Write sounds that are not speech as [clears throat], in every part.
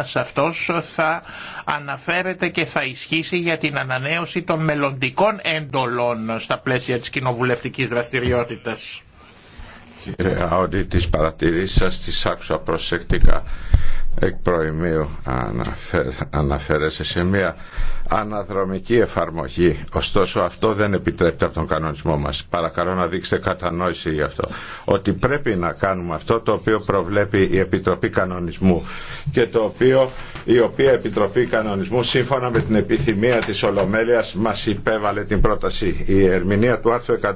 σε αυτός θα αναφέρεται και θα ισχύσει για την ανανέωση των μελλοντικών εντολών στα πλαίσια της κοινοβουλευτική δραστηριότητας. Κύριε Άοντι, τις παρατηρήσεις σας τις άκουσα προσεκτικά εκ προημίου αναφέρεσαι σε μια αναδρομική εφαρμογή. Ωστόσο αυτό δεν επιτρέπεται από τον κανονισμό μας. Παρακαλώ να δείξετε κατανόηση γι' αυτό. Ότι πρέπει να κάνουμε αυτό το οποίο προβλέπει η Επιτροπή Κανονισμού και το οποίο η οποία Επιτροπή Κανονισμού σύμφωνα με την επιθυμία της Ολομέλειας μας υπέβαλε την πρόταση. Η ερμηνεία του άρθρου 191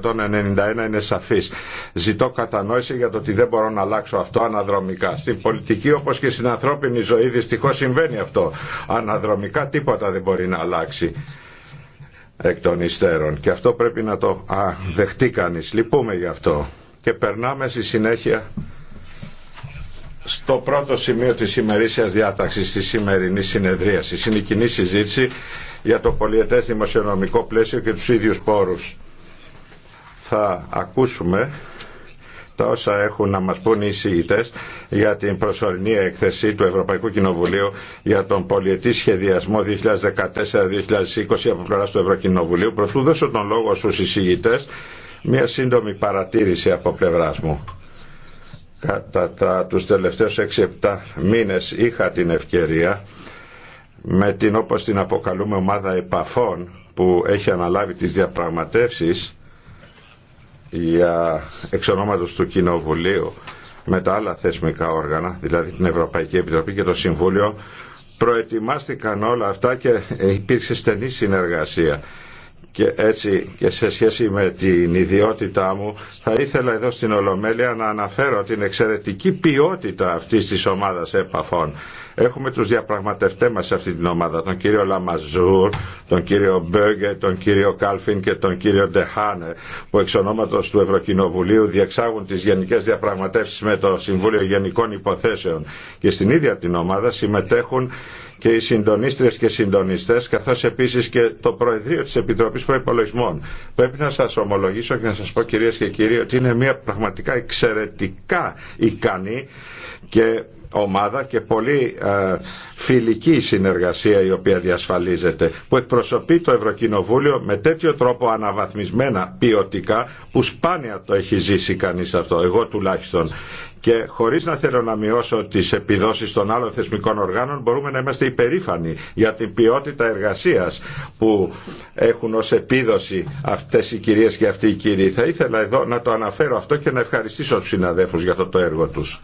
είναι σαφής. Ζητώ κατανόηση για το ότι δεν μπορώ να αλλάξω αυτό αναδρομικά. Στην πολιτική όπως και στην ανθρώπινη ζωή δυστυχώς συμβαίνει αυτό. Αναδρομικά τίποτα δεν μπορεί να αλλάξει εκ των υστέρων. Και αυτό πρέπει να το α, δεχτεί κανείς. Λυπούμε γι' αυτό. Και περνάμε στη συνέχεια στο πρώτο σημείο της ημερήσιας διάταξης της σημερινής συνεδρίασης. Είναι η κοινή συζήτηση για το πολιετές δημοσιονομικό πλαίσιο και τους ίδιους πόρους. Θα ακούσουμε τα όσα έχουν να μας πούν οι εισηγητές για την προσωρινή έκθεση του Ευρωπαϊκού Κοινοβουλίου για τον πολιετή σχεδιασμό 2014-2020 από πλευρά του Ευρωκοινοβουλίου. Προτού δώσω τον λόγο στους εισηγητές, μια σύντομη παρατήρηση από πλευράς μου. Κατά τα, τους τελευταίους 6-7 μήνες είχα την ευκαιρία με την όπως την αποκαλούμε ομάδα επαφών που έχει αναλάβει τις διαπραγματεύσεις για εξ του Κοινοβουλίου με τα άλλα θεσμικά όργανα, δηλαδή την Ευρωπαϊκή Επιτροπή και το Συμβούλιο, προετοιμάστηκαν όλα αυτά και υπήρξε στενή συνεργασία. Και έτσι και σε σχέση με την ιδιότητά μου θα ήθελα εδώ στην Ολομέλεια να αναφέρω την εξαιρετική ποιότητα αυτής της ομάδας επαφών. Έχουμε τους διαπραγματευτές μας σε αυτή την ομάδα, τον κύριο Λαμαζούρ, τον κύριο Μπέγκε, τον κύριο Κάλφιν και τον κύριο Ντεχάνε, που εξ ονόματος του Ευρωκοινοβουλίου διεξάγουν τις γενικές διαπραγματεύσεις με το Συμβούλιο Γενικών Υποθέσεων. Και στην ίδια την ομάδα συμμετέχουν και οι συντονίστρες και συντονιστές καθώς επίσης και το Προεδρείο της Επιτροπής Προϋπολογισμών. Πρέπει να σας ομολογήσω και να σας πω κυρίες και κύριοι ότι είναι μια πραγματικά εξαιρετικά ικανή και ομάδα και πολύ ε, φιλική συνεργασία η οποία διασφαλίζεται που εκπροσωπεί το Ευρωκοινοβούλιο με τέτοιο τρόπο αναβαθμισμένα ποιοτικά που σπάνια το έχει ζήσει κανείς αυτό, εγώ τουλάχιστον και χωρίς να θέλω να μειώσω τις επιδόσεις των άλλων θεσμικών οργάνων μπορούμε να είμαστε υπερήφανοι για την ποιότητα εργασίας που έχουν ως επίδοση αυτές οι κυρίες και αυτοί οι κύριοι. Θα ήθελα εδώ να το αναφέρω αυτό και να ευχαριστήσω τους συναδέλφους για αυτό το έργο τους.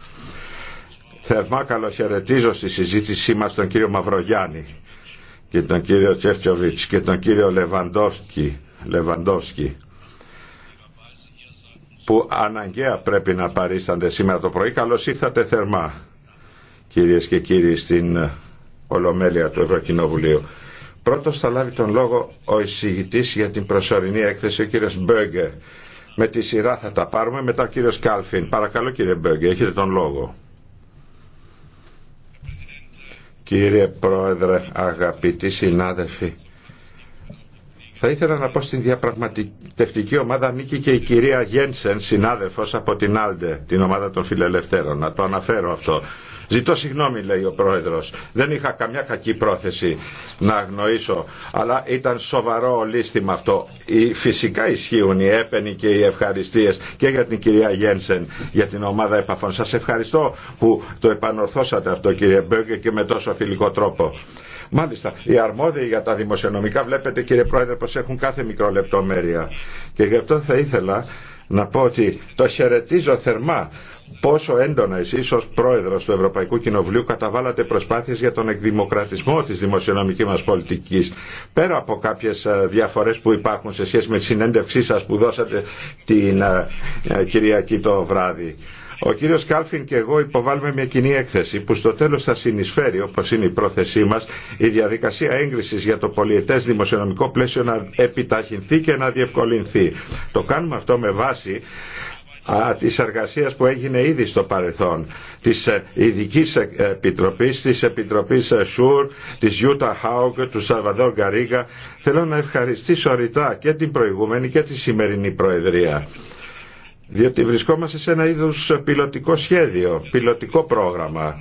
Θερμά καλοχαιρετίζω στη συζήτησή μας τον κύριο Μαυρογιάννη και τον κύριο Τσεφτιοβιτς και τον κύριο Λεβαντόφσκι, Λεβαντόφσκι που αναγκαία πρέπει να παρίστανται σήμερα το πρωί. Καλώς ήρθατε θερμά, κυρίες και κύριοι, στην Ολομέλεια του Ευρωκοινοβουλίου. Πρώτος θα λάβει τον λόγο ο εισηγητής για την προσωρινή έκθεση, ο κύριος Μπέγκε. Με τη σειρά θα τα πάρουμε, μετά ο κύριος Κάλφιν. Παρακαλώ κύριε Μπέγκε, έχετε τον λόγο. Κύριε Πρόεδρε, αγαπητοί συνάδελφοι, θα ήθελα να πω στην διαπραγματευτική ομάδα ανήκει και η κυρία Γένσεν, συνάδελφος από την Άλντε, την ομάδα των φιλελευθέρων. Να το αναφέρω αυτό. Ζητώ συγγνώμη, λέει ο πρόεδρο. Δεν είχα καμιά κακή πρόθεση να αγνοήσω, αλλά ήταν σοβαρό ολίσθημα αυτό. Φυσικά ισχύουν οι έπαινοι και οι ευχαριστίε και για την κυρία Γένσεν, για την ομάδα επαφών. Σα ευχαριστώ που το επανορθώσατε αυτό, κύριε Μπέγκε, και με τόσο φιλικό τρόπο. Μάλιστα, οι αρμόδιοι για τα δημοσιονομικά βλέπετε κύριε Πρόεδρε πως έχουν κάθε μικρολεπτομέρεια. Και γι' αυτό θα ήθελα να πω ότι το χαιρετίζω θερμά πόσο έντονα εσείς ως πρόεδρος του Ευρωπαϊκού Κοινοβουλίου καταβάλατε προσπάθειες για τον εκδημοκρατισμό της δημοσιονομικής μας πολιτικής. Πέρα από κάποιες ε, διαφορές που υπάρχουν σε σχέση με τη συνέντευξή σας που δώσατε την ε, ε, Κυριακή το βράδυ. Ο κύριος Κάλφιν και εγώ υποβάλλουμε μια κοινή έκθεση που στο τέλος θα συνεισφέρει, όπως είναι η πρόθεσή μας, η διαδικασία έγκρισης για το πολιετές δημοσιονομικό πλαίσιο να επιταχυνθεί και να διευκολυνθεί. Το κάνουμε αυτό με βάση της εργασίας που έγινε ήδη στο παρελθόν της ε, ειδική Επιτροπής, της Επιτροπής ε, ΣΟΥΡ, της Ιούτα Χάουγκ, του Σαλβαδόρ Γκαρίγα. Θέλω να ευχαριστήσω ρητά και την προηγούμενη και τη σημερινή Προεδρία διότι βρισκόμαστε σε ένα είδους πιλωτικό σχέδιο, πιλωτικό πρόγραμμα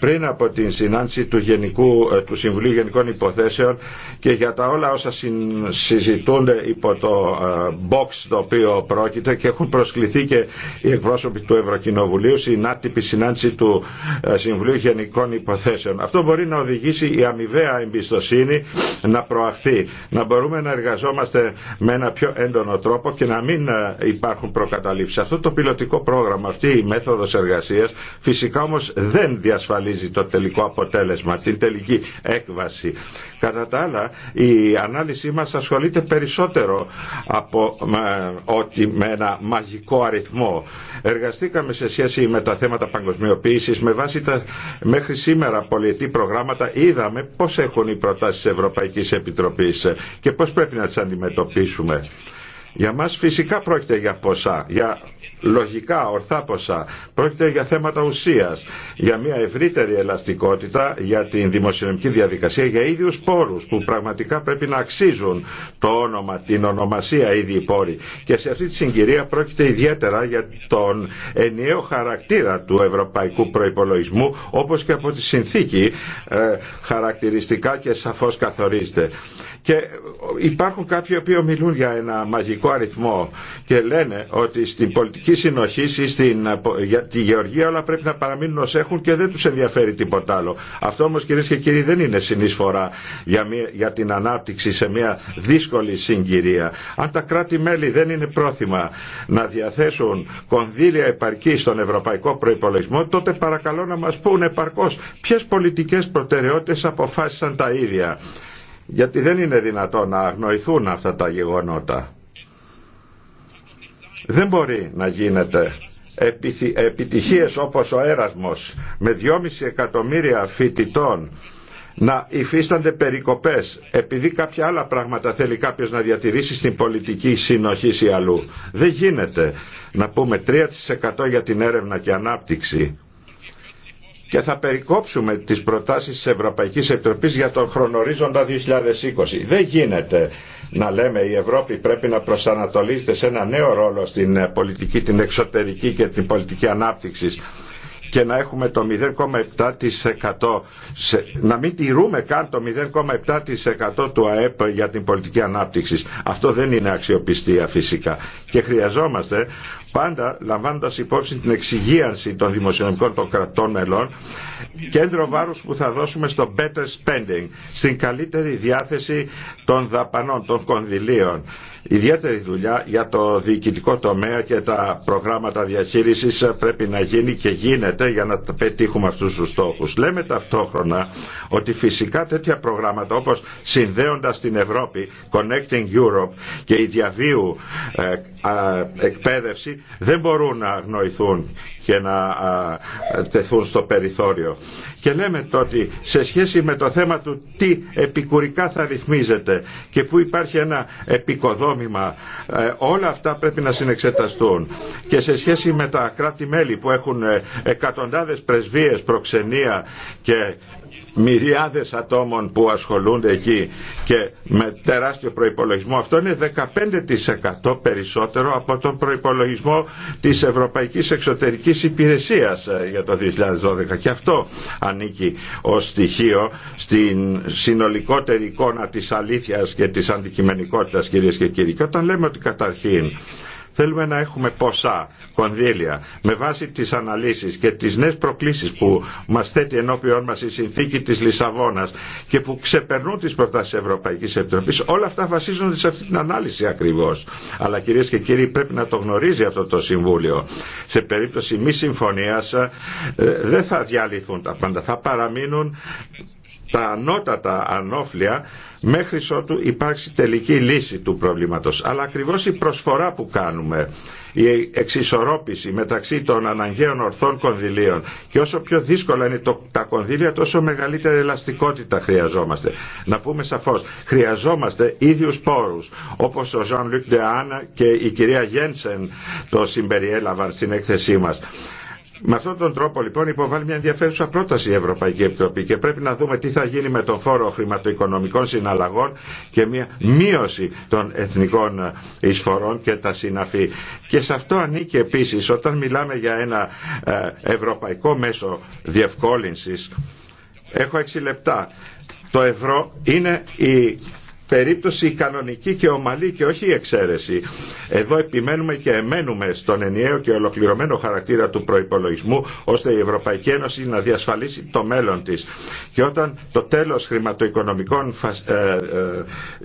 πριν από την συνάντηση ε, του, Συμβουλίου Γενικών Υποθέσεων και για τα όλα όσα συζητούνται υπό το ε, box το οποίο πρόκειται και έχουν προσκληθεί και οι εκπρόσωποι του Ευρωκοινοβουλίου στην άτυπη συνάντηση του ε, Συμβουλίου Γενικών Υποθέσεων. Αυτό μπορεί να οδηγήσει η αμοιβαία εμπιστοσύνη να προαχθεί, να μπορούμε να εργαζόμαστε με ένα πιο έντονο τρόπο και να μην υπάρχουν προκαταλήψεις. Αυτό το πιλωτικό πρόγραμμα, αυτή η μέθοδος εργασίας φυσικά όμως δεν δεν διασφαλίζει το τελικό αποτέλεσμα, την τελική έκβαση. Κατά τα άλλα, η ανάλυση μας ασχολείται περισσότερο από ότι με ένα μαγικό αριθμό. Εργαστήκαμε σε σχέση με τα θέματα παγκοσμιοποίησης με βάση τα μέχρι σήμερα πολιετή προγράμματα είδαμε πώς έχουν οι προτάσεις της Ευρωπαϊκής Επιτροπής και πώς πρέπει να τις αντιμετωπίσουμε. Για μας φυσικά πρόκειται για ποσά, για λογικά, ορθά Πρόκειται για θέματα ουσίας, για μια ευρύτερη ελαστικότητα για την δημοσιονομική διαδικασία, για ίδιους πόρους που πραγματικά πρέπει να αξίζουν το όνομα, την ονομασία ίδιοι πόροι. Και σε αυτή τη συγκυρία πρόκειται ιδιαίτερα για τον ενιαίο χαρακτήρα του ευρωπαϊκού προϋπολογισμού, όπως και από τη συνθήκη ε, χαρακτηριστικά και σαφώς καθορίζεται. Και υπάρχουν κάποιοι οποίοι μιλούν για ένα μαγικό αριθμό και λένε ότι στην πολιτική συνοχή ή στην, τη γεωργία όλα πρέπει να παραμείνουν ως έχουν και δεν τους ενδιαφέρει τίποτα άλλο. Αυτό όμως κυρίε και κύριοι δεν είναι συνεισφορά για, μια, για την ανάπτυξη σε μια δύσκολη συγκυρία. Αν τα κράτη-μέλη δεν είναι πρόθυμα να διαθέσουν κονδύλια επαρκή στον ευρωπαϊκό προϋπολογισμό, τότε παρακαλώ να μας πούν επαρκώς ποιες πολιτικές προτεραιότητες αποφάσισαν τα ίδια γιατί δεν είναι δυνατό να αγνοηθούν αυτά τα γεγονότα. Δεν μπορεί να γίνεται επιτυχίες όπως ο Έρασμος με 2,5 εκατομμύρια φοιτητών να υφίστανται περικοπές επειδή κάποια άλλα πράγματα θέλει κάποιος να διατηρήσει στην πολιτική συνοχή ή αλλού. Δεν γίνεται να πούμε 3% για την έρευνα και ανάπτυξη και θα περικόψουμε τις προτάσεις της Ευρωπαϊκής Επιτροπής για τον χρονορίζοντα 2020. Δεν γίνεται να λέμε η Ευρώπη πρέπει να προσανατολίζεται σε ένα νέο ρόλο στην ε, πολιτική, την εξωτερική και την πολιτική ανάπτυξης και να έχουμε το 0,7% να μην τηρούμε καν το 0,7% του ΑΕΠ για την πολιτική ανάπτυξη. Αυτό δεν είναι αξιοπιστία φυσικά. Και χρειαζόμαστε Πάντα λαμβάνοντα υπόψη την εξυγίανση των δημοσιονομικών των κρατών μελών, κέντρο βάρου που θα δώσουμε στο better spending, στην καλύτερη διάθεση των δαπανών, των κονδυλίων. Ιδιαίτερη δουλειά για το διοικητικό τομέα και τα προγράμματα διαχείρισης πρέπει να γίνει και γίνεται για να πετύχουμε αυτούς τους στόχους. Λέμε ταυτόχρονα ότι φυσικά τέτοια προγράμματα όπως συνδέοντας την Ευρώπη, Connecting Europe και η διαβίου ε, εκπαίδευση δεν μπορούν να αγνοηθούν και να τεθούν στο περιθώριο. Και λέμε το ότι σε σχέση με το θέμα του τι επικουρικά θα ρυθμίζεται και που υπάρχει ένα επικοδόμημα, ε, όλα αυτά πρέπει να συνεξεταστούν. Και σε σχέση με τα κράτη-μέλη που έχουν ε, εκατοντάδες πρεσβείες, προξενία και μυριάδες ατόμων που ασχολούνται εκεί και με τεράστιο προϋπολογισμό. Αυτό είναι 15% περισσότερο από τον προϋπολογισμό της Ευρωπαϊκής Εξωτερικής Υπηρεσίας ε, για το 2012. Και αυτό ανήκει ως στοιχείο στην συνολικότερη εικόνα της αλήθειας και της αντικειμενικότητας κυρίες και κύριοι. Και όταν λέμε ότι καταρχήν Θέλουμε να έχουμε ποσά, κονδύλια, με βάση τις αναλύσεις και τις νέες προκλήσεις που μας θέτει ενώπιόν μας η συνθήκη της Λισαβόνας και που ξεπερνούν τις προτάσεις της Ευρωπαϊκής Επιτροπής. Όλα αυτά βασίζονται σε αυτή την ανάλυση ακριβώς. Αλλά κυρίες και κύριοι πρέπει να το γνωρίζει αυτό το Συμβούλιο. Σε περίπτωση μη συμφωνίας ε, δεν θα διαλυθούν τα πάντα. Θα παραμείνουν τα ανώτατα ανώφλια μέχρι ότου υπάρξει τελική λύση του προβλήματος. Αλλά ακριβώς η προσφορά που κάνουμε, η εξισορρόπηση μεταξύ των αναγκαίων ορθών κονδυλίων και όσο πιο δύσκολα είναι το, τα κονδύλια τόσο μεγαλύτερη ελαστικότητα χρειαζόμαστε. Να πούμε σαφώς, χρειαζόμαστε ίδιους πόρους όπως ο Ζαν Λουκ Ντεάνα και η κυρία Γένσεν το συμπεριέλαβαν στην έκθεσή μας. Με αυτόν τον τρόπο λοιπόν υποβάλλει μια ενδιαφέρουσα πρόταση η Ευρωπαϊκή Επιτροπή και πρέπει να δούμε τι θα γίνει με τον φόρο χρηματοοικονομικών συναλλαγών και μια μείωση των εθνικών εισφορών και τα συναφή. Και σε αυτό ανήκει επίσης όταν μιλάμε για ένα ε, ευρωπαϊκό μέσο διευκόλυνσης. Έχω έξι λεπτά. Το ευρώ είναι η περίπτωση η κανονική και ομαλή και όχι η εξαίρεση. Εδώ επιμένουμε και εμένουμε στον ενιαίο και ολοκληρωμένο χαρακτήρα του προϋπολογισμού ώστε η Ευρωπαϊκή Ένωση να διασφαλίσει το μέλλον της. Και όταν το τέλος χρηματοοικονομικών ε, ε,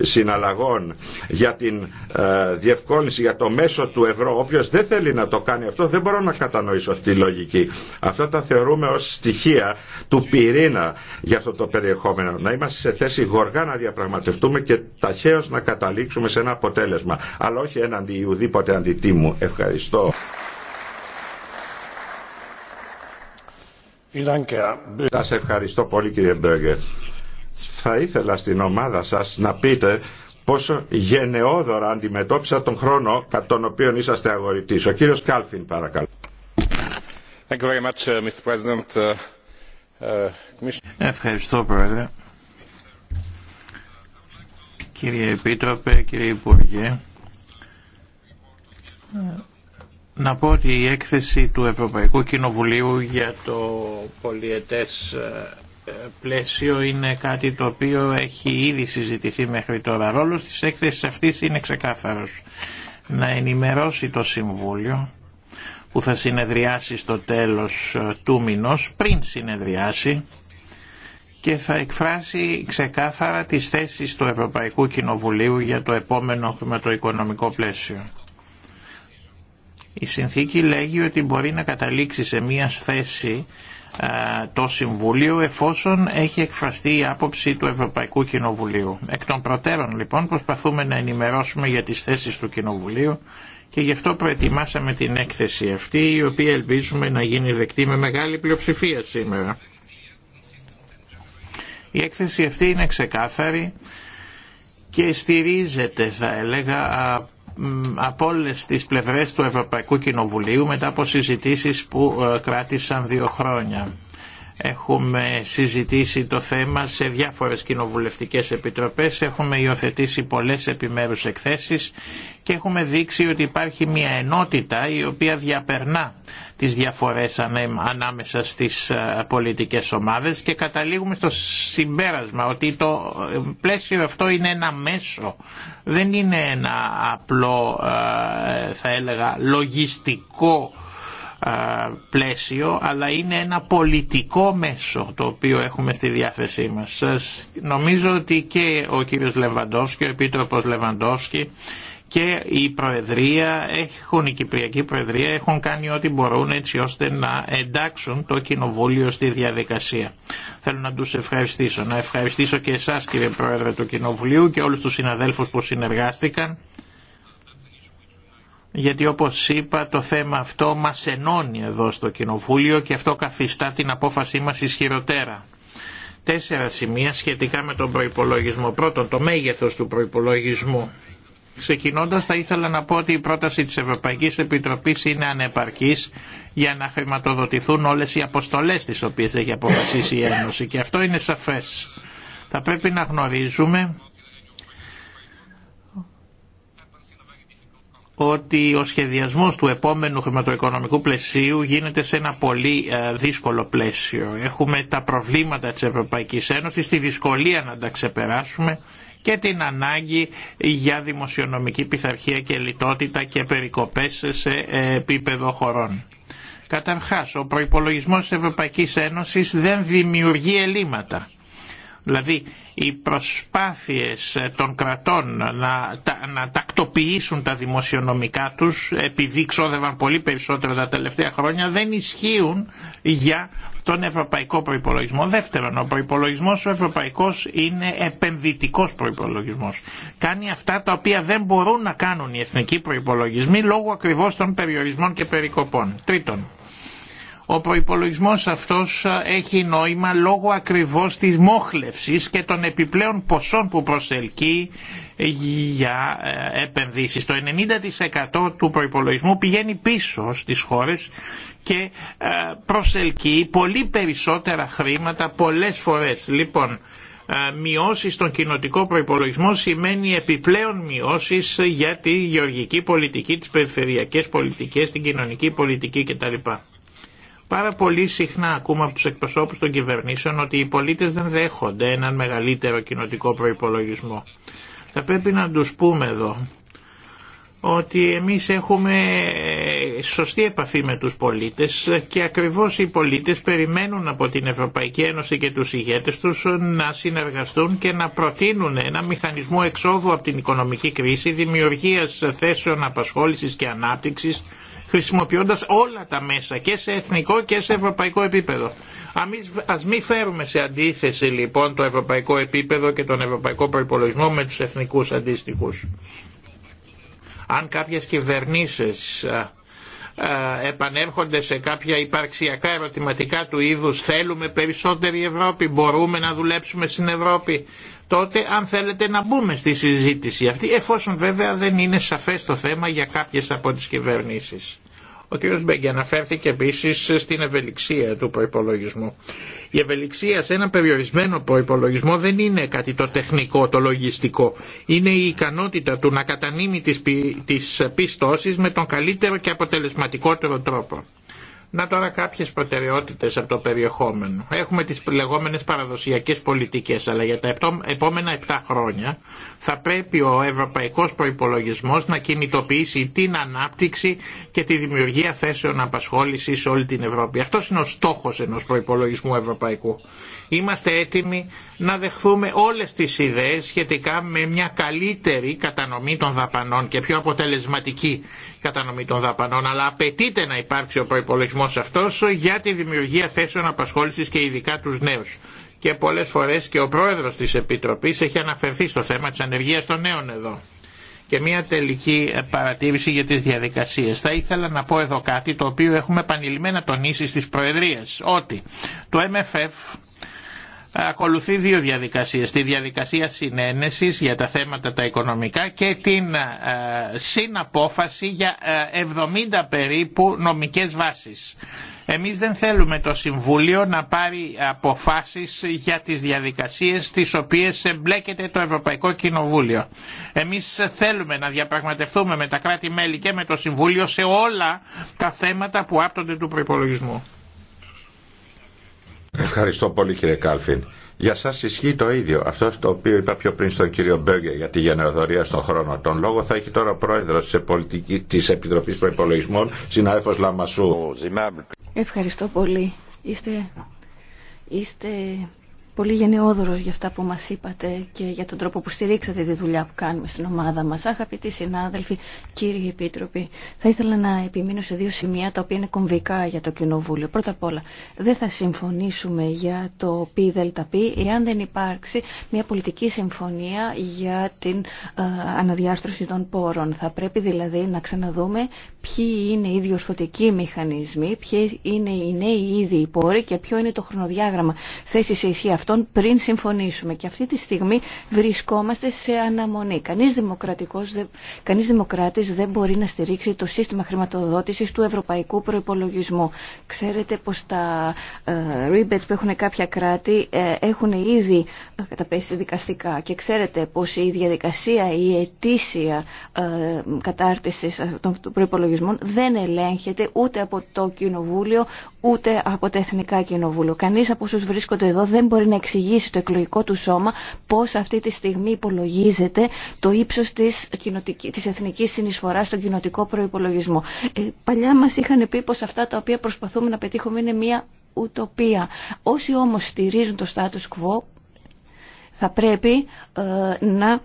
συναλλαγών για την ε, διευκόλυνση για το μέσο του ευρώ, όποιος δεν θέλει να το κάνει αυτό δεν μπορώ να κατανοήσω αυτή τη λογική. Αυτό τα θεωρούμε ως στοιχεία του πυρήνα για αυτό το περιεχόμενο. Να είμαστε σε θέση γοργά να διαπραγματευτούμε και ταχαίως να καταλήξουμε σε ένα αποτέλεσμα. Αλλά όχι έναντι ουδήποτε αντιτίμου. Ευχαριστώ. Σα ευχαριστώ πολύ κύριε Μπέργκερ. Θα ήθελα στην ομάδα σας να πείτε πόσο γενναιόδωρα αντιμετώπισα τον χρόνο κατά τον οποίο είσαστε αγορητής. Ο κύριος Κάλφιν παρακαλώ. Ευχαριστώ Πρόεδρε. Κύριε Επίτροπε, κύριε Υπουργέ, να πω ότι η έκθεση του Ευρωπαϊκού Κοινοβουλίου για το πολιετές ε, πλαίσιο είναι κάτι το οποίο έχει ήδη συζητηθεί μέχρι τώρα. Ρόλος της έκθεσης αυτής είναι ξεκάθαρος. Να ενημερώσει το Συμβούλιο που θα συνεδριάσει στο τέλος ε, του μηνός, πριν συνεδριάσει, και θα εκφράσει ξεκάθαρα τις θέσεις του Ευρωπαϊκού Κοινοβουλίου για το επόμενο χρηματοοικονομικό πλαίσιο. Η συνθήκη λέγει ότι μπορεί να καταλήξει σε μία θέση το Συμβούλιο εφόσον έχει εκφραστεί η άποψη του Ευρωπαϊκού Κοινοβουλίου. Εκ των προτέρων λοιπόν προσπαθούμε να ενημερώσουμε για τις θέσεις του Κοινοβουλίου και γι' αυτό προετοιμάσαμε την έκθεση αυτή η οποία ελπίζουμε να γίνει δεκτή με μεγάλη πλειοψηφία σήμερα. Η έκθεση αυτή είναι ξεκάθαρη και στηρίζεται θα έλεγα από όλε τις πλευρές του Ευρωπαϊκού Κοινοβουλίου μετά από συζητήσεις που ε, κράτησαν δύο χρόνια. Έχουμε συζητήσει το θέμα σε διάφορες κοινοβουλευτικές επιτροπές, έχουμε υιοθετήσει πολλές επιμέρους εκθέσεις και έχουμε δείξει ότι υπάρχει μια ενότητα η οποία διαπερνά τις διαφορές ανάμεσα στις ε, πολιτικές ομάδες και καταλήγουμε στο συμπέρασμα ότι το ε, πλαίσιο αυτό είναι ένα μέσο, δεν είναι ένα απλό ε, θα έλεγα λογιστικό πλαίσιο αλλά είναι ένα πολιτικό μέσο το οποίο έχουμε στη διάθεσή μας. νομίζω ότι και ο κύριος Λεβαντόφσκι, ο επίτροπος Λεβαντόφσκι και η Προεδρία έχουν, η Κυπριακή Προεδρία έχουν κάνει ό,τι μπορούν έτσι ώστε να εντάξουν το Κοινοβούλιο στη διαδικασία. Θέλω να τους ευχαριστήσω. Να ευχαριστήσω και εσάς κύριε Πρόεδρε του Κοινοβουλίου και όλους τους συναδέλφους που συνεργάστηκαν γιατί όπως είπα το θέμα αυτό μας ενώνει εδώ στο Κοινοβούλιο και αυτό καθιστά την απόφασή μας ισχυροτέρα. Τέσσερα σημεία σχετικά με τον προϋπολογισμό. Πρώτον, το μέγεθος του προϋπολογισμού. Ξεκινώντας θα ήθελα να πω ότι η πρόταση της Ευρωπαϊκής Επιτροπής είναι ανεπαρκής για να χρηματοδοτηθούν όλες οι αποστολές τις οποίες έχει αποφασίσει η Ένωση και αυτό είναι σαφές. Θα πρέπει να γνωρίζουμε ότι ο σχεδιασμός του επόμενου χρηματοοικονομικού πλαισίου γίνεται σε ένα πολύ ε, δύσκολο πλαίσιο. Έχουμε τα προβλήματα της Ευρωπαϊκής Ένωσης, τη δυσκολία να τα ξεπεράσουμε και την ανάγκη για δημοσιονομική πειθαρχία και λιτότητα και περικοπές σε επίπεδο χωρών. Καταρχάς, ο προϋπολογισμός της Ευρωπαϊκής Ένωσης δεν δημιουργεί ελλείμματα. Δηλαδή οι προσπάθειες των κρατών να, να τακτοποιήσουν τα δημοσιονομικά τους επειδή ξόδευαν πολύ περισσότερο τα τελευταία χρόνια δεν ισχύουν για τον ευρωπαϊκό προϋπολογισμό. Δεύτερον, ο προϋπολογισμός ο ευρωπαϊκός είναι επενδυτικός προϋπολογισμός. Κάνει αυτά τα οποία δεν μπορούν να κάνουν οι εθνικοί προϋπολογισμοί λόγω ακριβώς των περιορισμών και περικοπών. Τρίτον, ο προϋπολογισμός αυτός έχει νόημα λόγω ακριβώς της μόχλευσης και των επιπλέον ποσών που προσελκύει για ε, επενδύσεις. Το 90% του προϋπολογισμού πηγαίνει πίσω στις χώρες και ε, προσελκύει πολύ περισσότερα χρήματα πολλές φορές. Λοιπόν, ε, μειώσεις στον κοινοτικό προϋπολογισμό σημαίνει επιπλέον μειώσεις για τη γεωργική πολιτική, τις περιφερειακές πολιτικές, την κοινωνική πολιτική κτλ. Πάρα πολύ συχνά ακούμε από τους εκπροσώπους των κυβερνήσεων ότι οι πολίτες δεν δέχονται έναν μεγαλύτερο κοινοτικό προϋπολογισμό. Θα πρέπει να τους πούμε εδώ ότι εμείς έχουμε ε, σωστή επαφή με τους πολίτες και ακριβώς οι πολίτες περιμένουν από την Ευρωπαϊκή Ένωση και τους ηγέτες τους να συνεργαστούν και να προτείνουν ένα μηχανισμό εξόδου από την οικονομική κρίση, δημιουργίας θέσεων απασχόλησης και ανάπτυξης χρησιμοποιώντας όλα τα μέσα και σε εθνικό και σε ευρωπαϊκό επίπεδο. Ας μην φέρουμε σε αντίθεση λοιπόν το ευρωπαϊκό επίπεδο και τον ευρωπαϊκό προπολογισμό με τους εθνικούς αντίστοιχους. Αν κάποιες κυβερνήσεις επανέρχονται σε κάποια υπαρξιακά ερωτηματικά του είδους θέλουμε περισσότερη Ευρώπη, μπορούμε να δουλέψουμε στην Ευρώπη τότε αν θέλετε να μπούμε στη συζήτηση αυτή εφόσον βέβαια δεν είναι σαφές το θέμα για κάποιες από τις κυβερνήσεις. Ο κ. Μπέγκε αναφέρθηκε επίση στην ευελιξία του προπολογισμού. Η ευελιξία σε ένα περιορισμένο προπολογισμό δεν είναι κάτι το τεχνικό, το λογιστικό. Είναι η ικανότητα του να κατανείμει τι πιστώσει με τον καλύτερο και αποτελεσματικότερο τρόπο. Να τώρα κάποιες προτεραιότητες από το περιεχόμενο. Έχουμε τις λεγόμενες παραδοσιακές πολιτικές, αλλά για τα επόμενα 7 χρόνια θα πρέπει ο ευρωπαϊκός προϋπολογισμός να κινητοποιήσει την ανάπτυξη και τη δημιουργία θέσεων απασχόλησης σε όλη την Ευρώπη. Αυτό είναι ο στόχος ενός προϋπολογισμού ευρωπαϊκού. Είμαστε έτοιμοι να δεχθούμε όλες τις ιδέες σχετικά με μια καλύτερη κατανομή των δαπανών και πιο αποτελεσματική κατανομή των δαπανών, αλλά απαιτείται να υπάρξει ο προπολογισμό αυτός για τη δημιουργία θέσεων απασχόλησης και ειδικά του νέους. Και πολλές φορές και ο πρόεδρος της Επιτροπής έχει αναφερθεί στο θέμα της ανεργία των νέων εδώ. Και μια τελική ε, παρατήρηση για τις διαδικασίες. Θα ήθελα να πω εδώ κάτι το οποίο έχουμε επανειλημμένα τονίσει στις Προεδρίες, ότι το MFF ακολουθεί δύο διαδικασίες. Τη διαδικασία συνένεσης για τα θέματα τα οικονομικά και την ε, συναπόφαση για 70 ε, περίπου νομικές βάσεις. Εμείς δεν θέλουμε το Συμβούλιο να πάρει αποφάσεις για τις διαδικασίες τις οποίες εμπλέκεται το Ευρωπαϊκό Κοινοβούλιο. Εμείς θέλουμε να διαπραγματευτούμε με τα κράτη-μέλη και με το Συμβούλιο σε όλα τα θέματα που άπτονται του προπολογισμού. Ευχαριστώ πολύ κύριε Κάλφιν. Για σας ισχύει το ίδιο. Αυτό το οποίο είπα πιο πριν στον κύριο Μπέγκε για τη γενεοδορία στον χρόνο. Τον λόγο θα έχει τώρα ο πρόεδρος της, πολιτική, της Επιτροπής Προϋπολογισμών, συνάδελφος Λαμασού. Ευχαριστώ πολύ. Είστε, είστε πολύ γενναιόδωρος για αυτά που μας είπατε και για τον τρόπο που στηρίξατε τη δουλειά που κάνουμε στην ομάδα μας. Αγαπητοί συνάδελφοι, κύριοι επίτροποι, θα ήθελα να επιμείνω σε δύο σημεία τα οποία είναι κομβικά για το Κοινοβούλιο. Πρώτα απ' όλα, δεν θα συμφωνήσουμε για το ΠΔΠ εάν δεν υπάρξει μια πολιτική συμφωνία για την ε, αναδιάρθρωση των πόρων. Θα πρέπει δηλαδή να ξαναδούμε ποιοι είναι οι διορθωτικοί μηχανισμοί, ποιοι είναι οι νέοι ήδη οι πόροι και ποιο είναι το χρονοδιάγραμμα θέση σε ισχύ αυτών πριν συμφωνήσουμε. Και αυτή τη στιγμή βρισκόμαστε σε αναμονή. Κανείς, δημοκρατικός, κανείς δημοκράτης δεν μπορεί να στηρίξει το σύστημα χρηματοδότησης του ευρωπαϊκού προϋπολογισμού. Ξέρετε πως τα ε, rebates που έχουν κάποια κράτη ε, έχουν ήδη ε, καταπέσει δικαστικά και ξέρετε πως η διαδικασία, η αιτήσια ε, ε, των προϋπολογισμών δεν ελέγχεται ούτε από το Κοινοβούλιο ούτε από τα Εθνικά Κοινοβούλια. Κανείς από όσους βρίσκονται εδώ δεν μπορεί να εξηγήσει το εκλογικό του σώμα πώς αυτή τη στιγμή υπολογίζεται το ύψος της, της εθνικής συνεισφοράς στον κοινοτικό προϋπολογισμό. Ε, παλιά μας είχαν πει πως αυτά τα οποία προσπαθούμε να πετύχουμε είναι μια ουτοπία. Όσοι όμως στηρίζουν το status quo θα πρέπει ε, να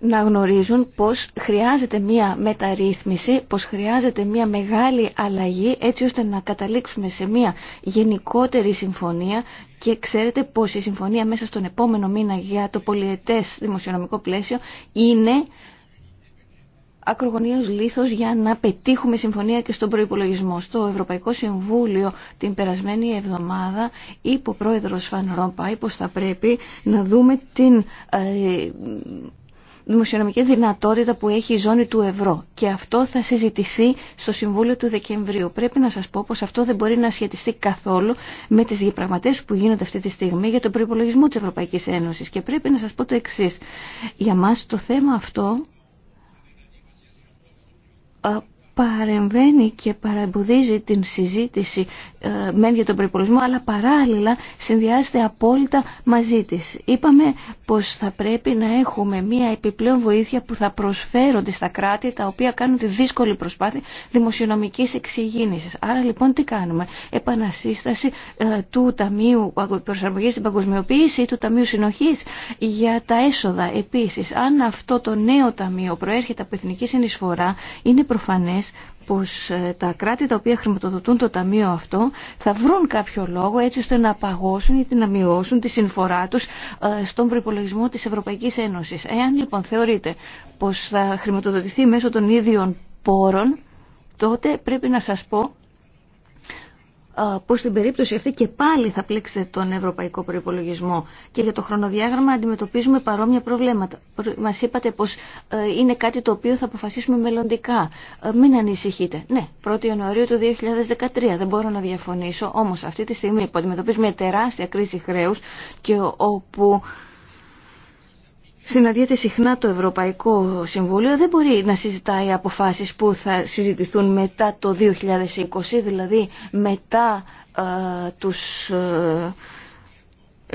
να γνωρίζουν πως χρειάζεται μία μεταρρύθμιση, πως χρειάζεται μία μεγάλη αλλαγή έτσι ώστε να καταλήξουμε σε μία γενικότερη συμφωνία και ξέρετε πως η συμφωνία μέσα στον επόμενο μήνα για το πολιετές δημοσιονομικό πλαίσιο είναι ακρογωνίως λήθος για να πετύχουμε συμφωνία και στον προϋπολογισμό. Στο Ευρωπαϊκό Συμβούλιο την περασμένη εβδομάδα είπε ο πρόεδρος Φαν Ρόμπα πως θα πρέπει να δούμε την ε, δημοσιονομική δυνατότητα που έχει η ζώνη του ευρώ. Και αυτό θα συζητηθεί στο Συμβούλιο του Δεκεμβρίου. Πρέπει να σας πω πως αυτό δεν μπορεί να σχετιστεί καθόλου με τις διαπραγματεύσει που γίνονται αυτή τη στιγμή για τον προϋπολογισμό της Ευρωπαϊκής Ένωσης. Και πρέπει να σας πω το εξή. Για μα το θέμα αυτό παρεμβαίνει και παραμποδίζει την συζήτηση ε, μεν για τον προπολογισμό, αλλά παράλληλα συνδυάζεται απόλυτα μαζί της. Είπαμε πως θα πρέπει να έχουμε μια επιπλέον βοήθεια που θα προσφέρονται στα κράτη τα οποία κάνουν τη δύσκολη προσπάθεια δημοσιονομικής εξυγίνησης. Άρα λοιπόν τι κάνουμε. Επανασύσταση ε, του Ταμείου Προσαρμογής στην Παγκοσμιοποίηση ή του Ταμείου Συνοχής για τα έσοδα. Επίσης, αν αυτό το νέο ταμείο προέρχεται από εθνική συνεισφορά, είναι προφανές πως ε, τα κράτη τα οποία χρηματοδοτούν το ταμείο αυτό θα βρουν κάποιο λόγο έτσι ώστε να παγώσουν ή να μειώσουν τη συνφορά τους ε, στον προπολογισμό της Ευρωπαϊκής Ένωσης. Εάν λοιπόν θεωρείτε πως θα χρηματοδοτηθεί μέσω των ίδιων πόρων, τότε πρέπει να σας πω πως στην περίπτωση αυτή και πάλι θα πλήξετε τον ευρωπαϊκό Προπολογισμό και για το χρονοδιάγραμμα αντιμετωπίζουμε παρόμοια προβλήματα. Μα είπατε πω ε, είναι κάτι το οποίο θα αποφασίσουμε μελλοντικά. Ε, μην ανησυχείτε. Ναι, 1η Ιανουαρίου του 2013 δεν μπορώ να διαφωνήσω, Όμω αυτή τη στιγμή που αντιμετωπίζουμε τεράστια κρίση χρέου και όπου συναντιέται συχνά το Ευρωπαϊκό Συμβούλιο δεν μπορεί να συζητάει αποφάσεις που θα συζητηθούν μετά το 2020, δηλαδή μετά ε, τους ε,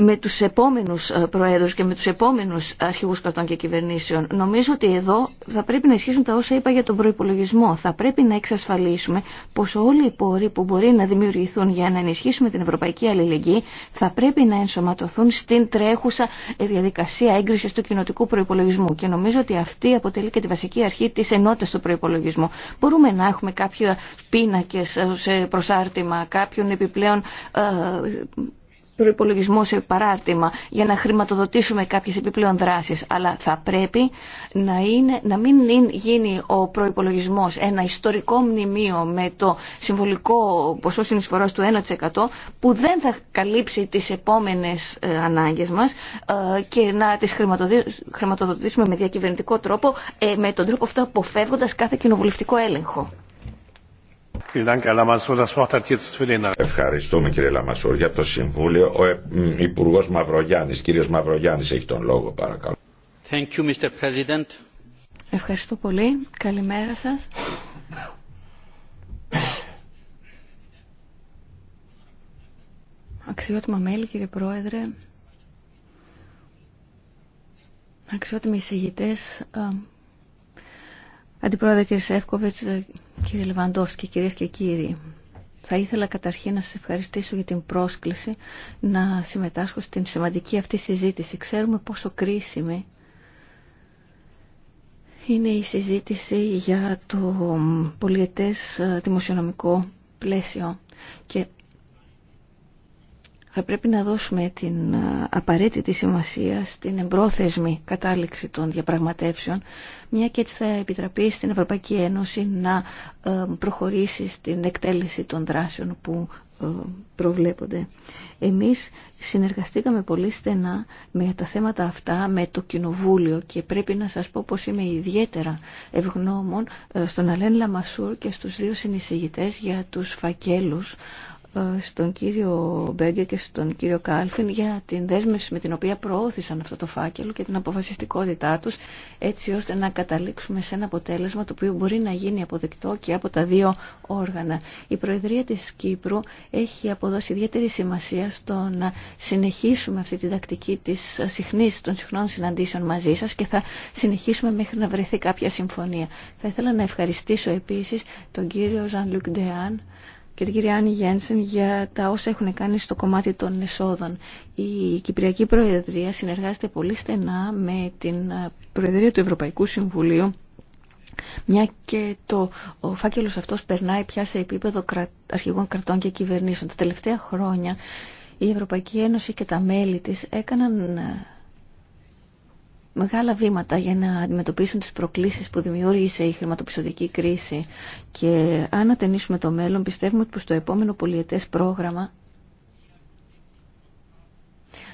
με τους επόμενους ε, προέδρους και με τους επόμενους αρχηγούς κρατών και κυβερνήσεων. Νομίζω ότι εδώ θα πρέπει να ισχύσουν τα όσα είπα για τον προϋπολογισμό. Θα πρέπει να εξασφαλίσουμε πως όλοι οι πόροι που μπορεί να δημιουργηθούν για να ενισχύσουμε την ευρωπαϊκή αλληλεγγύη θα πρέπει να ενσωματωθούν στην τρέχουσα διαδικασία έγκρισης του κοινοτικού προϋπολογισμού. Και νομίζω ότι αυτή αποτελεί και τη βασική αρχή της ενότητας του προϋπολογισμού. Μπορούμε να έχουμε κάποια πίνακες ε, σε προσάρτημα, κάποιον επιπλέον ε, προπολογισμό σε παράρτημα για να χρηματοδοτήσουμε κάποιες επιπλέον δράσεις, αλλά θα πρέπει να, είναι, να μην γίνει ο προπολογισμό ένα ιστορικό μνημείο με το συμβολικό ποσό συνεισφοράς του 1% που δεν θα καλύψει τις επόμενες ε, ανάγκες μας ε, και να τις χρηματοδοτήσουμε με διακυβερνητικό τρόπο, ε, με τον τρόπο αυτό αποφεύγοντας κάθε κοινοβουλευτικό έλεγχο. Ευχαριστούμε κύριε Λαμασούρ για το Συμβούλιο. Ο ε, Υπουργό Μαυρογιάννη, κύριο Μαυρογιάννη, έχει τον λόγο, παρακαλώ. Ευχαριστώ πολύ. Καλημέρα σα. Αξιότιμα μέλη, κύριε Πρόεδρε, αξιότιμοι εισηγητές, ε, Αντιπρόεδρε κύριε Σεύκοβιτς, κύριε και κυρίες και κύριοι. Θα ήθελα καταρχήν να σας ευχαριστήσω για την πρόσκληση να συμμετάσχω στην σημαντική αυτή συζήτηση. Ξέρουμε πόσο κρίσιμη είναι η συζήτηση για το πολιετές δημοσιονομικό πλαίσιο και θα πρέπει να δώσουμε την ε, απαραίτητη σημασία στην εμπρόθεσμη κατάληξη των διαπραγματεύσεων, μια και έτσι θα επιτραπεί στην Ευρωπαϊκή Ένωση να ε, προχωρήσει στην εκτέλεση των δράσεων που ε, προβλέπονται. Εμείς συνεργαστήκαμε πολύ στενά με τα θέματα αυτά με το Κοινοβούλιο και πρέπει να σας πω πως είμαι ιδιαίτερα ευγνώμων στον Αλέν Λαμασούρ και στους δύο συνεισηγητές για τους φακέλους ε, στον κύριο Μπέγκε και στον κύριο Κάλφιν για την δέσμευση με την οποία προώθησαν αυτό το φάκελο και την αποφασιστικότητά τους έτσι ώστε να καταλήξουμε σε ένα αποτέλεσμα το οποίο μπορεί να γίνει αποδεκτό και από τα δύο όργανα. Η Προεδρία της Κύπρου έχει αποδώσει ιδιαίτερη σημασία στο να συνεχίσουμε αυτή την τακτική της συχνής, των συχνών συναντήσεων μαζί σας και θα συνεχίσουμε μέχρι να βρεθεί κάποια συμφωνία. Θα ήθελα να ευχαριστήσω επίσης τον κύριο Ζαν Λουκ Ντεάν και την κυρία Άννη Γένσεν για τα όσα έχουν κάνει στο κομμάτι των εσόδων. Η Κυπριακή Προεδρία συνεργάζεται πολύ στενά με την Προεδρία του Ευρωπαϊκού Συμβουλίου μια και το, ο φάκελος αυτός περνάει πια σε επίπεδο αρχηγών κρατών και κυβερνήσεων. Τα τελευταία χρόνια η Ευρωπαϊκή Ένωση και τα μέλη της έκαναν μεγάλα βήματα για να αντιμετωπίσουν τις προκλήσεις που δημιούργησε η χρηματοπιστωτική κρίση και αν ατενίσουμε το μέλλον πιστεύουμε ότι στο επόμενο πολιετές πρόγραμμα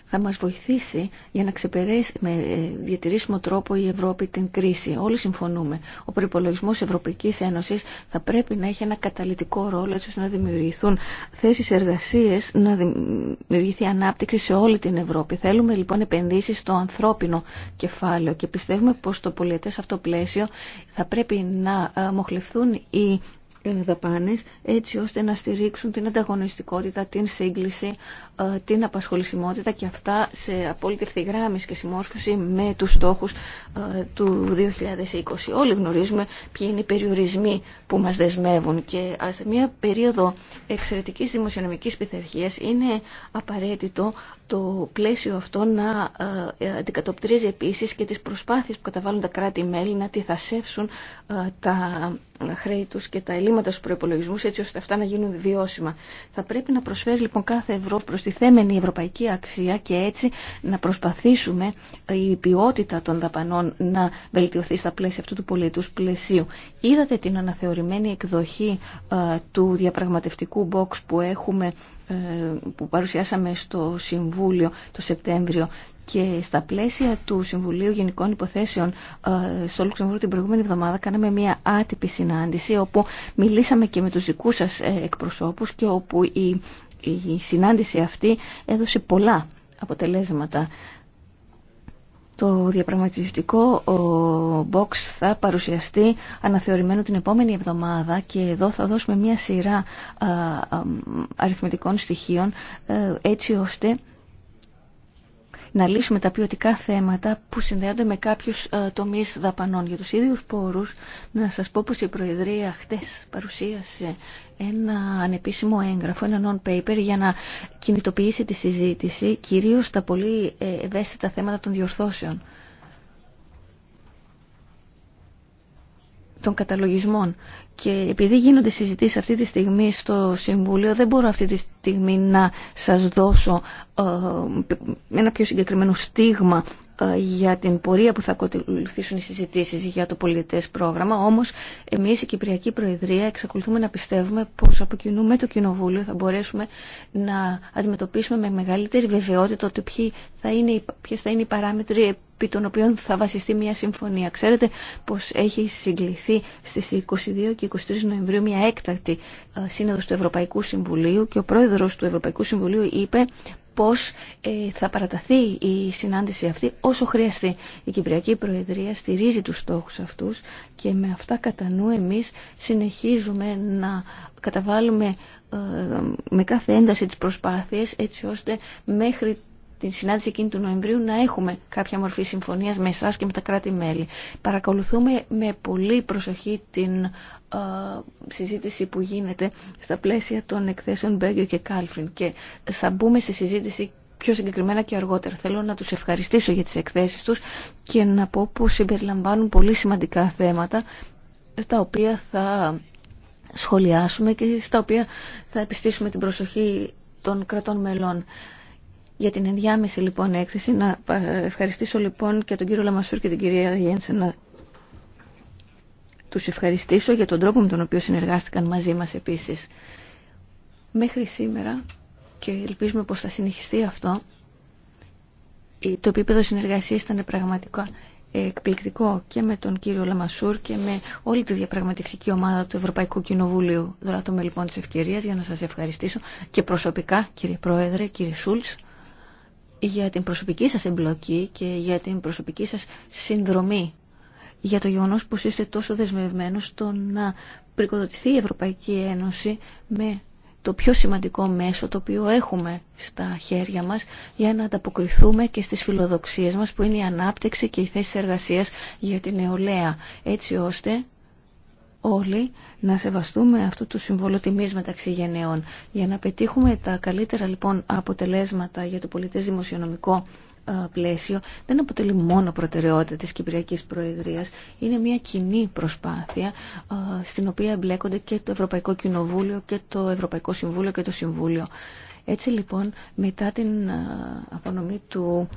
θα μας βοηθήσει για να ξεπερέσει με ε, διατηρήσιμο τρόπο η Ευρώπη την κρίση. Όλοι συμφωνούμε. Ο προπολογισμό της Ευρωπαϊκής Ένωσης θα πρέπει να έχει ένα καταλητικό ρόλο έτσι ώστε να δημιουργηθούν θέσεις εργασίες, να δημιουργηθεί ανάπτυξη σε όλη την Ευρώπη. Θέλουμε λοιπόν επενδύσεις στο ανθρώπινο κεφάλαιο και πιστεύουμε πως στο πολιετές αυτό πλαίσιο θα πρέπει να ε, μοχλευθούν οι ε, δαπάνες έτσι ώστε να στηρίξουν την ανταγωνιστικότητα, την σύγκληση ε, την απασχολησιμότητα και αυτά σε απόλυτη ευθυγράμμιση και συμμόρφωση με τους στόχους ε, του 2020. Όλοι γνωρίζουμε ποιοι είναι οι περιορισμοί που μας δεσμεύουν και σε μια περίοδο εξαιρετικής δημοσιονομικής πειθαρχίας είναι απαραίτητο το πλαίσιο αυτό να ε, αντικατοπτρίζει επίσης και τις προσπάθειες που καταβάλουν τα κράτη-μέλη να τυθασεύσουν τα χρέη τους και τα ελλείμματα στους προϋπολογισμούς έτσι ώστε αυτά να γίνουν βιώσιμα. Θα πρέπει να προσφέρει λοιπόν κάθε ευρώ προς θέμενη ευρωπαϊκή αξία και έτσι να προσπαθήσουμε η ποιότητα των δαπανών να βελτιωθεί στα πλαίσια αυτού του πολιτικού πλαισίου. Είδατε την αναθεωρημένη εκδοχή ε, του διαπραγματευτικού box που έχουμε ε, που παρουσιάσαμε στο Συμβούλιο το Σεπτέμβριο και στα πλαίσια του Συμβουλίου Γενικών Υποθέσεων ε, στο Λουξεμβούργο την προηγούμενη εβδομάδα κάναμε μια άτυπη συνάντηση όπου μιλήσαμε και με τους δικούς σας εκπροσώπους και όπου η η συνάντηση αυτή έδωσε πολλά αποτελέσματα. Το διαπραγματευτικό box θα παρουσιαστεί αναθεωρημένο την επόμενη εβδομάδα και εδώ θα δώσουμε μία σειρά αριθμητικών στοιχείων ε, έτσι ώστε να λύσουμε τα ποιοτικά θέματα που συνδέονται με κάποιους ε, τομείς δαπανών. Για τους ίδιους πόρους, να σας πω πως η Προεδρία χτες παρουσίασε ένα ανεπίσημο έγγραφο, ένα non-paper για να κινητοποιήσει τη συζήτηση κυρίως στα πολύ ε, ευαίσθητα θέματα των διορθώσεων. των καταλογισμών. Και επειδή γίνονται συζητήσεις αυτή τη στιγμή στο Συμβούλιο, δεν μπορώ αυτή τη στιγμή να σα δώσω ε, ένα πιο συγκεκριμένο στίγμα ε, για την πορεία που θα ακολουθήσουν οι συζητήσεις για το πολιτές πρόγραμμα, όμως εμείς η Κυπριακή Προεδρία εξακολουθούμε να πιστεύουμε πως από κοινού με το Κοινοβούλιο θα μπορέσουμε να αντιμετωπίσουμε με μεγαλύτερη βεβαιότητα ότι ποιοι θα είναι, ποιες θα είναι οι παράμετροι επί των οποίων θα βασιστεί μια συμφωνία. Ξέρετε πως έχει συγκληθεί στις 22 και 23 Νοεμβρίου μια έκτακτη ε, σύνοδος του Ευρωπαϊκού Συμβουλίου και ο πρόεδρος του Ευρωπαϊκού Συμβουλίου είπε πως ε, θα παραταθεί η συνάντηση αυτή όσο χρειαστεί. Η Κυπριακή Προεδρία στηρίζει τους στόχους αυτούς και με αυτά κατά νου εμείς συνεχίζουμε να καταβάλουμε ε, με κάθε ένταση τις προσπάθειες έτσι ώστε μέχρι την συνάντηση εκείνη του Νοεμβρίου να έχουμε κάποια μορφή συμφωνίας με εσά και με τα κράτη-μέλη. Παρακολουθούμε με πολύ προσοχή την ε, συζήτηση που γίνεται στα πλαίσια των εκθέσεων Μπέγκιο και Κάλφιν και θα μπούμε στη συζήτηση πιο συγκεκριμένα και αργότερα. Θέλω να τους ευχαριστήσω για τις εκθέσεις τους και να πω πως συμπεριλαμβάνουν πολύ σημαντικά θέματα τα οποία θα σχολιάσουμε και στα οποία θα επιστήσουμε την προσοχή των κρατών μελών για την ενδιάμεση λοιπόν έκθεση. Να ε, ευχαριστήσω λοιπόν και τον κύριο Λαμασούρ και την κυρία Γιέντσε να τους ευχαριστήσω για τον τρόπο με τον οποίο συνεργάστηκαν μαζί μας επίσης. Μέχρι σήμερα και ελπίζουμε πως θα συνεχιστεί αυτό το επίπεδο συνεργασίας ήταν πραγματικά εκπληκτικό και με τον κύριο Λαμασούρ και με όλη τη διαπραγματευτική ομάδα του Ευρωπαϊκού Κοινοβουλίου. Δράτω με λοιπόν της ευκαιρίας για να σας ευχαριστήσω και προσωπικά κύριε Πρόεδρε, κύριε Σούλς για την προσωπική σας εμπλοκή και για την προσωπική σας συνδρομή. Για το γεγονός που είστε τόσο δεσμευμένος στο να πρικοδοτηθεί η Ευρωπαϊκή Ένωση με το πιο σημαντικό μέσο το οποίο έχουμε στα χέρια μας για να ανταποκριθούμε και στις φιλοδοξίες μας που είναι η ανάπτυξη και η θέση εργασίας για την νεολαία έτσι ώστε όλοι να σεβαστούμε αυτό το συμβόλο τιμή μεταξύ γενναιών. Για να πετύχουμε τα καλύτερα λοιπόν αποτελέσματα για το πολιτές δημοσιονομικό πλαίσιο δεν αποτελεί μόνο προτεραιότητα της Κυπριακής Προεδρίας. Είναι μια κοινή προσπάθεια στην οποία εμπλέκονται και το Ευρωπαϊκό Κοινοβούλιο και το Ευρωπαϊκό Συμβούλιο και το Συμβούλιο. Έτσι λοιπόν μετά την απονομή του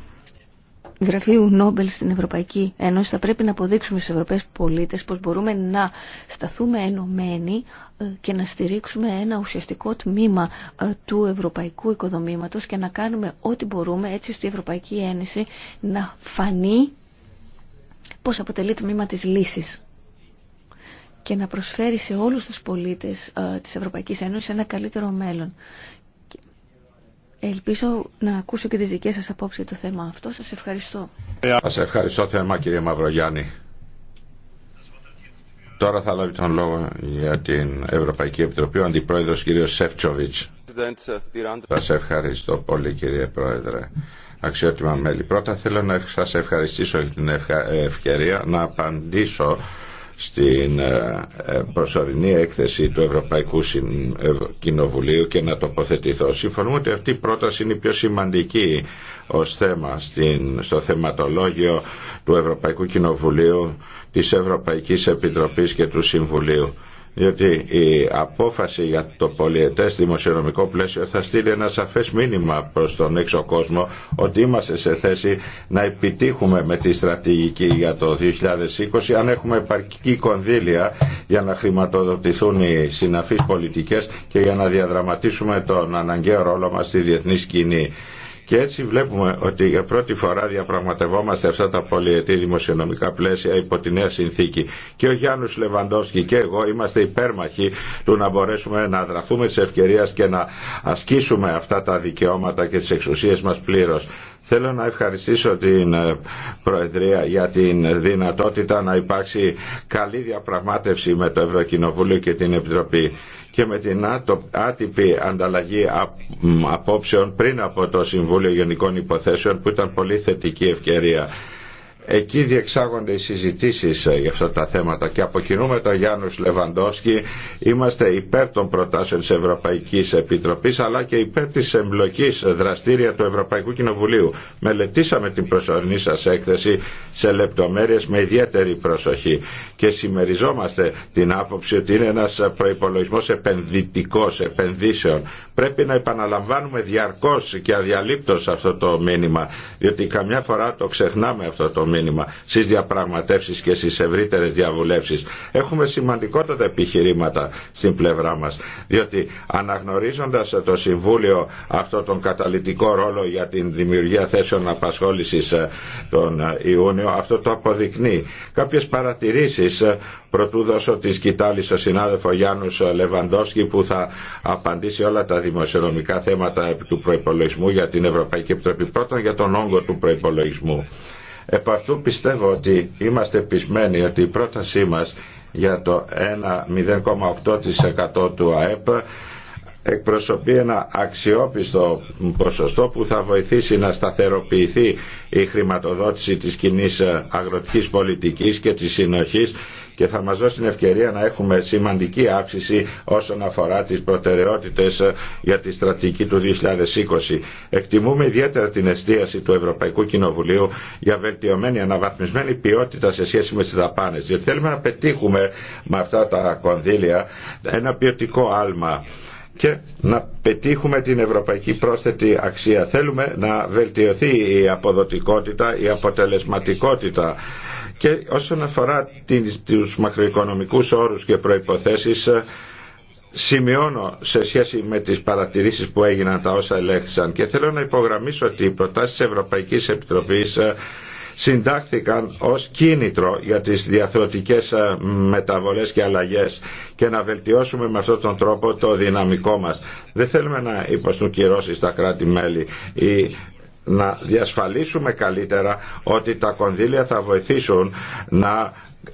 Γραφείου Νόμπελ στην Ευρωπαϊκή Ένωση θα πρέπει να αποδείξουμε στους Ευρωπαίους πολίτες πως μπορούμε να σταθούμε ενωμένοι ε, και να στηρίξουμε ένα ουσιαστικό τμήμα ε, του ευρωπαϊκού οικοδομήματος και να κάνουμε ό,τι μπορούμε έτσι ώστε η Ευρωπαϊκή Ένωση να φανεί πως αποτελεί τμήμα της λύσης και να προσφέρει σε όλους τους πολίτες ε, της Ευρωπαϊκής Ένωσης ένα καλύτερο μέλλον. Ελπίζω να ακούσω και τις δικές σας απόψεις για το θέμα αυτό. Σας ευχαριστώ. Σας ευχαριστώ θερμά κύριε Μαυρογιάννη. Τώρα θα λάβει τον λόγο για την Ευρωπαϊκή Επιτροπή ο Αντιπρόεδρος κ. Σεφτσοβιτς. Σας ευχαριστώ πολύ κύριε Πρόεδρε. Αξιότιμα μέλη. Πρώτα θέλω να σας ευχαριστήσω για την ευκαιρία να απαντήσω στην ε, ε, προσωρινή έκθεση του Ευρωπαϊκού ε, Κοινοβουλίου και να τοποθετηθώ. Συμφωνούμε ότι αυτή η πρόταση είναι η πιο σημαντική ως θέμα στο θεματολόγιο του Ευρωπαϊκού Κοινοβουλίου, της Ευρωπαϊκής Επιτροπής και του Συμβουλίου διότι η απόφαση για το πολιετές δημοσιονομικό πλαίσιο θα στείλει ένα σαφές μήνυμα προς τον έξω κόσμο ότι είμαστε σε θέση να επιτύχουμε με τη στρατηγική για το 2020 αν έχουμε επαρκή κονδύλια για να χρηματοδοτηθούν οι συναφείς πολιτικές και για να διαδραματίσουμε τον αναγκαίο ρόλο μας στη διεθνή σκηνή. Και έτσι βλέπουμε ότι για πρώτη φορά διαπραγματευόμαστε αυτά τα πολυετή δημοσιονομικά πλαίσια υπό τη νέα συνθήκη. Και ο Γιάννου Λεβαντόφσκι και εγώ είμαστε υπέρμαχοι του να μπορέσουμε να δραθούμε τη ευκαιρία και να ασκήσουμε αυτά τα δικαιώματα και τι εξουσίε μα πλήρω. Θέλω να ευχαριστήσω την ε, Προεδρία για την δυνατότητα να υπάρξει καλή διαπραγμάτευση με το Ευρωκοινοβούλιο και την Επιτροπή και με την άτυπη ανταλλαγή απόψεων πριν από το Συμβούλιο Γενικών Υποθέσεων που ήταν πολύ θετική ευκαιρία. Εκεί διεξάγονται οι συζητήσει ε, για αυτά τα θέματα και από κοινού με τον Γιάννους Λεβαντόσκη. είμαστε υπέρ των προτάσεων τη Ευρωπαϊκή Επιτροπή, αλλά και υπέρ τη εμπλοκή ε, δραστήρια του Ευρωπαϊκού Κοινοβουλίου. Μελετήσαμε την προσωρινή σα έκθεση σε λεπτομέρειε με ιδιαίτερη προσοχή και συμμεριζόμαστε την άποψη ότι είναι ένα προπολογισμό επενδυτικό επενδύσεων. Πρέπει να επαναλαμβάνουμε διαρκώ και αδιαλείπτω αυτό το μήνυμα διότι καμιά φορά το ξεχνάμε αυτό το μήνυμα μήνυμα στις διαπραγματεύσεις και στις ευρύτερες διαβουλεύσεις. Έχουμε σημαντικότατα επιχειρήματα στην πλευρά μας, διότι αναγνωρίζοντας το Συμβούλιο αυτό τον καταλητικό ρόλο για την δημιουργία θέσεων απασχόλησης ε, τον ε, Ιούνιο, αυτό το αποδεικνύει. Κάποιες παρατηρήσεις ε, Πρωτού δώσω τη σκητάλη στον συνάδελφο Γιάννου Λεβαντόφσκι που θα απαντήσει όλα τα δημοσιονομικά θέματα του προπολογισμού για την Ευρωπαϊκή Επιτροπή. Πρώτον για τον όγκο του προπολογισμού. Επ' αυτού πιστεύω ότι είμαστε πεισμένοι ότι η πρότασή μας για το 1,08% του ΑΕΠ εκπροσωπεί ένα αξιόπιστο ποσοστό που θα βοηθήσει να σταθεροποιηθεί η χρηματοδότηση της κοινή ε, αγροτικής πολιτικής και της συνοχής και θα μας δώσει την ευκαιρία να έχουμε σημαντική αύξηση όσον αφορά τις προτεραιότητες ε, για τη στρατηγική του 2020. Εκτιμούμε ιδιαίτερα την εστίαση του Ευρωπαϊκού Κοινοβουλίου για βελτιωμένη αναβαθμισμένη ποιότητα σε σχέση με τις δαπάνες. Διότι θέλουμε να πετύχουμε με αυτά τα κονδύλια ένα ποιοτικό άλμα και να πετύχουμε την ευρωπαϊκή πρόσθετη αξία. Θέλουμε να βελτιωθεί η αποδοτικότητα, η αποτελεσματικότητα και όσον αφορά τους μακροοικονομικούς όρους και προϋποθέσεις ε, Σημειώνω σε σχέση με τις παρατηρήσεις που έγιναν τα όσα ελέγχθησαν και θέλω να υπογραμμίσω ότι οι προτάσεις της Ευρωπαϊκής Επιτροπής ε, συντάχθηκαν ως κίνητρο για τις διαθροτικές ε, μεταβολές και αλλαγές και να βελτιώσουμε με αυτόν τον τρόπο το δυναμικό μας. Δεν θέλουμε να υποστούν κυρώσεις τα κράτη-μέλη ή να διασφαλίσουμε καλύτερα ότι τα κονδύλια θα βοηθήσουν να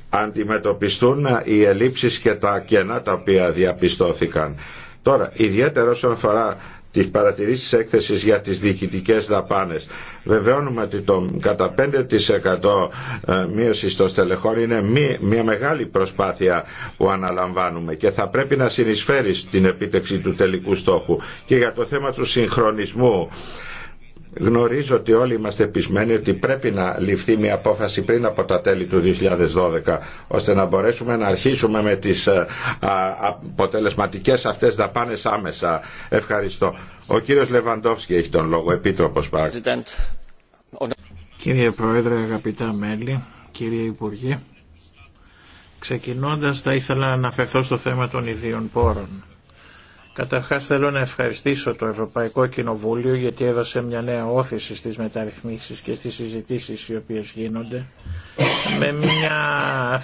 αντιμετωπιστούν οι ελλείψεις και τα κενά τα οποία διαπιστώθηκαν. Τώρα, ιδιαίτερα όσον αφορά τις παρατηρήσεις έκθεση για τις διοικητικέ δαπάνε. Βεβαιώνουμε ότι το κατά 5% ε, μείωση των στελεχών είναι μια μεγάλη προσπάθεια που αναλαμβάνουμε και θα πρέπει να συνεισφέρει στην επίτευξη του τελικού στόχου. Και για το θέμα του συγχρονισμού Γνωρίζω ότι όλοι είμαστε πεισμένοι ότι πρέπει να ληφθεί μια απόφαση πριν από τα τέλη του 2012 ώστε να μπορέσουμε να αρχίσουμε με τις ε, αποτελεσματικές αυτές δαπάνες άμεσα. Ευχαριστώ. Ο κύριος Λεβαντόφσκι έχει τον λόγο. Επίτροπος παρακαλώ. Κύριε Πρόεδρε, αγαπητά μέλη, κύριε Υπουργέ, ξεκινώντας θα ήθελα να αναφερθώ στο θέμα των ιδίων πόρων. Καταρχάς θέλω να ευχαριστήσω το Ευρωπαϊκό Κοινοβούλιο γιατί έδωσε μια νέα όθηση στις μεταρρυθμίσεις και στις συζητήσεις οι οποίες γίνονται με μια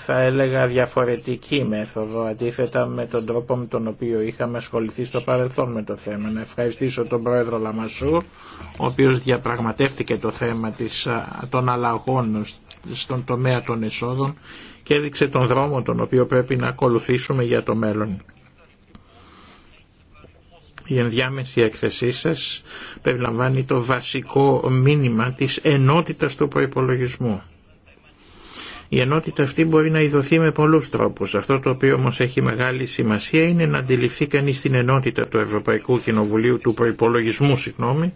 θα έλεγα διαφορετική μέθοδο αντίθετα με τον τρόπο με τον οποίο είχαμε ασχοληθεί στο παρελθόν με το θέμα. Να ευχαριστήσω τον Πρόεδρο Λαμασού ο οποίος διαπραγματεύτηκε το θέμα της, των αλλαγών στον τομέα των εσόδων και έδειξε τον δρόμο τον οποίο πρέπει να ακολουθήσουμε για το μέλλον. Η ενδιάμεση έκθεσή σας περιλαμβάνει το βασικό μήνυμα της ενότητας του προϋπολογισμού. Η ενότητα αυτή μπορεί να ειδωθεί με πολλούς τρόπους. Αυτό το οποίο όμως έχει μεγάλη σημασία είναι να αντιληφθεί κανείς την ενότητα του Ευρωπαϊκού Κοινοβουλίου του Προϋπολογισμού, συγγνώμη,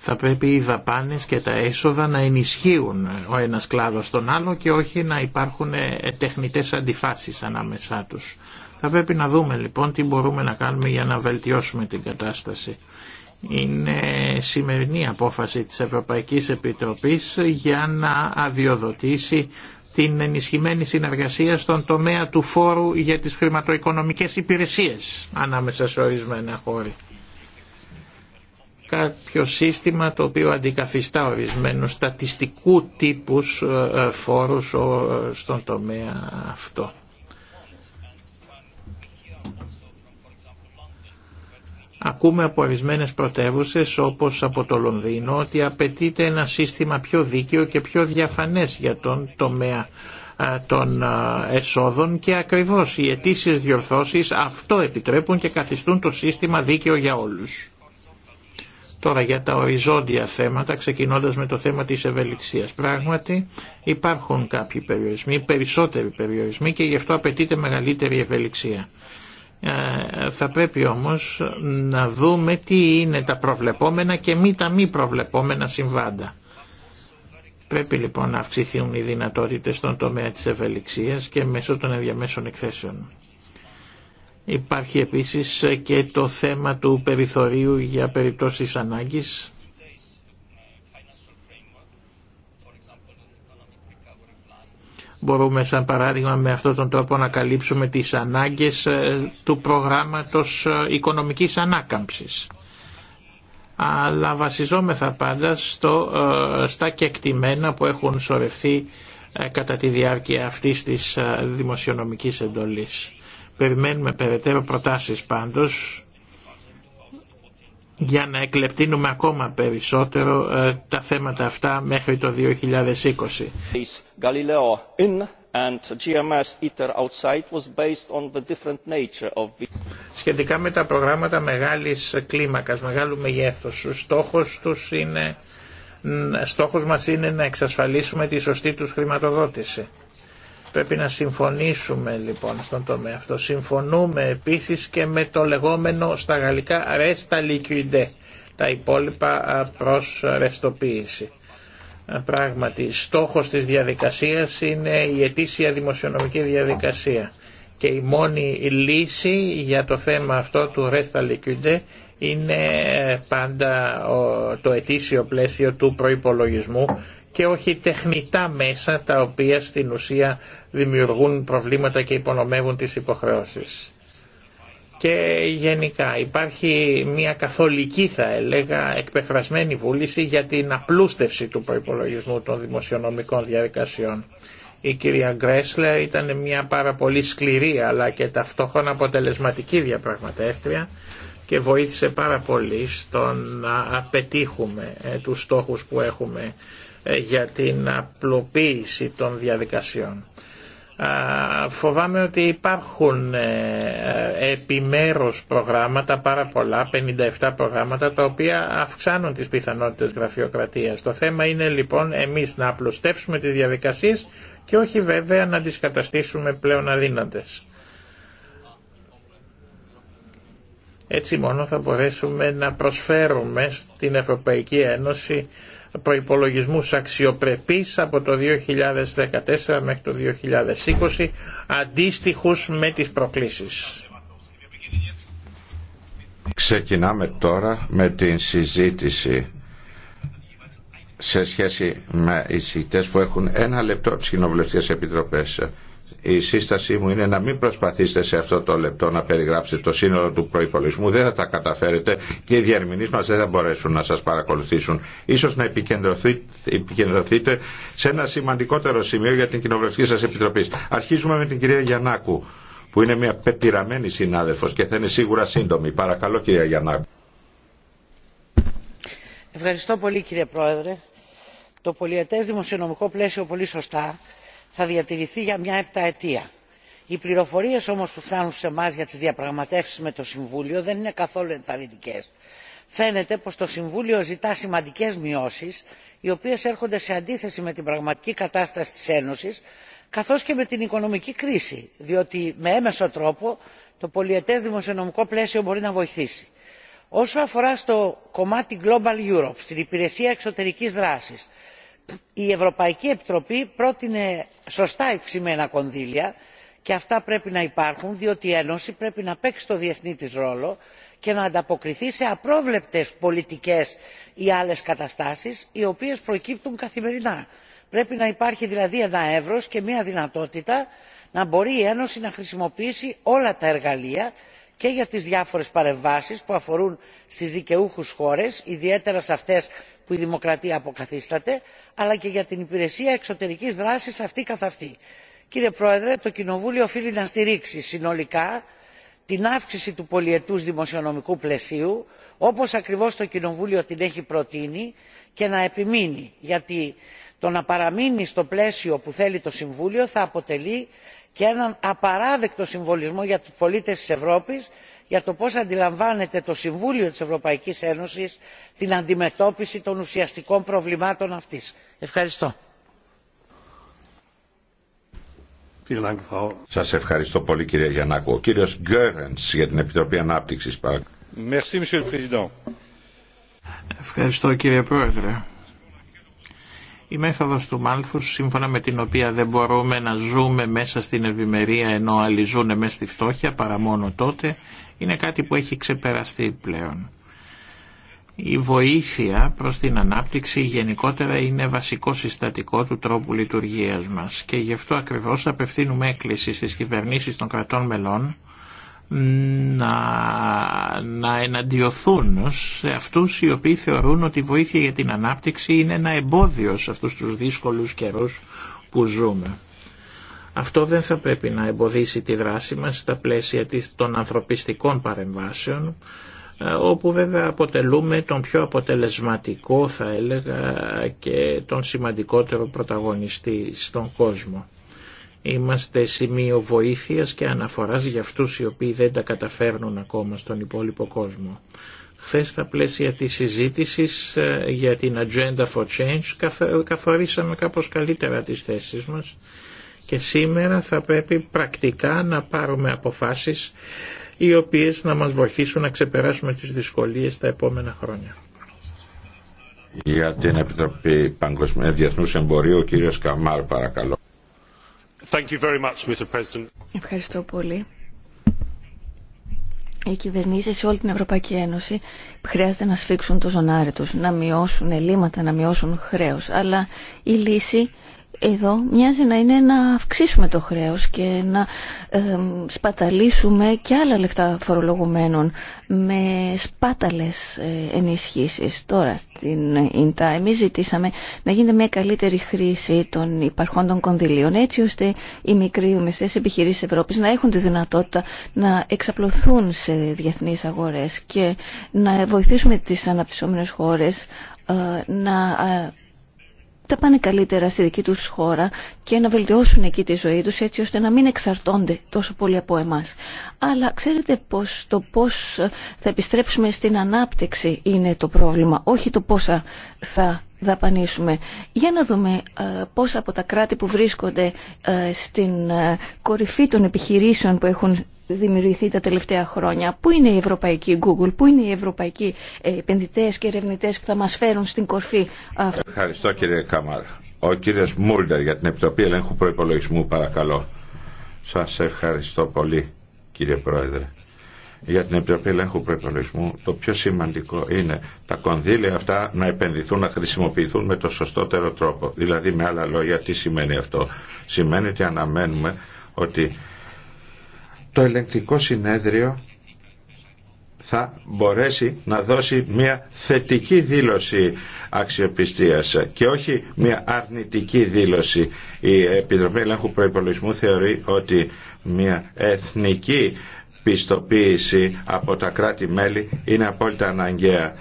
θα πρέπει οι δαπάνες και τα έσοδα να ενισχύουν ο ένας κλάδος τον άλλο και όχι να υπάρχουν τεχνητές αντιφάσεις ανάμεσά τους. Θα πρέπει να δούμε λοιπόν τι μπορούμε να κάνουμε για να βελτιώσουμε την κατάσταση. Είναι σημερινή απόφαση της Ευρωπαϊκής Επιτροπής για να αδειοδοτήσει την ενισχυμένη συνεργασία στον τομέα του φόρου για τις χρηματοοικονομικές υπηρεσίες ανάμεσα σε ορισμένα χώρη. Κάποιο σύστημα το οποίο αντικαθιστά ορισμένου στατιστικού τύπους ε, ε, φόρους ε, στον τομέα αυτό. Ακούμε από ορισμένε πρωτεύουσε όπως από το Λονδίνο ότι απαιτείται ένα σύστημα πιο δίκαιο και πιο διαφανές για τον τομέα ε, των ε, εσόδων και ακριβώς οι αιτήσει διορθώσεις αυτό επιτρέπουν και καθιστούν το σύστημα δίκαιο για όλους. Τώρα για τα οριζόντια θέματα, ξεκινώντας με το θέμα της ευελιξίας. Πράγματι υπάρχουν κάποιοι περιορισμοί, περισσότεροι περιορισμοί και γι' αυτό απαιτείται μεγαλύτερη ευελιξία. Ε, θα πρέπει όμως να δούμε τι είναι τα προβλεπόμενα και μη τα μη προβλεπόμενα συμβάντα. Πρέπει λοιπόν να αυξηθούν οι δυνατότητες στον τομέα της ευελιξίας και μέσω των ενδιαμέσων εκθέσεων. Υπάρχει επίσης και το θέμα του περιθωρίου για περιπτώσεις ανάγκης Μπορούμε σαν παράδειγμα με αυτόν τον τρόπο να καλύψουμε τις ανάγκες ε, του προγράμματος ε, οικονομικής ανάκαμψης. Αλλά βασιζόμεθα πάντα στο, ε, στα κεκτημένα που έχουν σωρευθεί κατά τη διάρκεια αυτής της δημοσιονομικής εντολής. Περιμένουμε περαιτέρω προτάσεις πάντως για να εκλεπτύνουμε ακόμα περισσότερο ε, τα θέματα αυτά μέχρι το 2020. Σχετικά με τα προγράμματα μεγάλης κλίμακας, μεγάλου μεγέθους, ο στόχος, τους είναι, στόχος μας είναι να εξασφαλίσουμε τη σωστή τους χρηματοδότηση. Πρέπει να συμφωνήσουμε λοιπόν στον τομέα αυτό. Συμφωνούμε επίσης και με το λεγόμενο στα γαλλικά «resta liquide», τα υπόλοιπα προς ρευστοποίηση. Πράγματι, στόχος της διαδικασίας είναι η ετήσια δημοσιονομική διαδικασία και η μόνη λύση για το θέμα αυτό του «resta liquide» είναι ε, πάντα το ετήσιο πλαίσιο του προϋπολογισμού και όχι τεχνητά μέσα τα οποία στην ουσία δημιουργούν προβλήματα και υπονομεύουν τις υποχρεώσεις. Και γενικά υπάρχει μια καθολική θα έλεγα εκπεφρασμένη βούληση για την απλούστευση του προϋπολογισμού των δημοσιονομικών διαδικασιών. Η κυρία Γκρέσλε ήταν μια πάρα πολύ σκληρή αλλά και ταυτόχρονα αποτελεσματική διαπραγματεύτρια και βοήθησε πάρα πολύ στο να πετύχουμε ε, τους στόχους που έχουμε ε, για την απλοποίηση των διαδικασιών. Φοβάμαι ότι υπάρχουν ε, ε, επιμέρους προγράμματα, πάρα πολλά, 57 προγράμματα, τα οποία αυξάνουν τις πιθανότητες γραφειοκρατίας. Το θέμα είναι λοιπόν εμείς να απλουστεύσουμε τις διαδικασίες και όχι βέβαια να τις καταστήσουμε πλέον αδύνατες. Έτσι μόνο θα μπορέσουμε να προσφέρουμε στην Ευρωπαϊκή Ένωση προϋπολογισμούς αξιοπρεπής από το 2014 μέχρι το 2020 αντίστοιχους με τις προκλήσεις. Ξεκινάμε τώρα με την συζήτηση σε σχέση με εισηγητές που έχουν ένα λεπτό από τις κοινοβουλευτικές επιτροπές η σύστασή μου είναι να μην προσπαθήσετε σε αυτό το λεπτό να περιγράψετε το σύνολο του προπολογισμού. Δεν θα τα καταφέρετε και οι διαρμηνεί μα δεν θα μπορέσουν να σα παρακολουθήσουν. Ίσως να επικεντρωθείτε σε ένα σημαντικότερο σημείο για την κοινοβουλευτική σα επιτροπή. Αρχίζουμε με την κυρία Γιαννάκου, που είναι μια πεπειραμένη συνάδελφο και θα είναι σίγουρα σύντομη. Παρακαλώ, κυρία Γιαννάκου. Ευχαριστώ πολύ, κύριε Πρόεδρε. Το πολιετές δημοσιονομικό πλαίσιο πολύ σωστά θα διατηρηθεί για μια επταετία. οι πληροφορίες όμως που φτάνουν σε εμά για τις διαπραγματεύσεις με το συμβούλιο δεν είναι καθόλου ενθαρρυντικές. φαίνεται πως το συμβούλιο ζητά σημαντικές μειώσεις οι οποίες έρχονται σε αντίθεση με την πραγματική κατάσταση της ένωσης καθώς και με την οικονομική κρίση διότι με έμεσο τρόπο το πολυετές δημοσιονομικό πλαίσιο μπορεί να βοηθήσει. όσο αφορά στο κομμάτι global europe στην υπηρεσία εξωτερικής δράσης η ευρωπαϊκή επιτροπή πρότεινε σωστά υψημένα κονδύλια και αυτά πρέπει να υπάρχουν διότι η ένωση πρέπει να παίξει το διεθνή της ρόλο και να ανταποκριθεί σε απρόβλεπτες πολιτικές ή άλλες καταστάσεις οι οποίες προκύπτουν καθημερινά. πρέπει να υπάρχει δηλαδή ένα εύρος και μια δυνατότητα να μπορεί η ένωση να χρησιμοποιήσει όλα τα εργαλεία και για τις διάφορες παρεμβάσεις που αφορούν στις δικαιούχους χώρες ιδιαίτερα σε αυτές που η δημοκρατία αποκαθίσταται αλλά και για την υπηρεσία εξωτερικής δράσης αυτή καθ' αυτή. κύριε πρόεδρε το κοινοβούλιο οφείλει να στηρίξει συνολικά την αύξηση του πολυετούς δημοσιονομικού πλαισίου όπως ακριβώς το κοινοβούλιο την έχει προτείνει και να επιμείνει γιατί το να παραμείνει στο πλαίσιο που θέλει το συμβούλιο θα αποτελεί και έναν απαράδεκτο συμβολισμό για τους πολίτες της ευρώπης για το πώ αντιλαμβάνεται το συμβούλιο της ευρωπαϊκής ένωσης την αντιμετώπιση των ουσιαστικών προβλημάτων αυτή. ευχαριστώ. Σα ευχαριστώ πολύ κύριε Γιαννάκου. Ο κύριος Γκέρεντ για την Επιτροπή ανάπτυξη. Ευχαριστώ κύριε Πρόεδρε. Η μέθοδος του Μάλθους, σύμφωνα με την οποία δεν μπορούμε να ζούμε μέσα στην ευημερία ενώ άλλοι ζουν μέσα στη φτώχεια παρά μόνο τότε, είναι κάτι που έχει ξεπεραστεί πλέον. Η βοήθεια προς την ανάπτυξη γενικότερα είναι βασικό συστατικό του τρόπου λειτουργίας μας και γι' αυτό ακριβώς απευθύνουμε έκκληση στις κυβερνήσεις των κρατών μελών να, να εναντιωθούν σε αυτούς οι οποίοι θεωρούν ότι η βοήθεια για την ανάπτυξη είναι ένα εμπόδιο σε αυτούς τους δύσκολους καιρούς που ζούμε. Αυτό δεν θα πρέπει να εμποδίσει τη δράση μας στα πλαίσια των ανθρωπιστικών παρεμβάσεων, ε, όπου βέβαια αποτελούμε τον πιο αποτελεσματικό θα έλεγα και τον σημαντικότερο πρωταγωνιστή στον κόσμο. Είμαστε σημείο βοήθειας και αναφοράς για αυτούς οι οποίοι δεν τα καταφέρνουν ακόμα στον υπόλοιπο κόσμο. Χθε στα πλαίσια της συζήτησης ε, για την Agenda for Change καθορίσαμε κάπως καλύτερα τις θέσεις μας και σήμερα θα πρέπει πρακτικά να πάρουμε αποφάσεις οι οποίες να μας βοηθήσουν να ξεπεράσουμε τις δυσκολίες τα επόμενα χρόνια. Για την Επιτροπή Παγκοσμίου Διεθνούς Εμπορίου, ο κύριος Καμάρ, παρακαλώ. Thank you very much, Mr. Ευχαριστώ πολύ. Οι κυβερνήσει σε όλη την Ευρωπαϊκή Ένωση χρειάζεται να σφίξουν το ζωνάρι τους, να μειώσουν ελλείμματα, να μειώσουν χρέος. Αλλά η λύση εδώ μοιάζει να είναι να αυξήσουμε το χρέος και να ε, σπαταλήσουμε και άλλα λεφτά φορολογουμένων με σπάταλες ε, ενισχύσεις. Τώρα στην ε, ΙΝΤΑ εμείς ζητήσαμε να γίνεται μια καλύτερη χρήση των υπαρχόντων κονδυλίων έτσι ώστε οι μικροί ομιστές επιχειρήσεις Ευρώπης να έχουν τη δυνατότητα να εξαπλωθούν σε διεθνείς αγορές και να βοηθήσουμε τις αναπτυσσόμενες χώρες ε, να τα πάνε καλύτερα στη δική τους χώρα και να βελτιώσουν εκεί τη ζωή τους έτσι ώστε να μην εξαρτώνται τόσο πολύ από εμάς. Αλλά ξέρετε πως το πώς θα επιστρέψουμε στην ανάπτυξη είναι το πρόβλημα, όχι το πόσα θα δαπανίσουμε. Για να δούμε ε, πόσα από τα κράτη που βρίσκονται ε, στην ε, κορυφή των επιχειρήσεων που έχουν δημιουργηθεί τα τελευταία χρόνια. Πού είναι η ευρωπαϊκή Google, πού είναι οι ευρωπαϊκοί ε, επενδυτέ και ερευνητέ που θα μα φέρουν στην κορφή αυτή. Ευχαριστώ κύριε Κάμαρα. Ο κύριο Μούλτερ για την Επιτροπή Ελέγχου Προπολογισμού, παρακαλώ. Σα ευχαριστώ πολύ κύριε Πρόεδρε για την Επιτροπή Ελέγχου Προπολογισμού, το πιο σημαντικό είναι τα κονδύλια αυτά να επενδυθούν, να χρησιμοποιηθούν με το σωστότερο τρόπο. Δηλαδή, με άλλα λόγια, τι σημαίνει αυτό. Σημαίνει ότι αναμένουμε ότι το ελεγκτικό συνέδριο θα μπορέσει να δώσει μια θετική δήλωση αξιοπιστίας και όχι μια αρνητική δήλωση. Η Επιτροπή Ελέγχου Προϋπολογισμού θεωρεί ότι μια εθνική πιστοποίηση από τα κράτη-μέλη είναι απόλυτα αναγκαία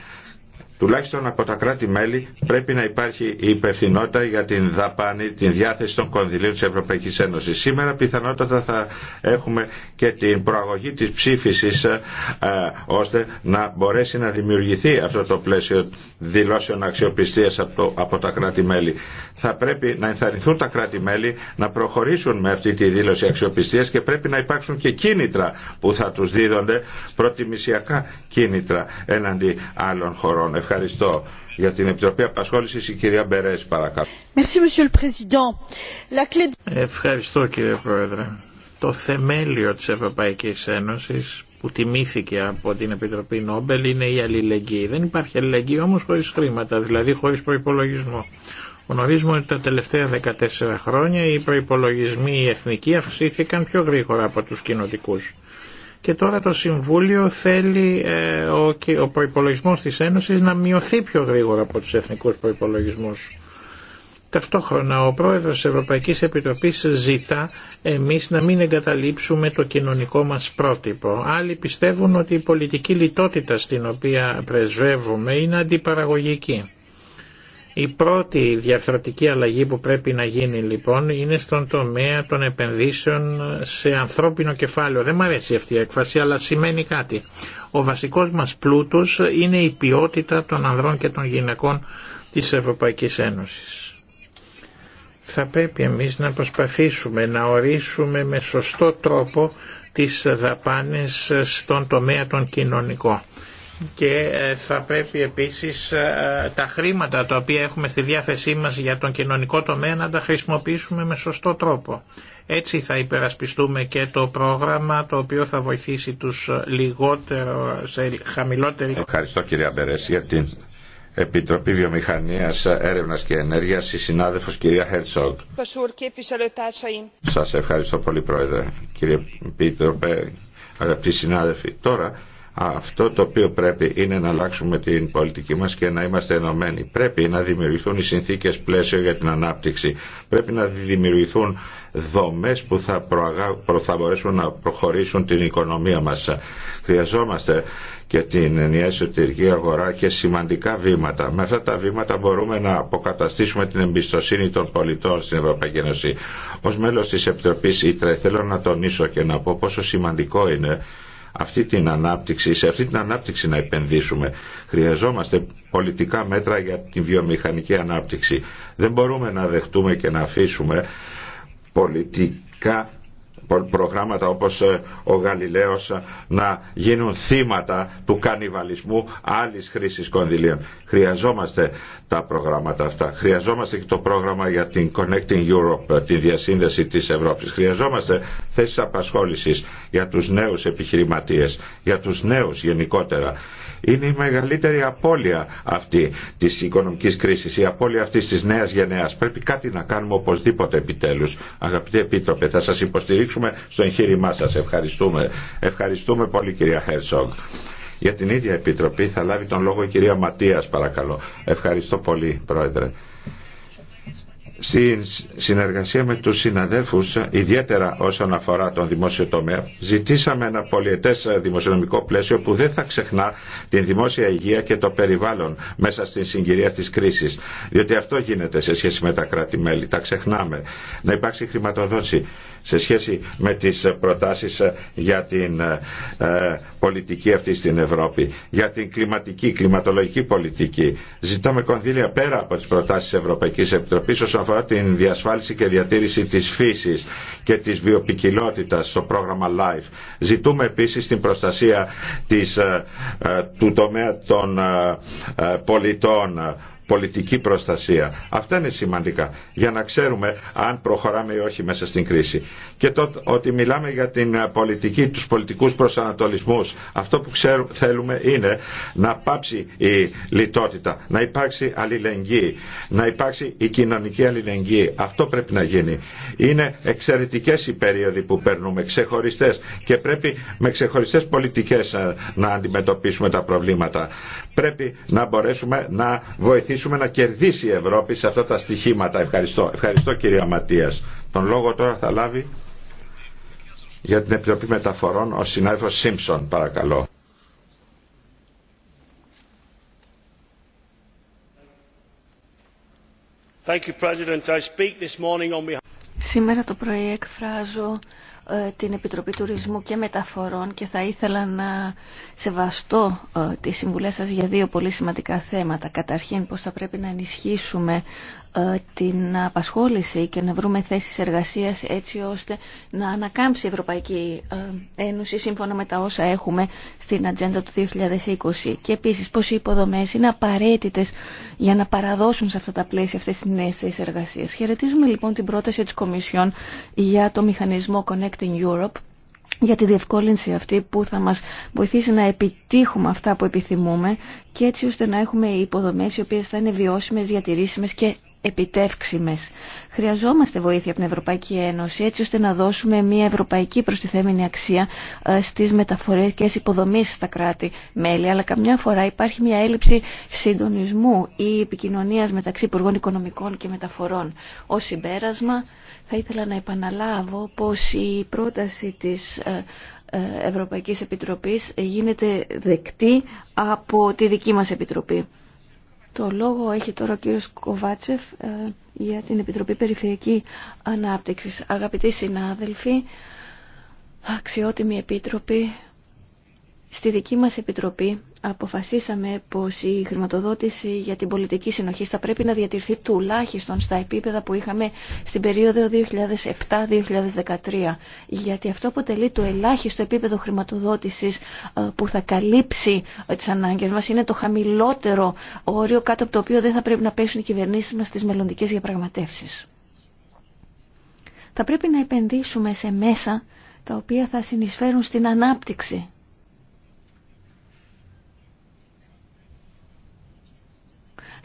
τουλάχιστον από τα κράτη-μέλη πρέπει να υπάρχει η υπευθυνότητα για την δαπάνη, την διάθεση των κονδυλίων της Ευρωπαϊκής Ένωσης. Σήμερα πιθανότατα θα έχουμε και την προαγωγή της ψήφισης ε, ώστε να μπορέσει να δημιουργηθεί αυτό το πλαίσιο δηλώσεων αξιοπιστίας από, από τα κράτη-μέλη. Θα πρέπει να ενθαρρυνθούν τα κράτη-μέλη να προχωρήσουν με αυτή τη δήλωση αξιοπιστίας και πρέπει να υπάρξουν και κίνητρα που θα τους δίδονται προτιμησιακά κίνητρα εναντί άλλων χωρών. Ευχαριστώ. Για την Επιτροπή απασχόληση, η κυρία Μπερέ, παρακαλώ. Ευχαριστώ κύριε Πρόεδρε. Το θεμέλιο τη Ευρωπαϊκή Ένωση που τιμήθηκε από την Επιτροπή Νόμπελ είναι η αλληλεγγύη. Δεν υπάρχει αλληλεγγύη όμω χωρί χρήματα, δηλαδή χωρί προπολογισμό. Γνωρίζουμε ότι τα τελευταία 14 χρόνια οι προπολογισμοί εθνικοί αυξήθηκαν πιο γρήγορα από του κοινοτικού και τώρα το Συμβούλιο θέλει ε, ο, ο προϋπολογισμός της Ένωσης να μειωθεί πιο γρήγορα από τους εθνικούς προϋπολογισμούς. Ταυτόχρονα ο πρόεδρος της Ευρωπαϊκής Επιτροπής ζητά εμείς να μην εγκαταλείψουμε το κοινωνικό μας πρότυπο. Άλλοι πιστεύουν ότι η πολιτική λιτότητα στην οποία πρεσβεύουμε είναι αντιπαραγωγική. Η πρώτη διαρθρωτική αλλαγή που πρέπει να γίνει λοιπόν είναι στον τομέα των επενδύσεων σε ανθρώπινο κεφάλαιο. Δεν μου αρέσει αυτή η έκφραση αλλά σημαίνει κάτι. Ο βασικός μας πλούτος είναι η ποιότητα των ανδρών και των γυναικών της Ευρωπαϊκής Ένωσης. Θα πρέπει εμείς να προσπαθήσουμε να ορίσουμε με σωστό τρόπο τις δαπάνες στον τομέα των κοινωνικών και ε, θα πρέπει επίσης ε, τα χρήματα τα οποία έχουμε στη διάθεσή μας για τον κοινωνικό τομέα να τα χρησιμοποιήσουμε με σωστό τρόπο. Έτσι θα υπερασπιστούμε και το πρόγραμμα το οποίο θα βοηθήσει τους λιγότερο σε χαμηλότερη... Ευχαριστώ κυρία Μπερές για την Επιτροπή Βιομηχανίας, Έρευνας και Ενέργειας, η συνάδελφος κυρία Χέρτσογκ. Σας ευχαριστώ πολύ πρόεδρε. Κύριε Πίτροπε, αγαπητοί συνάδελφοι, τώρα αυτό το οποίο πρέπει είναι να αλλάξουμε την πολιτική μας και να είμαστε ενωμένοι. Πρέπει να δημιουργηθούν οι συνθήκες πλαίσιο για την ανάπτυξη. Πρέπει να δημιουργηθούν δομές που θα, θα μπορέσουν να προχωρήσουν την οικονομία μας. Χρειαζόμαστε και την ενιαία εσωτερική αγορά και σημαντικά βήματα. Με αυτά τα βήματα μπορούμε να αποκαταστήσουμε την εμπιστοσύνη των πολιτών στην Ευρωπαϊκή Ένωση. Ως μέλος της Επιτροπής ΙΤΡΕ θέλω να τονίσω και να πω πόσο σημαντικό είναι αυτή την ανάπτυξη, σε αυτή την ανάπτυξη να επενδύσουμε. Χρειαζόμαστε πολιτικά μέτρα για την βιομηχανική ανάπτυξη. Δεν μπορούμε να δεχτούμε και να αφήσουμε πολιτικά προγράμματα όπως ε, ο Γαλιλαίος ε, να γίνουν θύματα του κανιβαλισμού άλλης χρήσης κονδυλίων. Χρειαζόμαστε τα προγράμματα αυτά. Χρειαζόμαστε και το πρόγραμμα για την Connecting Europe, ε, τη διασύνδεση της Ευρώπης. Χρειαζόμαστε θέσεις απασχόλησης για τους νέους επιχειρηματίες, για τους νέους γενικότερα είναι η μεγαλύτερη απώλεια αυτή της οικονομικής κρίσης, η απώλεια αυτής της νέας γενεάς. Πρέπει κάτι να κάνουμε οπωσδήποτε επιτέλους. Αγαπητοί Επίτροπε, θα σας υποστηρίξουμε στο εγχείρημά σας. Ευχαριστούμε. Ευχαριστούμε πολύ κυρία Χέρσογκ. Για την ίδια Επιτροπή θα λάβει τον λόγο η κυρία Ματίας παρακαλώ. Ευχαριστώ πολύ Πρόεδρε. Στη συνεργασία με τους συναδέλφους, ιδιαίτερα όσον αφορά τον δημόσιο τομέα, ζητήσαμε ένα πολιετές δημοσιονομικό πλαίσιο που δεν θα ξεχνά την δημόσια υγεία και το περιβάλλον μέσα στην συγκυρία της κρίσης. Διότι αυτό γίνεται σε σχέση με τα κράτη-μέλη. Τα ξεχνάμε. Να υπάρξει χρηματοδότηση σε σχέση με τις προτάσεις ε, για την ε, ε, πολιτική αυτή στην Ευρώπη, για την κλιματική, κλιματολογική πολιτική. Ζητάμε κονδύλια πέρα από τις προτάσεις της Ευρωπαϊκής Επιτροπής όσον αφορά την διασφάλιση και διατήρηση της φύσης και της βιοπικιλότητας στο πρόγραμμα LIFE. Ζητούμε επίσης την προστασία της, του τομέα των πολιτών πολιτική προστασία. Αυτά είναι σημαντικά για να ξέρουμε αν προχωράμε ή όχι μέσα στην κρίση. Και το ότι μιλάμε για την πολιτική, τους πολιτικούς προσανατολισμούς, αυτό που θέλουμε είναι να πάψει η λιτότητα, να υπάρξει αλληλεγγύη, να υπάρξει η κοινωνική αλληλεγγύη. Αυτό πρέπει να γίνει. Είναι εξαιρετικές οι περίοδοι που περνούμε, ξεχωριστές και πρέπει με ξεχωριστές πολιτικές ε, να αντιμετωπίσουμε τα προβλήματα πρέπει να μπορέσουμε να βοηθήσουμε να κερδίσει η Ευρώπη σε αυτά τα στοιχήματα. Ευχαριστώ. Ευχαριστώ κυρία Ματίας. Τον λόγο τώρα θα λάβει για την Επιτροπή Μεταφορών ο συνάδελφος Σίμψον παρακαλώ. Σήμερα το πρωί εκφράζω ε, την Επιτροπή Τουρισμού και Μεταφορών και θα ήθελα να σεβαστώ ε, τις συμβουλές σας για δύο πολύ σημαντικά θέματα. Καταρχήν, πώς θα πρέπει να ενισχύσουμε ε, την απασχόληση και να βρούμε θέσεις εργασίας έτσι ώστε να ανακάμψει η Ευρωπαϊκή ε, Ένωση σύμφωνα με τα όσα έχουμε στην ατζέντα του 2020 και επίσης πως οι υποδομές είναι απαραίτητες για να παραδώσουν σε αυτά τα πλαίσια αυτές τις νέες θέσεις εργασίας. Χαιρετίζουμε λοιπόν την πρόταση της Κομισιόν για το μηχανισμό Connecting Europe για τη διευκόλυνση αυτή που θα μας βοηθήσει να επιτύχουμε αυτά που επιθυμούμε και έτσι ώστε να έχουμε υποδομές οι οποίες θα είναι βιώσιμες, διατηρήσιμες και επιτεύξιμες. Χρειαζόμαστε βοήθεια από την Ευρωπαϊκή Ένωση έτσι ώστε να δώσουμε μια ευρωπαϊκή προστιθέμενη αξία ε, στις μεταφορές και υποδομή στα κράτη-μέλη. Αλλά καμιά φορά υπάρχει μια έλλειψη συντονισμού ή επικοινωνίας μεταξύ Υπουργών Οικονομικών και Μεταφορών. Ως συμπέρασμα θα ήθελα να επαναλάβω πως η πρόταση της ε, ε, Ευρωπαϊκής Επιτροπής γίνεται δεκτή από τη δική μας Επιτροπή. Το λόγο έχει τώρα ο κύριος Κοβάτσεφ ε, για την Επιτροπή Περιφερειακή Ανάπτυξης. Αγαπητοί συνάδελφοι, αξιότιμοι επίτροποι, Στη δική μας Επιτροπή αποφασίσαμε πως η χρηματοδότηση για την πολιτική συνοχή θα πρέπει να διατηρηθεί τουλάχιστον στα επίπεδα που είχαμε στην περίοδο 2007-2013 γιατί αυτό αποτελεί το ελάχιστο επίπεδο χρηματοδότησης ε, που θα καλύψει τις ανάγκες μας είναι το χαμηλότερο όριο κάτω από το οποίο δεν θα πρέπει να πέσουν οι κυβερνήσεις μας στις μελλοντικές διαπραγματεύσεις. Θα πρέπει να επενδύσουμε σε μέσα τα οποία θα συνεισφέρουν στην ανάπτυξη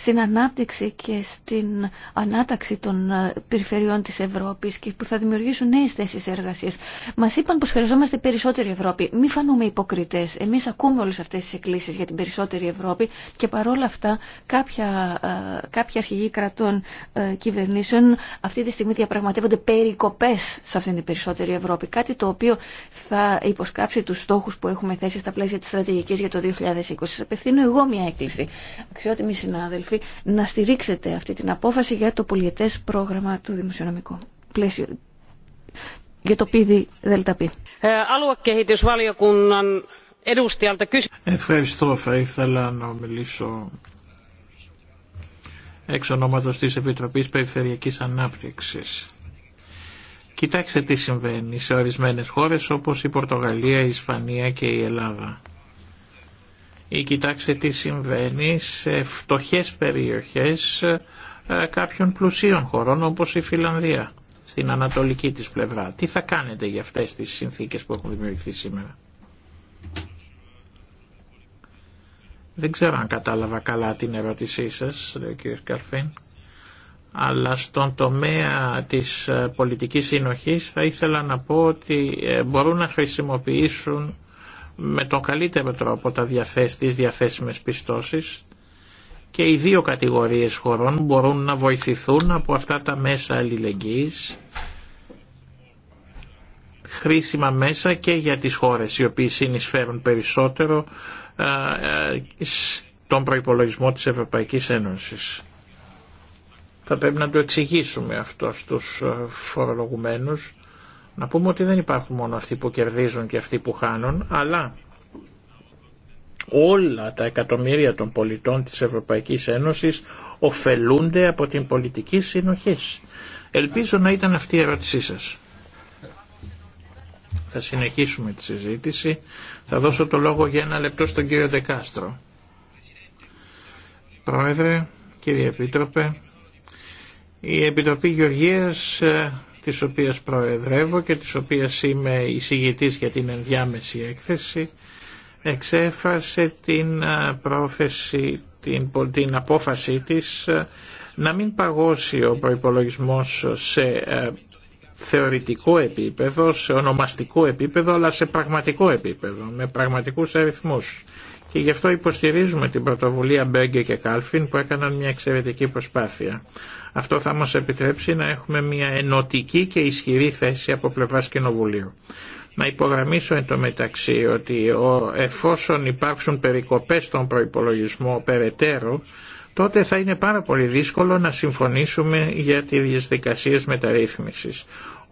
στην ανάπτυξη και στην ανάταξη των ε, περιφερειών της Ευρώπης και που θα δημιουργήσουν νέες θέσεις εργασίας. Μας είπαν πως χρειαζόμαστε περισσότερη Ευρώπη. Μη φανούμε υποκριτές. Εμείς ακούμε όλες αυτές τις εκκλήσεις για την περισσότερη Ευρώπη και παρόλα αυτά κάποια, ε, κάποια αρχηγοί κρατών ε, κυβερνήσεων αυτή τη στιγμή διαπραγματεύονται περικοπές σε αυτήν την περισσότερη Ευρώπη. Κάτι το οποίο θα υποσκάψει τους στόχους που έχουμε θέσει στα πλαίσια της στρατηγικής για το 2020. Σας απευθύνω εγώ μια έκκληση. Αξιότιμοι συνάδελφοι να στηρίξετε αυτή την απόφαση για το πολιετές πρόγραμμα του δημοσιονομικού πλαίσιο για το πίδι πει. Ε, Ευχαριστώ. Θα ήθελα να μιλήσω εξ ονόματος της Επιτροπής Περιφερειακής Ανάπτυξης. Κοιτάξτε τι συμβαίνει σε ορισμένες χώρες όπως η Πορτογαλία, η Ισπανία και η Ελλάδα ή ε, κοιτάξτε τι συμβαίνει σε φτωχές περιοχές ε, κάποιων πλουσίων χωρών όπως η Φιλανδία στην ανατολική της πλευρά. Τι θα κάνετε για αυτές τις συνθήκες που έχουν δημιουργηθεί σήμερα. Δεν ξέρω αν κατάλαβα καλά την ερώτησή σας, λέει ο κ. Καρφίν, αλλά στον τομέα της ε, πολιτικής συνοχής θα ήθελα να πω ότι μπορούν να χρησιμοποιήσουν με τον καλύτερο τρόπο τα διαθέσιμε τις διαθέσιμες πιστώσεις και οι δύο κατηγορίες χωρών μπορούν να βοηθηθούν από αυτά τα μέσα αλληλεγγύης χρήσιμα μέσα και για τις χώρες οι οποίες συνεισφέρουν περισσότερο στον προϋπολογισμό της Ευρωπαϊκής Ένωσης. Θα πρέπει να το εξηγήσουμε αυτό στους φορολογουμένους να πούμε ότι δεν υπάρχουν μόνο αυτοί που κερδίζουν και αυτοί που χάνουν, αλλά όλα τα εκατομμύρια των πολιτών της Ευρωπαϊκής Ένωσης ωφελούνται από την πολιτική συνοχή. Ελπίζω να ήταν αυτή η ερώτησή σας. Θα συνεχίσουμε τη συζήτηση. Θα δώσω το λόγο για ένα λεπτό στον κύριο Δεκάστρο. Πρόεδρε, κύριε Επίτροπε, η Επιτροπή Γεωργίας ε, τις οποίας προεδρεύω και τις οποίες είμαι εισηγητής για την ενδιάμεση έκθεση, εξέφρασε την ε, πρόθεση, την, την απόφαση της ε, να μην παγώσει ο προϋπολογισμός σε ε, θεωρητικό επίπεδο, σε ονομαστικό επίπεδο, αλλά σε πραγματικό επίπεδο, με πραγματικούς αριθμούς και γι' αυτό υποστηρίζουμε την πρωτοβουλία Μπέγκε και Κάλφιν που έκαναν μια εξαιρετική προσπάθεια. Αυτό θα μας επιτρέψει να έχουμε μια ενωτική και ισχυρή θέση από πλευράς Κοινοβουλίου. Να υπογραμμίσω εν τω μεταξύ ότι ο, εφόσον υπάρξουν περικοπές στον προϋπολογισμό περαιτέρω, τότε θα είναι πάρα πολύ δύσκολο να συμφωνήσουμε για τις διαδικασίες μεταρρύθμισης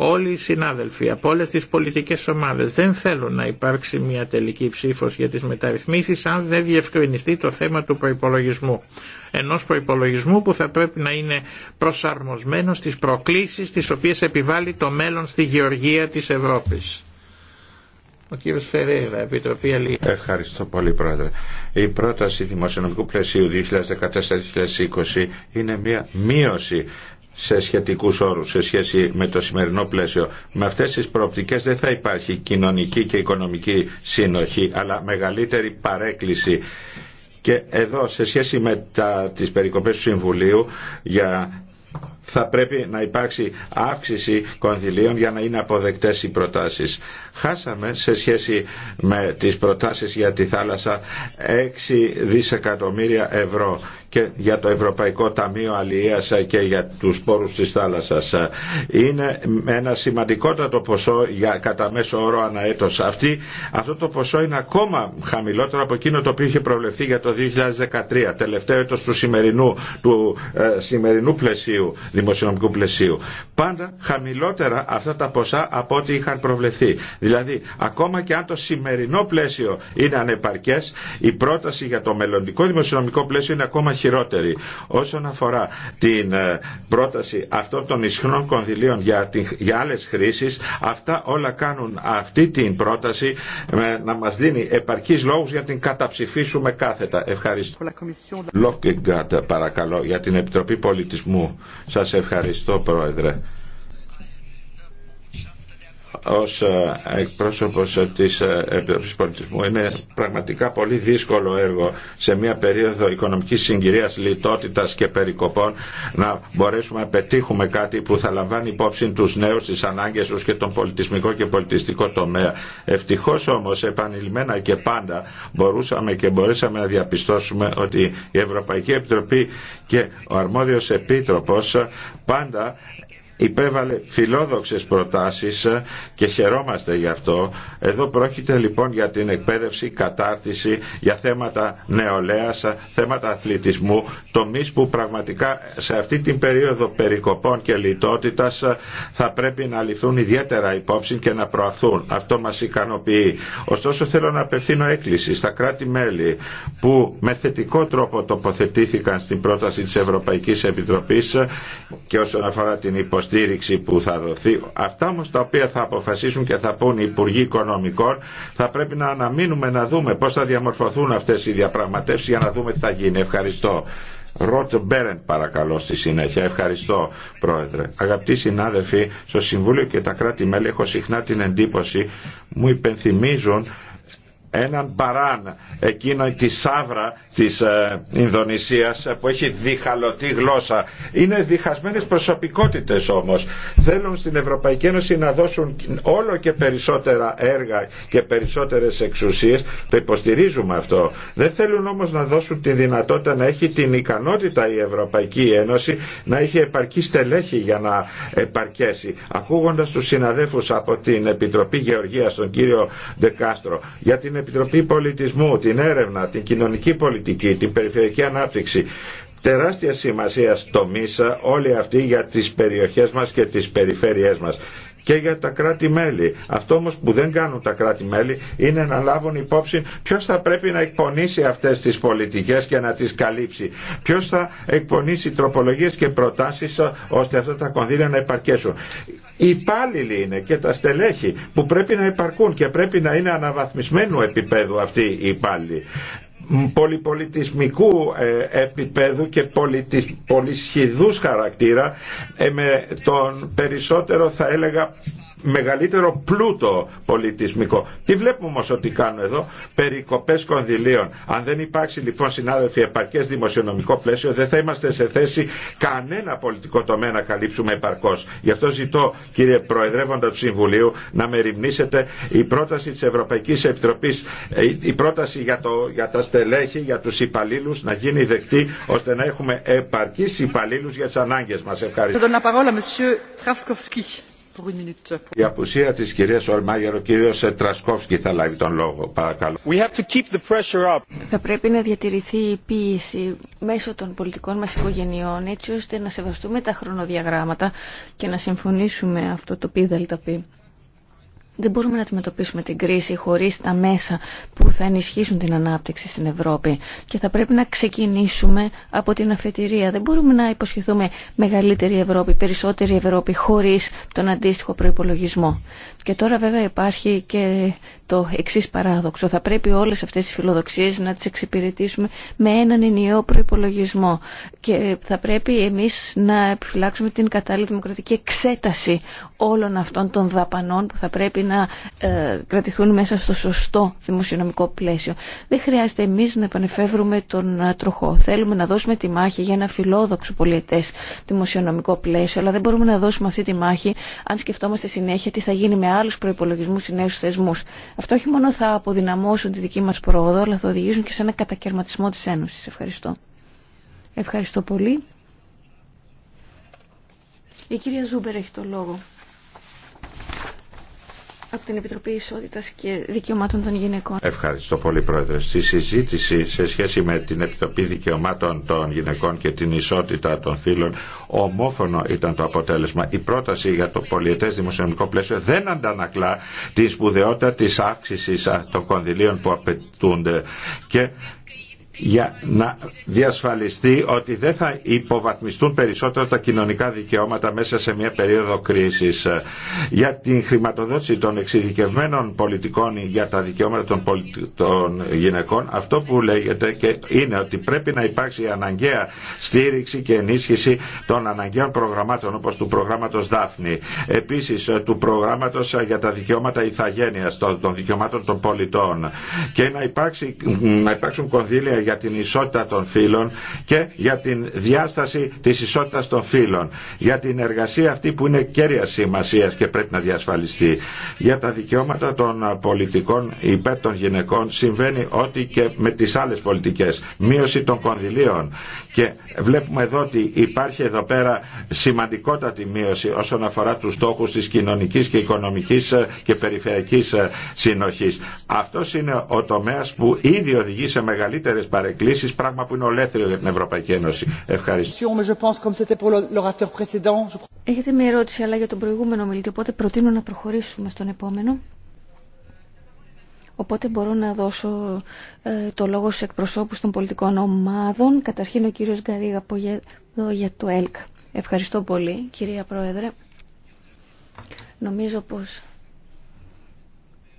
όλοι οι συνάδελφοι από όλε τι πολιτικέ ομάδε δεν θέλουν να υπάρξει μια τελική ψήφο για τι μεταρρυθμίσει αν δεν διευκρινιστεί το θέμα του προπολογισμού. Ενό προπολογισμού που θα πρέπει να είναι προσαρμοσμένο στι προκλήσει, τι οποίε επιβάλλει το μέλλον στη γεωργία τη Ευρώπη. Ο κύριος Φερέιρα, Επιτροπή Αλή. Ευχαριστώ πολύ, Πρόεδρε. Η πρόταση δημοσιονομικού πλαισίου 2014-2020 είναι μια μείωση σε σχετικούς όρους σε σχέση με το σημερινό πλαίσιο. Με αυτές τις προοπτικές δεν θα υπάρχει κοινωνική και οικονομική σύνοχη, αλλά μεγαλύτερη παρέκκληση. Και εδώ σε σχέση με τα, τις περικοπές του Συμβουλίου για θα πρέπει να υπάρξει αύξηση κονδυλίων για να είναι αποδεκτές οι προτάσεις. Χάσαμε σε σχέση με τις προτάσεις για τη θάλασσα 6 δισεκατομμύρια ευρώ και για το Ευρωπαϊκό Ταμείο Αλλιείας και για τους πόρους της θάλασσας. Είναι ένα σημαντικότατο ποσό για κατά μέσο όρο αναέτος. Αυτή, αυτό το ποσό είναι ακόμα χαμηλότερο από εκείνο το οποίο είχε προβλεφθεί για το 2013, τελευταίο έτος του σημερινού, του, ε, σημερινού πλαισίου δημοσιονομικού πλαισίου. Πάντα χαμηλότερα αυτά τα ποσά από ό,τι είχαν προβλεφθεί. Δηλαδή, ακόμα και αν το σημερινό πλαίσιο είναι ανεπαρκέ, η πρόταση για το μελλοντικό δημοσιονομικό πλαίσιο είναι ακόμα χειρότερη. Όσον αφορά την ε, πρόταση αυτών των ισχνών κονδυλίων για, για άλλε χρήσει, αυτά όλα κάνουν αυτή την πρόταση ε, να μα δίνει επαρκή λόγου για την καταψηφίσουμε κάθετα. Ευχαριστώ. Λόκεγκατ, παρακαλώ, για την Επιτροπή Πολιτισμού. Σας ευχαριστώ Πρόεδρε ως ε, εκπρόσωπος της ε, Επιτροπής Πολιτισμού είναι πραγματικά πολύ δύσκολο έργο σε μια περίοδο οικονομικής συγκυρίας λιτότητας και περικοπών να μπορέσουμε να πετύχουμε κάτι που θα λαμβάνει υπόψη τους νέους, τις ανάγκες τους και τον πολιτισμικό και πολιτιστικό τομέα. Ευτυχώς όμως επανειλημμένα και πάντα μπορούσαμε και μπορέσαμε να διαπιστώσουμε ότι η Ευρωπαϊκή Επιτροπή και ο αρμόδιος Επίτροπος πάντα υπέβαλε φιλόδοξες προτάσεις ε, και χαιρόμαστε γι' αυτό. Εδώ πρόκειται λοιπόν για την εκπαίδευση, κατάρτιση, για θέματα νεολαίας, ε, θέματα αθλητισμού, τομείς που πραγματικά σε αυτή την περίοδο περικοπών και λιτότητας ε, θα πρέπει να ληφθούν ιδιαίτερα υπόψη και να προαθούν. Αυτό μας ικανοποιεί. Ωστόσο θέλω να απευθύνω έκκληση στα κράτη-μέλη που με θετικό τρόπο τοποθετήθηκαν στην πρόταση της Ευρωπαϊκής Επιτροπής και όσον αφορά την υποστήριξη υποστήριξη που θα δοθεί. Αυτά όμως τα οποία θα αποφασίσουν και θα πούν οι Υπουργοί Οικονομικών θα πρέπει να αναμείνουμε να δούμε πώς θα διαμορφωθούν αυτές οι διαπραγματεύσεις για να δούμε τι θα γίνει. Ευχαριστώ. Ρότ Μπέρεν παρακαλώ στη συνέχεια. Ευχαριστώ πρόεδρε. Αγαπητοί συνάδελφοι, στο Συμβούλιο και τα κράτη-μέλη έχω συχνά την εντύπωση, μου υπενθυμίζουν έναν παράν, εκείνο τη σάβρα της ε, Ινδονησίας ε, που έχει διχαλωτή γλώσσα. Είναι διχασμένες προσωπικότητες όμως. Θέλουν στην Ευρωπαϊκή Ένωση να δώσουν όλο και περισσότερα έργα και περισσότερες εξουσίες. Το υποστηρίζουμε αυτό. Δεν θέλουν όμως να δώσουν τη δυνατότητα να έχει την ικανότητα η Ευρωπαϊκή Ένωση να έχει επαρκή στελέχη για να επαρκέσει. Ακούγοντας τους συναδέφους από την Επιτροπή Γεωργίας, τον κύριο Ντεκάστρο, Επιτροπή Πολιτισμού, την έρευνα, την κοινωνική πολιτική, την περιφερειακή ανάπτυξη, τεράστια σημασία ΜΙΣΑ όλοι αυτοί για τις περιοχές μας και τις περιφέρειές μας και για τα κράτη-μέλη. Αυτό όμως που δεν κάνουν τα κράτη-μέλη είναι να λάβουν υπόψη ποιος θα πρέπει να εκπονήσει αυτές τις πολιτικές και να τις καλύψει. Ποιος θα εκπονήσει τροπολογίες και προτάσεις ώστε αυτά τα κονδύλια να υπαρκέσουν. Οι υπάλληλοι είναι και τα στελέχη που πρέπει να υπαρκούν και πρέπει να είναι αναβαθμισμένου επίπεδου αυτοί οι υπάλληλοι πολυπολιτισμικού ε, επίπεδου και πολιτισ... πολυσχηδούς χαρακτήρα ε, με τον περισσότερο θα έλεγα μεγαλύτερο πλούτο πολιτισμικό. Τι βλέπουμε όμως ότι κάνουν εδώ, περικοπές κονδυλίων. Αν δεν υπάρξει λοιπόν συνάδελφοι επαρκές δημοσιονομικό πλαίσιο δεν θα είμαστε σε θέση κανένα πολιτικό τομέα να καλύψουμε επαρκώς. Γι' αυτό ζητώ κύριε Προεδρεύοντα του Συμβουλίου να με ρημνήσετε η πρόταση της Ευρωπαϊκής Επιτροπής, ε, η πρόταση για, το, για τα στελέχη, για τους υπαλλήλου να γίνει δεκτή ώστε να έχουμε επαρκείς υπαλλήλου για τι ανάγκε μα Ευχαριστώ. Η απουσία της κυρίας Ολμάγερ, ο κύριος Τρασκόφσκι θα λάβει τον λόγο. Παρακαλώ. We have to keep the pressure up. Θα πρέπει να διατηρηθεί η πίεση μέσω των πολιτικών μας οικογενειών έτσι ώστε να σεβαστούμε τα χρονοδιαγράμματα και να συμφωνήσουμε αυτό το πι δεν μπορούμε να αντιμετωπίσουμε την κρίση χωρίς τα μέσα που θα ενισχύσουν την ανάπτυξη στην Ευρώπη και θα πρέπει να ξεκινήσουμε από την αφετηρία. Δεν μπορούμε να υποσχεθούμε μεγαλύτερη Ευρώπη, περισσότερη Ευρώπη χωρίς τον αντίστοιχο προϋπολογισμό. Και τώρα βέβαια υπάρχει και το εξή παράδοξο. Θα πρέπει όλες αυτές τις φιλοδοξίες να τις εξυπηρετήσουμε με έναν ενιαίο προϋπολογισμό και θα πρέπει εμείς να επιφυλάξουμε την κατάλληλη δημοκρατική εξέταση όλων αυτών των δαπανών που θα πρέπει να ε, κρατηθούν μέσα στο σωστό δημοσιονομικό πλαίσιο. Δεν χρειάζεται εμεί να επανεφεύρουμε τον ε, τροχό. Θέλουμε να δώσουμε τη μάχη για ένα φιλόδοξο πολιτες δημοσιονομικό πλαίσιο, αλλά δεν μπορούμε να δώσουμε αυτή τη μάχη αν σκεφτόμαστε συνέχεια τι θα γίνει με άλλου προπολογισμού ή νέου θεσμού. Αυτό όχι μόνο θα αποδυναμώσουν τη δική μα πρόοδο, αλλά θα οδηγήσουν και σε ένα κατακαιρματισμό τη Ένωση. Ευχαριστώ. Ευχαριστώ πολύ. Η κυρία Ζούμπερ έχει το λόγο από την Επιτροπή Ισότητας και Δικαιωμάτων των Γυναικών. Ευχαριστώ πολύ Πρόεδρε. Στη συζήτηση σε σχέση με την Επιτροπή Δικαιωμάτων των Γυναικών και την Ισότητα των Φύλων ομόφωνο ήταν το αποτέλεσμα. Η πρόταση για το πολιετές δημοσιονομικό πλαίσιο δεν αντανακλά τη σπουδαιότητα της αύξησης των κονδυλίων που απαιτούνται και για να διασφαλιστεί ότι δεν θα υποβαθμιστούν περισσότερο τα κοινωνικά δικαιώματα μέσα σε μια περίοδο κρίσης. Για την χρηματοδότηση των εξειδικευμένων πολιτικών για τα δικαιώματα των, των γυναικών αυτό που λέγεται και είναι ότι πρέπει να υπάρξει αναγκαία στήριξη και ενίσχυση των αναγκαίων προγραμμάτων όπως του προγράμματος Δάφνη. Επίσης ε, του προγράμματος ε, για τα δικαιώματα ηθαγένειας των δικαιωμάτων των πολιτών και να, υπάρξει, να υπάρξουν κονδύλια για την ισότητα των φύλων και για την διάσταση της ισότητας των φύλων. Για την εργασία αυτή που είναι κέρια σημασία και πρέπει να διασφαλιστεί. Για τα δικαιώματα των πολιτικών υπέρ των γυναικών συμβαίνει ό,τι και με τις άλλες πολιτικές. Μείωση των κονδυλίων και βλέπουμε εδώ ότι υπάρχει εδώ πέρα σημαντικότατη μείωση όσον αφορά τους στόχους της κοινωνικής και οικονομικής ε, και περιφερειακής ε, συνοχής. Αυτός είναι ο τομέας που ήδη οδηγεί σε μεγαλύτερες παρεκκλήσεις, πράγμα που είναι ολέθριο για την Ευρωπαϊκή Ένωση. Ευχαριστώ. Έχετε μια ερώτηση αλλά για τον προηγούμενο μιλητή, οπότε προτείνω να προχωρήσουμε στον επόμενο. Οπότε μπορώ να δώσω ε, το λόγο στους εκπροσώπους των πολιτικών ομάδων. Καταρχήν ο κύριος Γκαρίγα εδώ για το ΕΛΚ. Ευχαριστώ πολύ κυρία Πρόεδρε. Νομίζω πως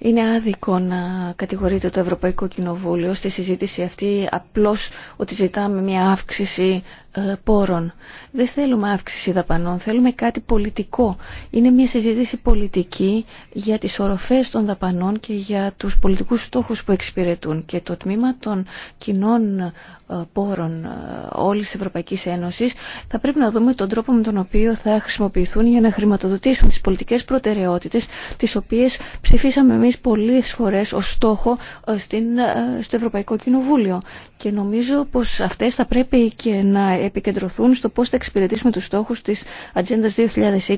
είναι άδικο να κατηγορείται το Ευρωπαϊκό Κοινοβούλιο στη συζήτηση αυτή απλώς ότι ζητάμε μια αύξηση ε, πόρων. Δεν θέλουμε αύξηση δαπανών, θέλουμε κάτι πολιτικό. Είναι μια συζήτηση πολιτική για τις οροφές των δαπανών και για τους πολιτικούς στόχους που εξυπηρετούν. Και το τμήμα των κοινών ε, πόρων ε, όλης της Ευρωπαϊκής Ένωσης θα πρέπει να δούμε τον τρόπο με τον οποίο θα χρησιμοποιηθούν για να χρηματοδοτήσουν τις πολιτικές προτεραιότητες τις οποίες ψηφίσαμε πολλές φορές ως στόχο ε, στην, ε, στο Ευρωπαϊκό Κοινοβούλιο. Και νομίζω πως αυτές θα πρέπει και να επικεντρωθούν στο πώς θα εξυπηρετήσουμε τους στόχους της Ατζέντα 2020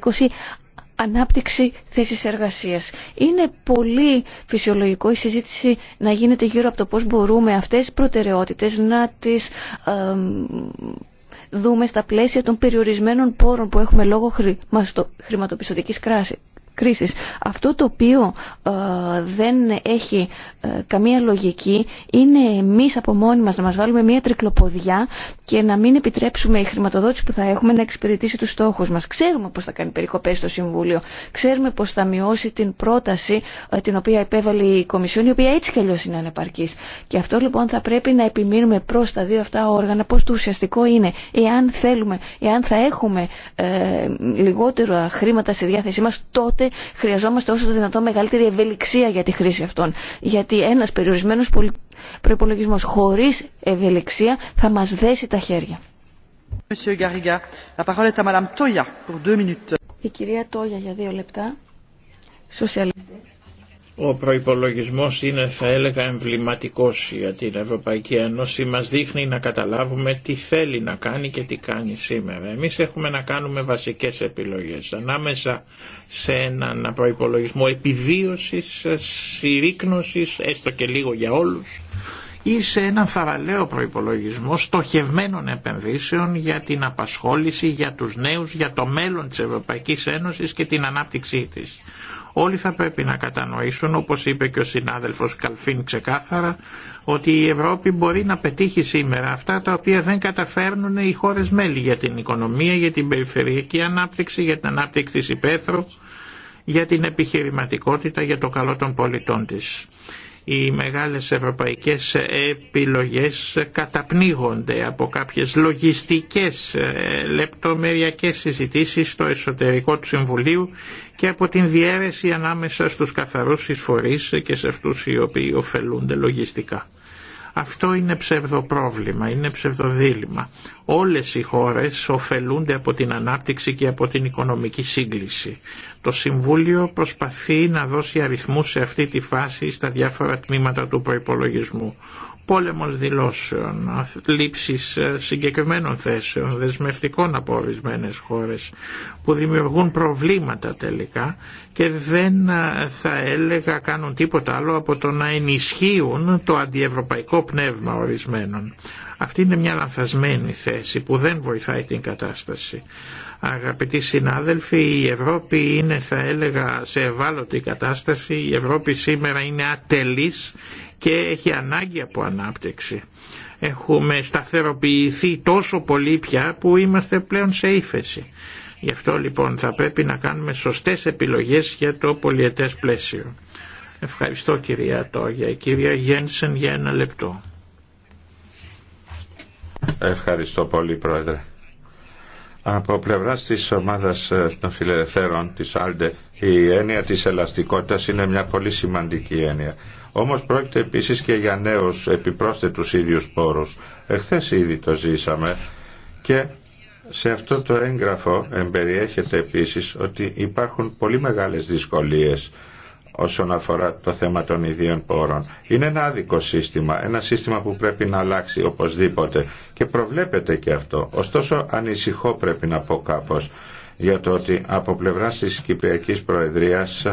ανάπτυξη θέσης εργασίας. Είναι πολύ φυσιολογικό η συζήτηση να γίνεται γύρω από το πώς μπορούμε αυτές τις προτεραιότητες να τις δούμε στα πλαίσια των περιορισμένων πόρων που έχουμε λόγω χρηματοπιστωτικής κράσης κρίσης. Αυτό το οποίο ε, δεν έχει ε, καμία λογική είναι εμείς από μόνοι μας να μας βάλουμε μια τρικλοποδιά και να μην επιτρέψουμε η χρηματοδότηση που θα έχουμε να εξυπηρετήσει τους στόχους μας. Ξέρουμε πώς θα κάνει περικοπές στο Συμβούλιο, ξέρουμε πώς θα μειώσει την πρόταση ε, την οποία επέβαλε η Κομισιόν, η οποία έτσι κι αλλιώς είναι ανεπαρκής. Και αυτό λοιπόν θα πρέπει να επιμείνουμε προς τα δύο αυτά όργανα, πώς το ουσιαστικό είναι, εάν θέλουμε, εάν θα έχουμε ε, λιγότερα χρήματα στη διάθεσή μας, τότε χρειαζόμαστε όσο το δυνατόν μεγαλύτερη ευελιξία για τη χρήση αυτών. Γιατί ένας περιορισμένος προπολογισμό χωρίς ευελιξία θα μας δέσει τα χέρια. Η κυρία Τόγια για δύο λεπτά. Σοσιαλιστές. Ο προϋπολογισμός είναι θα έλεγα εμβληματικός για την Ευρωπαϊκή Ένωση, μας δείχνει να καταλάβουμε τι θέλει να κάνει και τι κάνει σήμερα. Εμείς έχουμε να κάνουμε βασικές επιλογές ανάμεσα σε έναν προϋπολογισμό επιβίωσης, συρρήκνωσης, έστω και λίγο για όλους, ή σε έναν θαραλέο προϋπολογισμό στοχευμένων επενδύσεων για την απασχόληση, για τους νέους, για το μέλλον της Ευρωπαϊκής Ένωσης και την ανάπτυξή της. Όλοι θα πρέπει να κατανοήσουν, όπως είπε και ο συνάδελφος Καλφίν ξεκάθαρα, ότι η Ευρώπη μπορεί να πετύχει σήμερα αυτά τα οποία δεν καταφέρνουν οι χώρες μέλη για την οικονομία, για την περιφερειακή ανάπτυξη, για την ανάπτυξη της υπαίθρου, για την επιχειρηματικότητα, για το καλό των πολιτών της οι μεγάλες ευρωπαϊκές επιλογές καταπνίγονται από κάποιες λογιστικές ε, λεπτομεριακές συζητήσεις στο εσωτερικό του Συμβουλίου και από την διαίρεση ανάμεσα στους καθαρούς εισφορείς και σε αυτούς οι οποίοι ωφελούνται λογιστικά. Αυτό είναι ψευδοπρόβλημα, είναι ψευδοδήλημα. Όλες οι χώρες ωφελούνται από την ανάπτυξη και από την οικονομική σύγκληση. Το Συμβούλιο προσπαθεί να δώσει αριθμούς σε αυτή τη φάση στα διάφορα τμήματα του προϋπολογισμού. Πόλεμος δηλώσεων, λήψεις ε, συγκεκριμένων θέσεων, δεσμευτικών από ορισμένε χώρες που δημιουργούν προβλήματα τελικά και δεν θα έλεγα κάνουν τίποτα άλλο από το να ενισχύουν το αντιευρωπαϊκό πνεύμα ορισμένων. Αυτή είναι μια λανθασμένη θέση που δεν βοηθάει την κατάσταση. Αγαπητοί συνάδελφοι, η Ευρώπη είναι θα έλεγα σε ευάλωτη κατάσταση, η Ευρώπη σήμερα είναι ατελής και έχει ανάγκη από ανάπτυξη. Έχουμε σταθεροποιηθεί τόσο πολύ πια που είμαστε πλέον σε ύφεση. Γι' αυτό λοιπόν θα πρέπει να κάνουμε σωστές επιλογές για το πολιετές πλαίσιο. Ευχαριστώ κυρία Τόγια. Κυρία Γένσεν για ένα λεπτό. Ευχαριστώ πολύ Πρόεδρε. Από πλευράς της ομάδας των φιλελευθέρων της Άλντε η έννοια της ελαστικότητας είναι μια πολύ σημαντική έννοια. Όμως πρόκειται επίσης και για νέους επιπρόσθετους ίδιους πόρους. Εχθές ήδη το ζήσαμε και σε αυτό το έγγραφο εμπεριέχεται επίσης ότι υπάρχουν πολύ μεγάλες δυσκολίες όσον αφορά το θέμα των ιδίων πόρων. Είναι ένα άδικο σύστημα, ένα σύστημα που πρέπει να αλλάξει οπωσδήποτε και προβλέπεται και αυτό. Ωστόσο ανησυχώ πρέπει να πω κάπως για το ότι από πλευράς της Κυπριακής Προεδρίας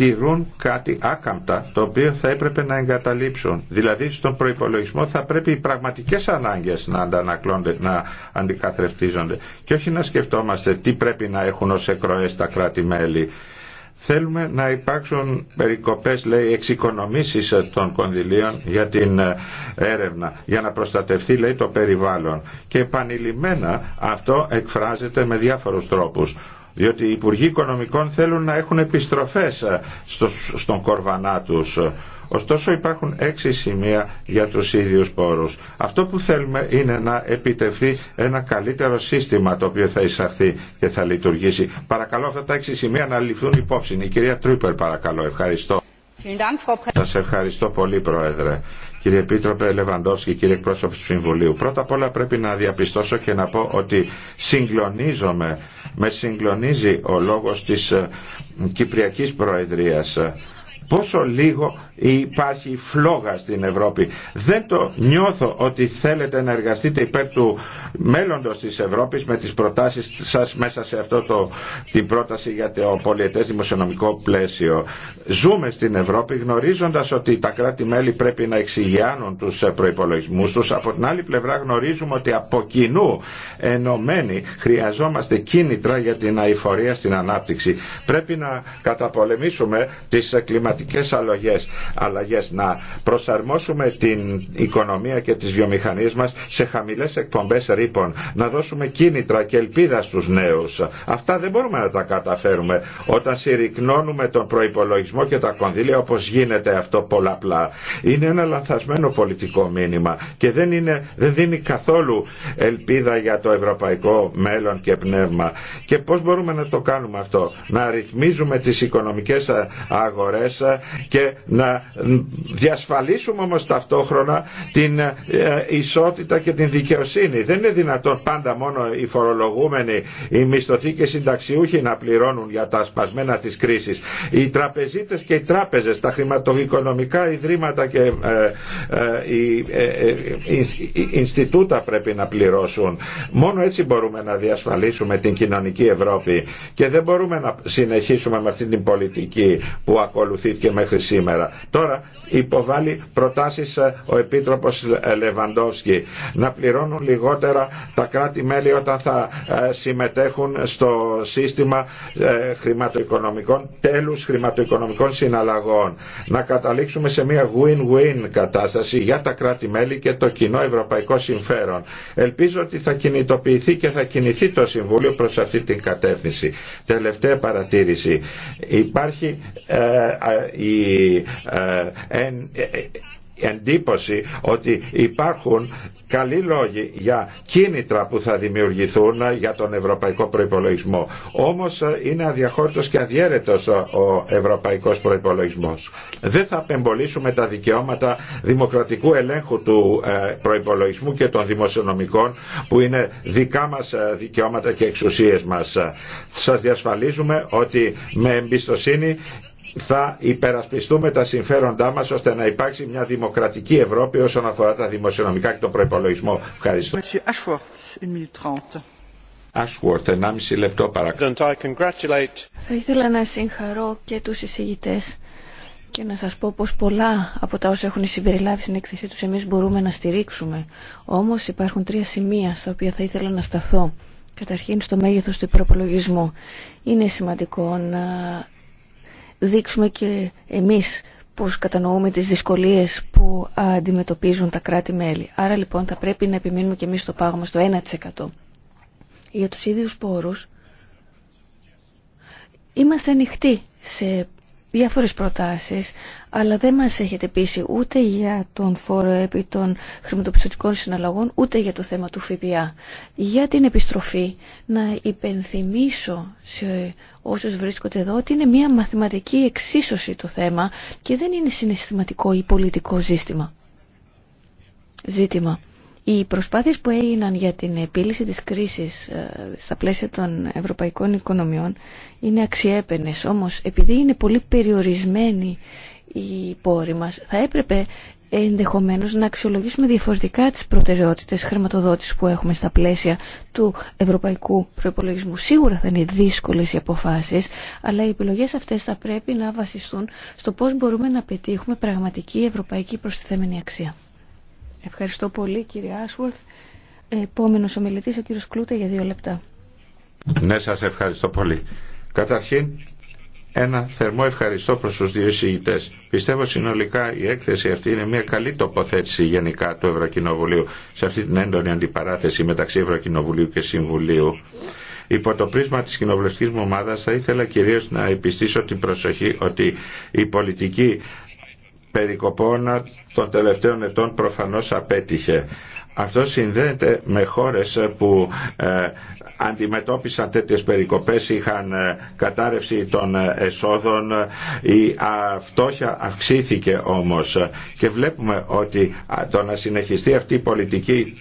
τηρούν κάτι άκαμπτα το οποίο θα έπρεπε να εγκαταλείψουν. Δηλαδή στον προϋπολογισμό θα πρέπει οι πραγματικές ανάγκες να αντανακλώνται, να αντικαθρεφτίζονται και όχι να σκεφτόμαστε τι πρέπει να έχουν ως εκροές τα κράτη-μέλη. Θέλουμε να υπάρξουν περικοπές, λέει, εξοικονομήσεις των κονδυλίων για την ε, έρευνα, για να προστατευτεί, λέει, το περιβάλλον. Και επανειλημμένα αυτό εκφράζεται με διάφορους τρόπους διότι οι Υπουργοί Οικονομικών θέλουν να έχουν επιστροφές ε, στο, στον κορβανά τους. Ωστόσο υπάρχουν έξι σημεία για τους ίδιους πόρους. Αυτό που θέλουμε είναι να επιτευχθεί ένα καλύτερο σύστημα το οποίο θα εισαχθεί και θα λειτουργήσει. Παρακαλώ αυτά τα έξι σημεία να ληφθούν υπόψη. Η κυρία Τρούπερ παρακαλώ. Ευχαριστώ. Σας ευχαριστώ πολύ Πρόεδρε. Κύριε Επίτροπε Λεβαντόφσκι, κύριε εκπρόσωπο του Συμβουλίου, πρώτα απ' όλα πρέπει να διαπιστώσω και να πω ότι συγκλονίζομαι με συγκλονίζει ο λόγος της ε, Κυπριακής Προεδρίας. Πόσο λίγο υπάρχει φλόγα στην Ευρώπη. Δεν το νιώθω ότι θέλετε να εργαστείτε υπέρ του μέλλοντος της Ευρώπης με τις προτάσεις σας μέσα σε αυτό το, την πρόταση για το πολιετές δημοσιονομικό πλαίσιο. Ζούμε στην Ευρώπη γνωρίζοντας ότι τα κράτη-μέλη πρέπει να εξηγιάνουν τους προϋπολογισμούς τους. Από την άλλη πλευρά γνωρίζουμε ότι από κοινού ενωμένοι χρειαζόμαστε κίνητρα για την αηφορία στην ανάπτυξη. Πρέπει να καταπολεμήσουμε τις κλιματικές αλλογές αλλαγές, να προσαρμόσουμε την οικονομία και τις βιομηχανίες μας σε χαμηλές εκπομπές ρήπων, να δώσουμε κίνητρα και ελπίδα στους νέους. Αυτά δεν μπορούμε να τα καταφέρουμε όταν συρρυκνώνουμε τον προϋπολογισμό και τα κονδύλια όπως γίνεται αυτό πολλαπλά. Είναι ένα λανθασμένο πολιτικό μήνυμα και δεν, είναι, δεν δίνει καθόλου ελπίδα για το ευρωπαϊκό μέλλον και πνεύμα. Και πώς μπορούμε να το κάνουμε αυτό, να ρυθμίζουμε τις οικονομικές αγορές και να διασφαλίσουμε όμως ταυτόχρονα την ε, ισότητα και την δικαιοσύνη. Δεν είναι δυνατόν πάντα μόνο οι φορολογούμενοι, οι μισθωτοί και οι συνταξιούχοι να πληρώνουν για τα σπασμένα της κρίσης. Οι τραπεζίτες και οι τράπεζες, τα χρηματοοικονομικά ιδρύματα και ε, ε, οι Ινστιτούτα πρέπει να πληρώσουν. Μόνο έτσι μπορούμε να διασφαλίσουμε την κοινωνική Ευρώπη και δεν μπορούμε να συνεχίσουμε με αυτή την πολιτική που ακολουθήθηκε μέχρι σήμερα. Τώρα υποβάλλει προτάσεις ε, ο Επίτροπος ε, Λεβαντόφσκι να πληρώνουν λιγότερα τα κράτη-μέλη όταν θα ε, συμμετέχουν στο σύστημα χρηματοοικονομικών, τέλους χρηματοοικονομικών συναλλαγών. Να καταλήξουμε σε μια win-win κατάσταση για τα κράτη-μέλη και το κοινό ευρωπαϊκό συμφέρον. Ελπίζω ότι θα κινητοποιηθεί και θα κινηθεί το Συμβούλιο προς αυτή την κατεύθυνση. Τελευταία παρατήρηση. Υπάρχει η ε, ε, ε, εντύπωση ότι υπάρχουν καλοί λόγοι για κίνητρα που θα δημιουργηθούν για τον ευρωπαϊκό προϋπολογισμό. Όμως είναι αδιαχώρητος και αδιέρετος ο ευρωπαϊκός προϋπολογισμός. Δεν θα απεμπολίσουμε τα δικαιώματα δημοκρατικού ελέγχου του προϋπολογισμού και των δημοσιονομικών που είναι δικά μας δικαιώματα και εξουσίες μας. Σας διασφαλίζουμε ότι με εμπιστοσύνη θα υπερασπιστούμε τα συμφέροντά μας ώστε να υπάρξει μια δημοκρατική Ευρώπη όσον αφορά τα δημοσιονομικά και τον προϋπολογισμό. Ευχαριστώ. Ashworth, λεπτό παρακαλώ. Θα ήθελα να συγχαρώ και τους εισηγητές και να σας πω πως πολλά από τα όσα έχουν συμπεριλάβει στην έκθεσή τους εμείς μπορούμε να στηρίξουμε. Όμως υπάρχουν τρία σημεία στα οποία θα ήθελα να σταθώ. Καταρχήν στο μέγεθος του προπολογισμού. Είναι σημαντικό να δείξουμε και εμείς πώς κατανοούμε τις δυσκολίες που αντιμετωπίζουν τα κράτη-μέλη. Άρα λοιπόν θα πρέπει να επιμείνουμε και εμείς στο πάγωμα στο 1%. Για τους ίδιους πόρους είμαστε ανοιχτοί σε διάφορες προτάσεις, αλλά δεν μας έχετε πείσει ούτε για τον φόρο επί των χρηματοπιστωτικών συναλλαγών, ούτε για το θέμα του ΦΠΑ. Για την επιστροφή, να υπενθυμίσω σε όσους βρίσκονται εδώ ότι είναι μια μαθηματική εξίσωση το θέμα και δεν είναι συναισθηματικό ή πολιτικό ζήτημα. Ζήτημα. Οι προσπάθειες που έγιναν για την επίλυση της κρίσης ε, στα πλαίσια των ευρωπαϊκών οικονομιών είναι αξιέπαινες, όμως επειδή είναι πολύ περιορισμένοι οι πόροι μας, θα έπρεπε ενδεχομένως να αξιολογήσουμε διαφορετικά τις προτεραιότητες χρηματοδότησης που έχουμε στα πλαίσια του ευρωπαϊκού προϋπολογισμού. Σίγουρα θα είναι δύσκολες οι αποφάσεις, αλλά οι επιλογές αυτές θα πρέπει να βασιστούν στο πώς μπορούμε να πετύχουμε πραγματική ευρωπαϊκή προστιθέμενη αξία. Ευχαριστώ πολύ κύριε Άσουαρθ. Επόμενος ομιλητής ο κύριος Κλούτε για δύο λεπτά. Ναι, σας ευχαριστώ πολύ. Καταρχήν, ένα θερμό ευχαριστώ προς τους δύο εισηγητές. Πιστεύω συνολικά η έκθεση αυτή είναι μια καλή τοποθέτηση γενικά του Ευρωκοινοβουλίου σε αυτή την έντονη αντιπαράθεση μεταξύ Ευρωκοινοβουλίου και Συμβουλίου. Υπό το πρίσμα της κοινοβουλευτικής μου ομάδας θα ήθελα κυρίως να επιστήσω την προσοχή ότι η πολιτική περικοπών των τελευταίων ετών προφανώς απέτυχε. Αυτό συνδέεται με χώρες που ε, αντιμετώπισαν τέτοιες περικοπές, είχαν ε, κατάρρευση των ε, εσόδων, η φτώχεια αυξήθηκε όμως και βλέπουμε ότι το να συνεχιστεί αυτή η πολιτική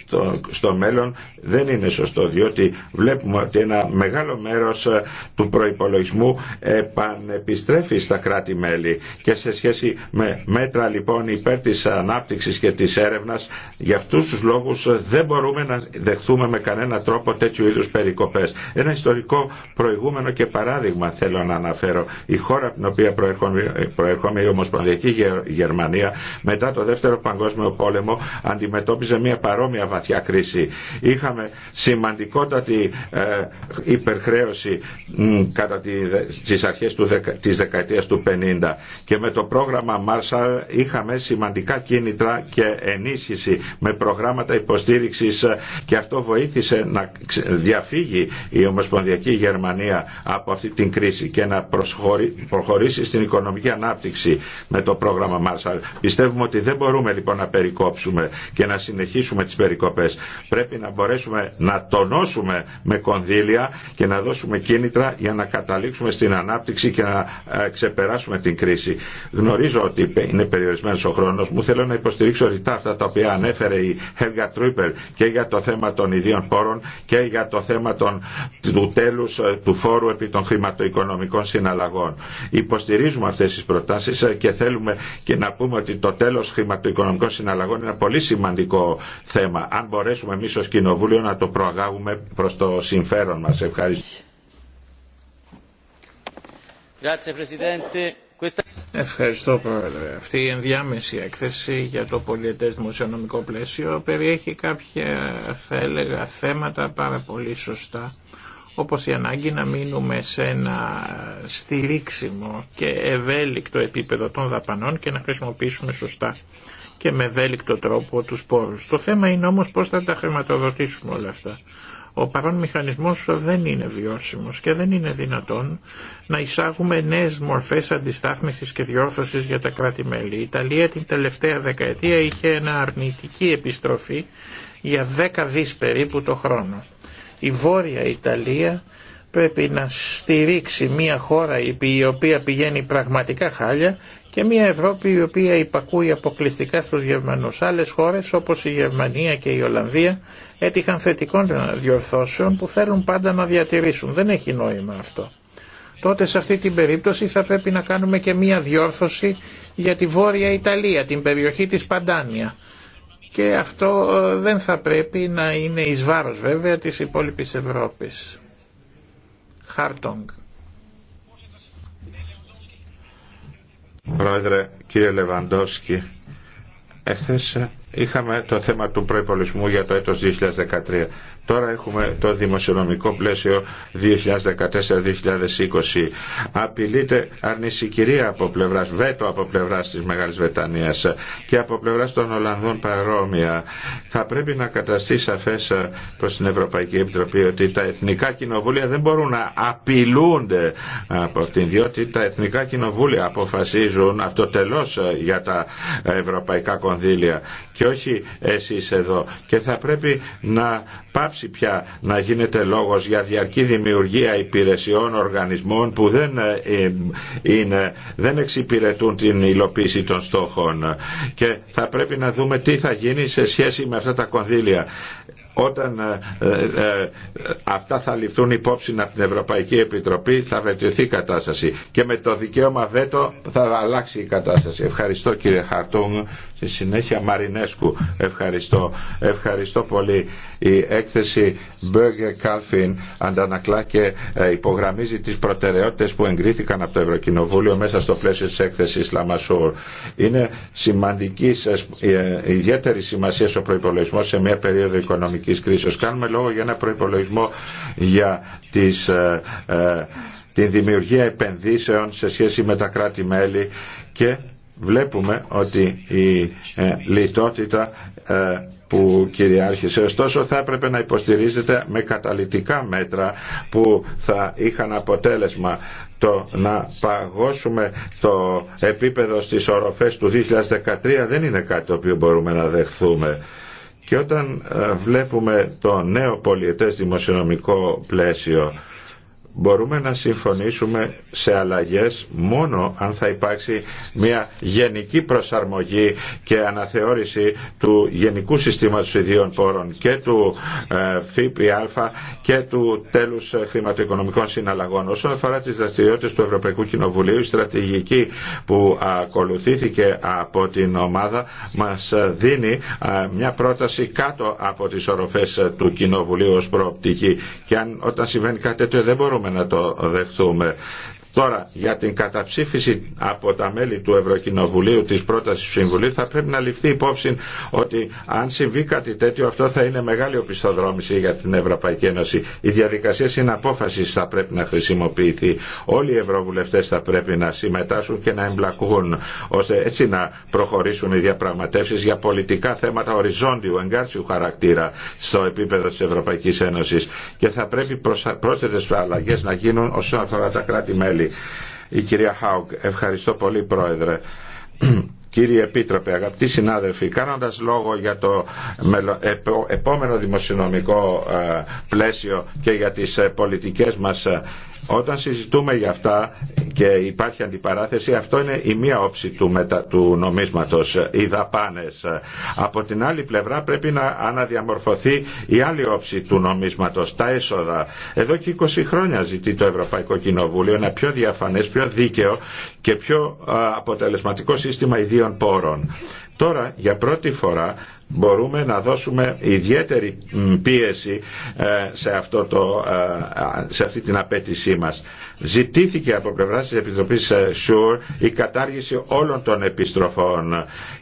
στο μέλλον δεν είναι σωστό διότι βλέπουμε ότι ένα μεγάλο μέρος του προϋπολογισμού επανεπιστρέφει στα κράτη-μέλη και σε σχέση με μέτρα λοιπόν υπέρ της ανάπτυξης και της έρευνας για αυτούς τους λόγους ε, δεν μπορούμε να δεχθούμε με κανένα τρόπο τέτοιου είδου περικοπέ. Ένα ιστορικό προηγούμενο και παράδειγμα θέλω να αναφέρω. Η χώρα από την οποία προέρχομαι, η Ομοσπονδιακή Γερμανία, μετά το Δεύτερο Παγκόσμιο Πόλεμο αντιμετώπιζε μια παρόμοια βαθιά κρίση. Είχαμε σημαντικότατη ε, υπερχρέωση κατά τις αρχές του, της του 50 και με το πρόγραμμα Marshall είχαμε σημαντικά κίνητρα και ενίσχυση με προγράμματα υποστήριξης ε, και αυτό βοήθησε να διαφύγει η Ομοσπονδιακή Γερμανία από αυτή την κρίση και να προχωρήσει στην οικονομική ανάπτυξη με το πρόγραμμα Marshall. Πιστεύουμε ότι δεν μπορούμε λοιπόν να περικόψουμε και να συνεχίσουμε τις περικοπές. Πρέπει να μπορέσουμε να τονώσουμε με κονδύλια και να δώσουμε κίνητρα για να καταλήξουμε στην ανάπτυξη και να ε, ξεπεράσουμε την κρίση. Γνωρίζω ότι είναι περιορισμένος ο χρόνος μου. Θέλω να υποστηρίξω ρητά αυτά τα οποία ανέφερε η για και για το θέμα των ιδίων πόρων και για το θέμα των, του τέλους ε, του φόρου επί των χρηματοοικονομικών συναλλαγών. Υποστηρίζουμε αυτές τις προτάσεις ε, και θέλουμε και να πούμε ότι το τέλος χρηματοοικονομικών συναλλαγών είναι ένα πολύ σημαντικό θέμα. Αν μπορέσουμε εμείς ως Κοινοβούλιο να το προαγάγουμε προς το συμφέρον μας. Ευχαριστώ. Ευχαριστώ Πρόεδρε. Αυτή η ενδιάμεση έκθεση για το πολιετές δημοσιονομικό πλαίσιο περιέχει κάποια θα έλεγα θέματα πάρα πολύ σωστά όπως η ανάγκη να μείνουμε σε ένα στηρίξιμο και ευέλικτο επίπεδο των δαπανών και να χρησιμοποιήσουμε σωστά και με ευέλικτο τρόπο τους πόρους. Το θέμα είναι όμως πώς θα τα χρηματοδοτήσουμε όλα αυτά. Ο παρόν μηχανισμός δεν είναι βιώσιμος και δεν είναι δυνατόν να εισάγουμε νέες μορφές αντιστάθμισης και διόρθωσης για τα κράτη-μέλη. Η Ιταλία την τελευταία δεκαετία είχε ένα αρνητική επιστροφή για δέκα δις περίπου το χρόνο. Η Βόρεια Ιταλία πρέπει να στηρίξει μια χώρα η οποία πηγαίνει πραγματικά χάλια και μια Ευρώπη η οποία υπακούει αποκλειστικά στους Γερμανούς. Άλλες χώρες όπως η Γερμανία και η Ολλανδία έτυχαν θετικών διορθώσεων που θέλουν πάντα να διατηρήσουν. Δεν έχει νόημα αυτό. Τότε σε αυτή την περίπτωση θα πρέπει να κάνουμε και μια διόρθωση για τη Βόρεια Ιταλία, την περιοχή της Παντάνια. Και αυτό ε, δεν θα πρέπει να είναι εις βάρος βέβαια της υπόλοιπης Ευρώπης. Χαρτόγκ. Πρόεδρε, κύριε Λεβαντόσκη, εχθές είχαμε το θέμα του προϋπολισμού για το έτος 2013. Τώρα έχουμε το δημοσιονομικό πλαίσιο 2014-2020. Απειλείται αρνησικυρία από πλευρά, βέτο από πλευρά τη Μεγάλη Βρετανία και από πλευρά των Ολλανδών παρόμοια. Θα πρέπει να καταστεί σαφέ ε, προ την Ευρωπαϊκή Επιτροπή ότι τα εθνικά κοινοβούλια δεν μπορούν να απειλούνται από αυτήν, διότι τα εθνικά κοινοβούλια αποφασίζουν αυτοτελώ ε, για τα ευρωπαϊκά κονδύλια και όχι εσεί εδώ. Και θα πρέπει να πάψει πια να γίνεται λόγος για διαρκή δημιουργία υπηρεσιών οργανισμών που δεν, ε, ε, είναι, δεν εξυπηρετούν την υλοποίηση των στόχων και θα πρέπει να δούμε τι θα γίνει σε σχέση με αυτά τα κονδύλια όταν ε, αυτά θα ληφθούν υπόψη από την Ευρωπαϊκή Επιτροπή θα βελτιωθεί η κατάσταση και με το δικαίωμα βέτο θα αλλάξει η κατάσταση. Ευχαριστώ κύριε Χαρτούγκ. Στη συνέχεια Μαρινέσκου. Ευχαριστώ. Ευχαριστώ πολύ. Η έκθεση Burger Calfin αντανακλά και ε, υπογραμμίζει τις προτεραιότητες που εγκρίθηκαν από το Ευρωκοινοβούλιο μέσα στο πλαίσιο της έκθεσης Λαμασούρ. Είναι σημαντική, ε, ιδιαίτερη σημασία ο προπολογισμό σε μια περίοδο οικονομικής κρίσης. Κάνουμε λόγο για ένα προπολογισμό για τις ε, την δημιουργία επενδύσεων σε σχέση με τα κράτη-μέλη και βλέπουμε ότι η ε, λιτότητα ε, που κυριάρχησε. Ωστόσο θα έπρεπε να υποστηρίζεται με καταλητικά μέτρα που θα είχαν αποτέλεσμα το να παγώσουμε το επίπεδο στις οροφές του 2013 δεν είναι κάτι το οποίο μπορούμε να δεχθούμε. Και όταν ε, βλέπουμε το νέο πολιετές δημοσιονομικό πλαίσιο μπορούμε να συμφωνήσουμε σε αλλαγές μόνο αν θα υπάρξει μια γενική προσαρμογή και αναθεώρηση του γενικού συστήματος ιδιών πόρων και του ε, ΦΠΑ και του τέλους ε, χρηματοοικονομικών συναλλαγών. Όσον αφορά τις δραστηριότητες του Ευρωπαϊκού Κοινοβουλίου, η στρατηγική που ακολουθήθηκε από την ομάδα μας δίνει ε, μια πρόταση κάτω από τις οροφές του Κοινοβουλίου ως προοπτική και αν, όταν συμβαίνει κάτι τέτοιο δεν μπορούμε να το δεχθούμε. Τώρα, για την καταψήφιση από τα μέλη του Ευρωκοινοβουλίου της πρόταση του Συμβουλίου θα πρέπει να ληφθεί υπόψη ότι αν συμβεί κάτι τέτοιο αυτό θα είναι μεγάλη οπισθοδρόμηση για την Ευρωπαϊκή Ένωση. Η είναι απόφαση θα πρέπει να χρησιμοποιηθεί. Όλοι οι Ευρωβουλευτές θα πρέπει να συμμετάσχουν και να εμπλακούν ώστε έτσι να προχωρήσουν οι διαπραγματεύσεις για πολιτικά θέματα οριζόντιου, εγκάρσιου χαρακτήρα στο επίπεδο της Ευρωπαϊκής Ένωσης και θα πρέπει προσθέτες αλλαγές να γίνουν όσον αφορά τα κράτη-μέλη. Η κυρία Χάουγκ, ευχαριστώ πολύ πρόεδρε. [clears throat] Κύριε Επίτροπε, αγαπητοί συνάδελφοι, κάνοντας λόγο για το επόμενο δημοσιονομικό ε, πλαίσιο και για τις ε, πολιτικές μας ε, όταν συζητούμε για αυτά και υπάρχει αντιπαράθεση, αυτό είναι η μία όψη του, μετα, του νομίσματος, οι δαπάνες. Από την άλλη πλευρά πρέπει να αναδιαμορφωθεί η άλλη όψη του νομίσματος, τα έσοδα. Εδώ και 20 χρόνια ζητεί το Ευρωπαϊκό Κοινοβούλιο ένα πιο διαφανές, πιο δίκαιο και πιο αποτελεσματικό σύστημα ιδίων πόρων. Τώρα για πρώτη φορά μπορούμε να δώσουμε ιδιαίτερη πίεση ε, σε, αυτό το, ε, σε αυτή την απέτησή μας. Ζητήθηκε από πλευρά της Επιτροπής ε, ΣΟΥΡ η κατάργηση όλων των επιστροφών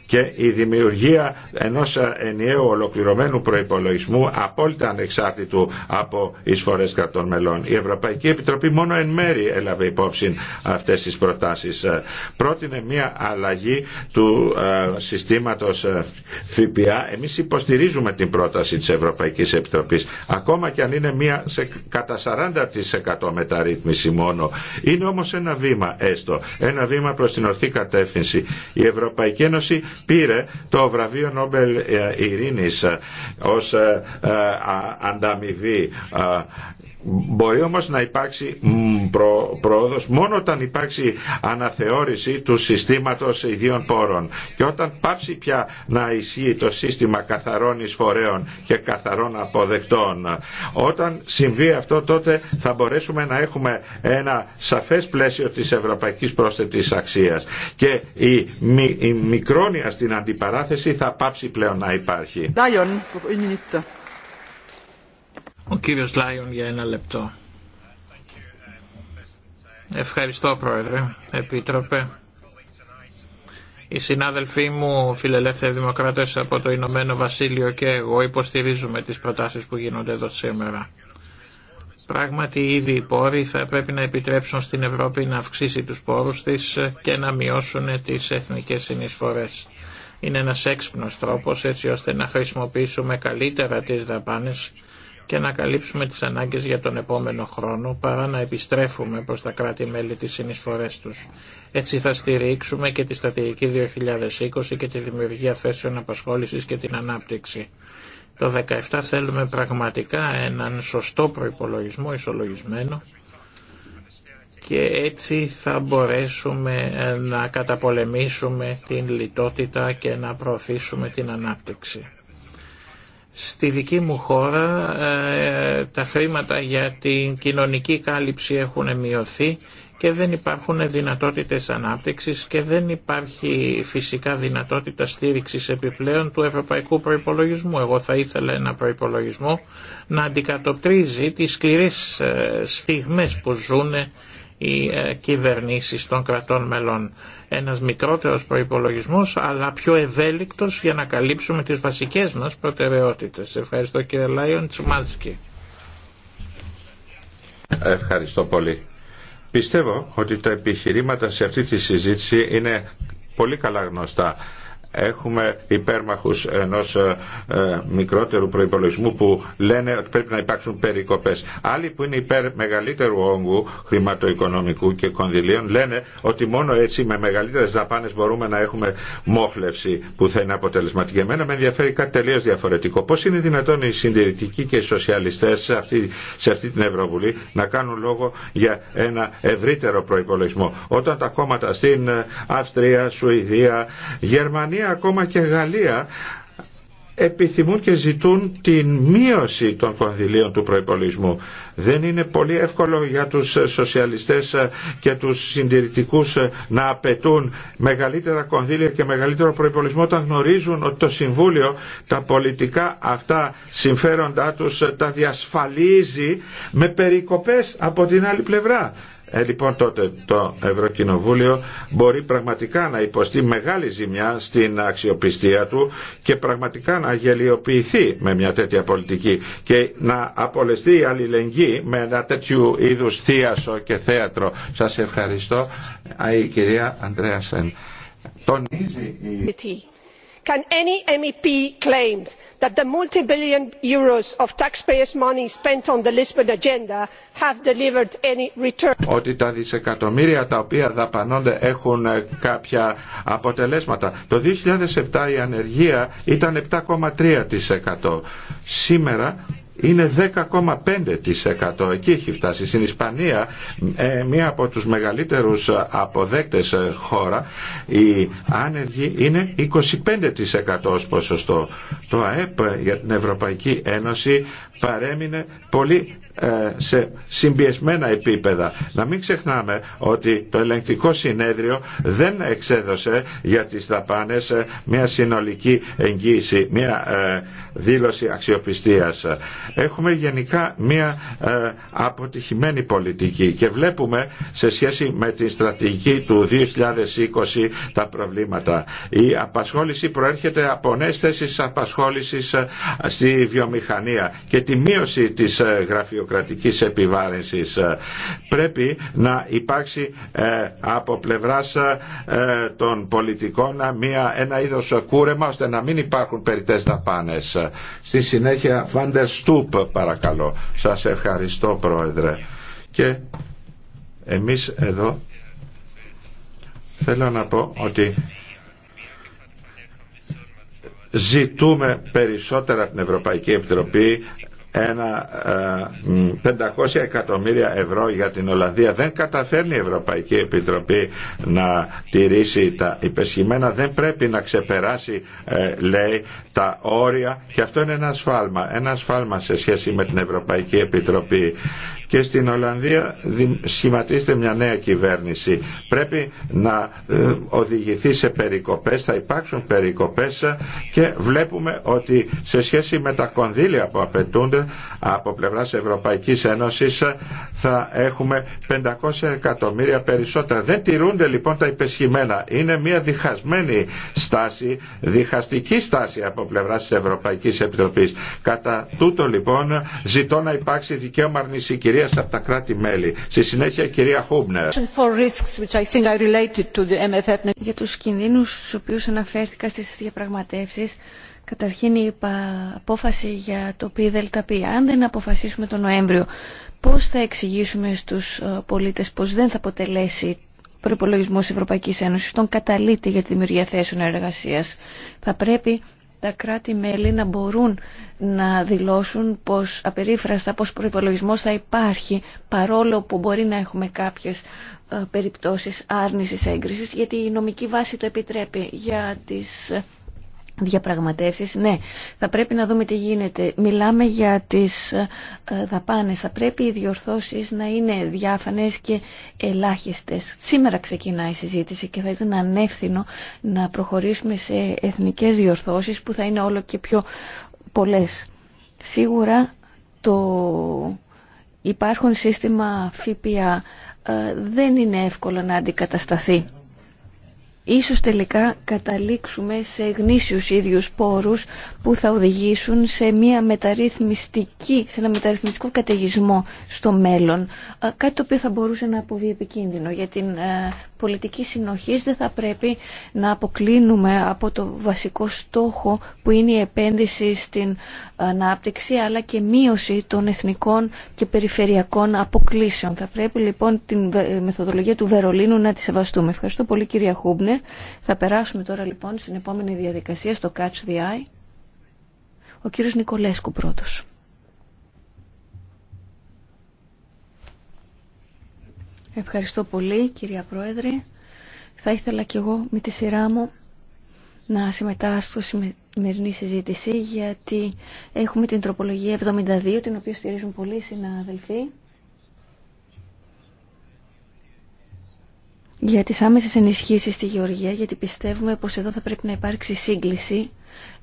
και η δημιουργία ενός ενιαίου ολοκληρωμένου προϋπολογισμού απόλυτα ανεξάρτητου από εισφορές κρατών μελών. Η Ευρωπαϊκή Επιτροπή μόνο εν μέρη έλαβε υπόψη αυτές τις προτάσεις. Πρότεινε μια αλλαγή του συστήματος ΦΠΑ εμείς υποστηρίζουμε την πρόταση της Ευρωπαϊκής Επιτροπής ακόμα και αν είναι μια σε κατά 40% μεταρρύθμιση μόνο. Είναι όμως ένα βήμα έστω, ένα βήμα προς την ορθή κατεύθυνση. Η Ευρωπαϊκή Ένωση πήρε το βραβείο Νόμπελ ε, Ειρήνης ε, ως ε, ανταμοιβή Μπορεί όμως να υπάρξει πρόοδος μόνο όταν υπάρξει αναθεώρηση του συστήματος ιδίων πόρων και όταν πάψει πια να ισχύει το σύστημα καθαρών εισφορέων και καθαρών αποδεκτών. Όταν συμβεί αυτό τότε θα μπορέσουμε να έχουμε ένα σαφές πλαίσιο της ευρωπαϊκής πρόσθετης αξίας και η, μικρόνια στην αντιπαράθεση θα πάψει πλέον να υπάρχει. Ο κύριος Λάιον για ένα λεπτό. Ευχαριστώ Πρόεδρε, Επίτροπε. Οι συνάδελφοί μου, φιλελεύθεροι δημοκράτες από το Ηνωμένο Βασίλειο και εγώ υποστηρίζουμε τις προτάσεις που γίνονται εδώ σήμερα. Πράγματι ήδη οι πόροι θα πρέπει να επιτρέψουν στην Ευρώπη να αυξήσει τους πόρους της και να μειώσουν τις εθνικές συνεισφορές. Είναι ένας έξυπνος τρόπος έτσι ώστε να χρησιμοποιήσουμε καλύτερα τις δαπάνες και να καλύψουμε τις ανάγκες για τον επόμενο χρόνο παρά να επιστρέφουμε προς τα κράτη-μέλη τις συνεισφορές τους. Έτσι θα στηρίξουμε και τη στρατηγική 2020 και τη δημιουργία θέσεων απασχόλησης και την ανάπτυξη. Το 2017 θέλουμε πραγματικά έναν σωστό προϋπολογισμό, ισολογισμένο και έτσι θα μπορέσουμε ε, να καταπολεμήσουμε την λιτότητα και να προωθήσουμε την ανάπτυξη. Στη δική μου χώρα ε, τα χρήματα για την κοινωνική κάλυψη έχουν μειωθεί και δεν υπάρχουν δυνατότητες ανάπτυξης και δεν υπάρχει φυσικά δυνατότητα στήριξης επιπλέον του ευρωπαϊκού προϋπολογισμού. Εγώ θα ήθελα ένα προϋπολογισμό να αντικατοπτρίζει τις σκληρές ε, στιγμές που ζουν οι ε, κυβερνήσεις των κρατών μελών. Ένας μικρότερος προϋπολογισμός αλλά πιο ευέλικτος για να καλύψουμε τις βασικές μας προτεραιότητες. Ευχαριστώ κύριε Λάιον Τσουμάνσκι. Ευχαριστώ πολύ. Πιστεύω ότι τα επιχειρήματα σε αυτή τη συζήτηση είναι πολύ καλά γνωστά έχουμε υπέρμαχους ενός ε, ε, μικρότερου προϋπολογισμού που λένε ότι πρέπει να υπάρξουν περικοπές. Άλλοι που είναι υπέρ μεγαλύτερου όγκου χρηματοοικονομικού και κονδυλίων λένε ότι μόνο έτσι με μεγαλύτερες δαπάνες μπορούμε να έχουμε μόχλευση που θα είναι αποτελεσματική. Εμένα με ενδιαφέρει κάτι τελείως διαφορετικό. Πώς είναι δυνατόν οι συντηρητικοί και οι σοσιαλιστές σε αυτή, σε αυτή την Ευρωβουλή να κάνουν λόγο για ένα ευρύτερο προϋπολογισμό. Όταν τα κόμματα στην ε, Αυστρία, Σουηδία, Γερμανία Γερμανία, ακόμα και Γαλλία επιθυμούν και ζητούν την μείωση των κονδυλίων του προϋπολογισμού. Δεν είναι πολύ εύκολο για τους σοσιαλιστές και τους συντηρητικούς να απαιτούν μεγαλύτερα κονδύλια και μεγαλύτερο προϋπολογισμό όταν γνωρίζουν ότι το Συμβούλιο τα πολιτικά αυτά συμφέροντά τους τα διασφαλίζει με περικοπές από την άλλη πλευρά. Ε, λοιπόν τότε το Ευρωκοινοβούλιο μπορεί πραγματικά να υποστεί μεγάλη ζημιά στην αξιοπιστία του και πραγματικά να γελιοποιηθεί με μια τέτοια πολιτική και να απολεστεί η αλληλεγγύη με ένα τέτοιου είδους θίασο και θέατρο. Σας ευχαριστώ η κυρία Σεν. Τονίζει ότι τα δισεκατομμύρια τα οποία δαπανώνται έχουν ε, κάποια αποτελέσματα. Το 2007 η ανεργία ήταν 7,3%. Σήμερα είναι 10,5% εκεί έχει φτάσει. Στην Ισπανία ε, μία από τους μεγαλύτερους αποδέκτες ε, χώρα η άνεργη είναι 25% ως ποσοστό. Το ΑΕΠ ε, για την Ευρωπαϊκή Ένωση παρέμεινε πολύ ε, σε συμπιεσμένα επίπεδα. Να μην ξεχνάμε ότι το ελεγκτικό συνέδριο δεν εξέδωσε για τις δαπάνες ε, μια συνολική εγγύηση, μια ε, δήλωση αξιοπιστίας. Έχουμε γενικά μια αποτυχημένη πολιτική και βλέπουμε σε σχέση με την στρατηγική του 2020 τα προβλήματα. Η απασχόληση προέρχεται από νέες θέσεις απασχόλησης στη βιομηχανία τη μείωση της ε, γραφειοκρατικής επιβάρυνσης. Ε, πρέπει να υπάρξει ε, από πλευράς των πολιτικών μια, ένα είδος κούρεμα ώστε να μην υπάρχουν περιττές δαπάνες. Στη συνέχεια, Βάντερ Στούπ παρακαλώ. Σας ευχαριστώ Πρόεδρε. Και εμείς εδώ θέλω να πω ότι ζητούμε περισσότερα από την Ευρωπαϊκή Επιτροπή ένα 500 ε, εκατομμύρια ευρώ για την Ολλανδία δεν καταφέρνει η Ευρωπαϊκή Επιτροπή να τηρήσει τα υπεσχημένα δεν πρέπει να ξεπεράσει ε, λέει τα όρια και αυτό είναι ένα σφάλμα ένα σφάλμα σε σχέση με την Ευρωπαϊκή Επιτροπή και στην Ολλανδία σχηματίζεται μια νέα κυβέρνηση. Πρέπει να ε, οδηγηθεί σε περικοπές, θα υπάρξουν περικοπές και βλέπουμε ότι σε σχέση με τα κονδύλια που απαιτούνται από πλευράς Ευρωπαϊκής Ένωσης θα έχουμε 500 εκατομμύρια περισσότερα. Δεν τηρούνται λοιπόν τα υπεσχημένα. Είναι μια διχασμένη στάση, διχαστική στάση από πλευράς της Ευρωπαϊκής Επιτροπής. Κατά τούτο λοιπόν ζητώ να υπάρξει δικαίωμα από τα κράτη-μέλη. Στη συνέχεια η κυρία Χούμπνερ. Για του κινδύνους στους οποίου αναφέρθηκα στις διαπραγματεύσει καταρχήν η απόφαση για το ΠΔΠ. Αν δεν αποφασίσουμε τον Νοέμβριο, πώς θα εξηγήσουμε στου ε, πολίτες πως δεν θα αποτελέσει προπολογισμό Ευρωπαϊκή Ένωση, τον καταλήτη για τη δημιουργία θέσεων εργασία. Θα πρέπει τα κράτη-μέλη να μπορούν να δηλώσουν πως απερίφραστα πως προϋπολογισμός θα υπάρχει παρόλο που μπορεί να έχουμε κάποιες ε, περιπτώσεις άρνησης έγκρισης γιατί η νομική βάση το επιτρέπει για τις ε, διαπραγματεύσεις, ναι, θα πρέπει να δούμε τι γίνεται. Μιλάμε για τις ε, δαπάνες, θα πρέπει οι διορθώσεις να είναι διάφανες και ελάχιστες. Σήμερα ξεκινάει η συζήτηση και θα ήταν ανεύθυνο να προχωρήσουμε σε εθνικές διορθώσεις που θα είναι όλο και πιο πολλές. Σίγουρα το υπάρχον σύστημα ΦΠΑ ε, δεν είναι εύκολο να αντικατασταθεί ίσως τελικά καταλήξουμε σε γνήσιους ίδιους πόρους που θα οδηγήσουν σε, μια μεταρρυθμιστική, σε ένα μεταρρυθμιστικό καταιγισμό στο μέλλον. Κάτι το οποίο θα μπορούσε να αποβεί επικίνδυνο για την ε, πολιτική συνοχής δεν θα πρέπει να αποκλίνουμε από το βασικό στόχο που είναι η επένδυση στην ανάπτυξη αλλά και μείωση των εθνικών και περιφερειακών αποκλήσεων. Θα πρέπει λοιπόν την μεθοδολογία του Βερολίνου να τη σεβαστούμε. Ευχαριστώ πολύ κυρία Χούμπνερ. Θα περάσουμε τώρα λοιπόν στην επόμενη διαδικασία στο Catch the Eye. Ο κύριος Νικολέσκου πρώτος. Ευχαριστώ πολύ κυρία Πρόεδρε. Θα ήθελα κι εγώ με τη σειρά μου να συμμετάσχω στη σημερινή συζήτηση γιατί έχουμε την τροπολογία 72 την οποία στηρίζουν πολλοί συναδελφοί για τις άμεσες ενισχύσεις στη Γεωργία γιατί πιστεύουμε πως εδώ θα πρέπει να υπάρξει σύγκληση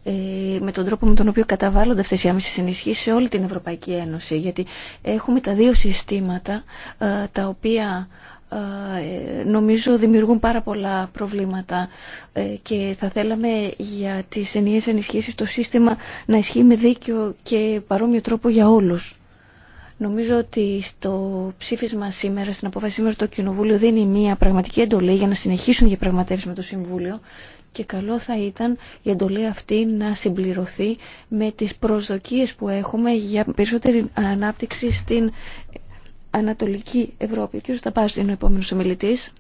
ε, με τον τρόπο με τον οποίο καταβάλλονται αυτές οι άμεσες ενισχύσεις σε όλη την Ευρωπαϊκή Ένωση. Γιατί έχουμε τα δύο συστήματα ε, τα οποία ε, νομίζω δημιουργούν πάρα πολλά προβλήματα και θα θέλαμε για τις ενιαίες ενισχύσεις το σύστημα να ισχύει με δίκιο και παρόμοιο τρόπο για όλους. Νομίζω ότι στο ψήφισμα σήμερα, στην απόφαση σήμερα, το Κοινοβούλιο δίνει μια πραγματική εντολή για να συνεχίσουν διαπραγματεύσει με το Συμβούλιο και καλό θα ήταν η εντολή αυτή να συμπληρωθεί με τις προσδοκίες που έχουμε για περισσότερη ανάπτυξη στην Ανατολική Ευρώπη. Κύριε Σταπάς είναι ο επόμενος ομιλητής.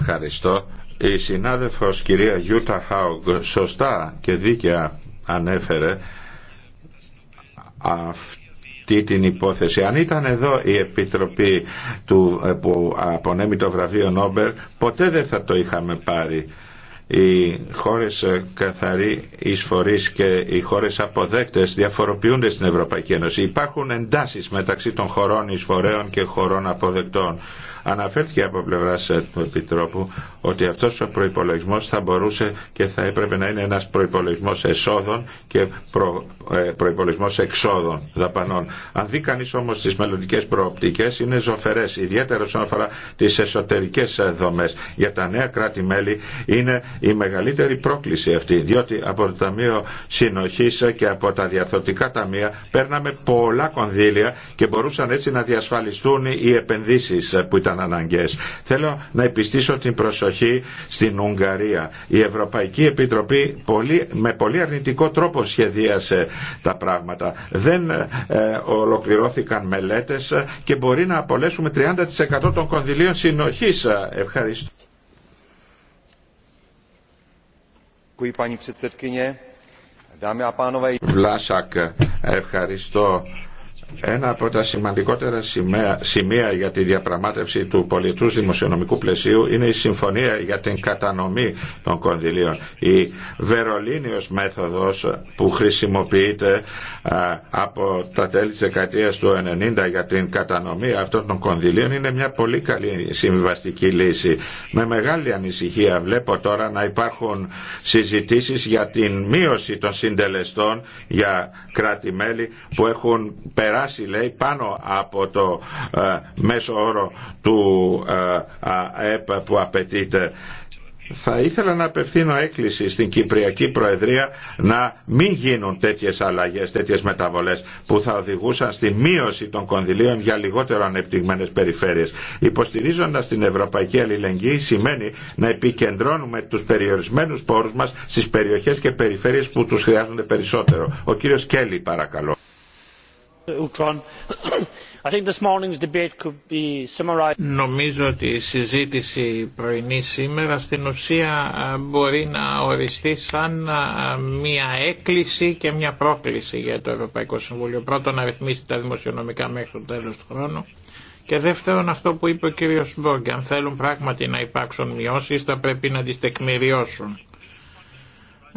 Ευχαριστώ. Η συνάδελφος κυρία Γιούτα Χάουγκ σωστά και δίκαια ανέφερε αυτό αυτή την υπόθεση. Αν ήταν εδώ η Επιτροπή του, ε, που απονέμει το βραβείο Νόμπερ, ποτέ δεν θα το είχαμε πάρει οι χώρες ε, καθαροί εισφορείς και οι χώρες αποδέκτες διαφοροποιούνται στην Ευρωπαϊκή Ένωση. Υπάρχουν εντάσεις μεταξύ των χωρών εισφορέων και χωρών αποδεκτών. Αναφέρθηκε από πλευρά ε, του Επιτρόπου ότι αυτός ο προϋπολογισμός θα μπορούσε και θα έπρεπε να είναι ένας προϋπολογισμός εσόδων και προ, ε, προϋπολογισμός εξόδων δαπανών. Αν δει κανεί όμως τις μελλοντικέ προοπτικές είναι ζωφερές, ιδιαίτερα όσον αφορά τις εσωτερικές δομές. Για τα νέα κράτη-μέλη είναι η μεγαλύτερη πρόκληση αυτή, διότι από το Ταμείο Συνοχής και από τα διαρθωτικά ταμεία παίρναμε πολλά κονδύλια και μπορούσαν έτσι να διασφαλιστούν οι επενδύσεις που ήταν αναγκαίε. Θέλω να επιστήσω την προσοχή στην Ουγγαρία. Η Ευρωπαϊκή Επιτροπή πολύ, με πολύ αρνητικό τρόπο σχεδίασε τα πράγματα. Δεν ε, ολοκληρώθηκαν μελέτε και μπορεί να απολέσουμε 30% των κονδυλίων συνοχή. Ευχαριστώ. Βλάσακ, ευχαριστώ ένα από τα σημαντικότερα σημεία, σημεία για τη διαπραγμάτευση του πολιτού δημοσιονομικού πλαισίου είναι η συμφωνία για την κατανομή των κονδυλίων. Η Βερολίνιος μέθοδος που χρησιμοποιείται από τα τέλη της δεκαετίας του 1990 για την κατανομή αυτών των κονδυλίων είναι μια πολύ καλή συμβιβαστική λύση. Με μεγάλη ανησυχία βλέπω τώρα να υπάρχουν συζητήσεις για την μείωση των συντελεστών για κράτη-μέλη που έχουν περάσει πάνω από το ε, μέσο όρο του ε, ΑΕΠ που απαιτείται. Θα ήθελα να απευθύνω έκκληση στην Κυπριακή Προεδρία να μην γίνουν τέτοιες αλλαγές, τέτοιες μεταβολές που θα οδηγούσαν στη μείωση των κονδυλίων για λιγότερο ανεπτυγμένες περιφέρειες. Υποστηρίζοντας την Ευρωπαϊκή Αλληλεγγύη σημαίνει να επικεντρώνουμε τους περιορισμένους πόρους μας στις περιοχές και περιφέρειες που τους χρειάζονται περισσότερο. Ο κύριος Κέλλη παρακαλώ. Νομίζω ότι η συζήτηση πρωινή σήμερα στην ουσία μπορεί να οριστεί σαν μια έκκληση και μια πρόκληση για το Ευρωπαϊκό Συμβούλιο. Πρώτον να ρυθμίσει τα δημοσιονομικά μέχρι το τέλος του χρόνου και δεύτερον αυτό που είπε ο κύριος Μπόγκ. Αν θέλουν πράγματι να υπάρξουν μειώσεις θα πρέπει να τις τεκμηριώσουν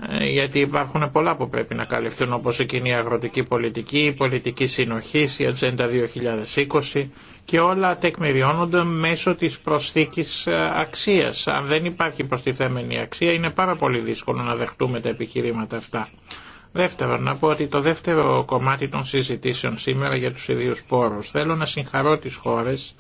ε, γιατί υπάρχουν πολλά που πρέπει να καλυφθούν όπως η κοινή αγροτική πολιτική, η πολιτική συνοχή, η Ατζέντα 2020 και όλα τεκμηριώνονται μέσω της προσθήκης ε, αξίας. Αν δεν υπάρχει προστιθέμενη αξία είναι πάρα πολύ δύσκολο να δεχτούμε τα επιχειρήματα αυτά. Δεύτερον, να πω ότι το δεύτερο κομμάτι των συζητήσεων σήμερα για τους ιδίους πόρους θέλω να συγχαρώ τις χώρες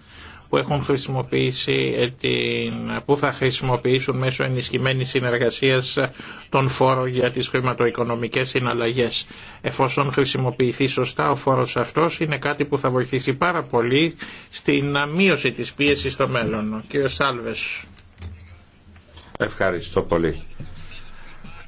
που, έχουν χρησιμοποιήσει ε, την, που θα χρησιμοποιήσουν μέσω ενισχυμένης συνεργασίας ε, τον φόρο για τις χρηματοοικονομικές συναλλαγές. Εφόσον χρησιμοποιηθεί σωστά ο φόρος αυτός είναι κάτι που θα βοηθήσει πάρα πολύ στην ε, μείωση της πίεσης στο μέλλον. Κύριε Σάλβες. Ευχαριστώ πολύ.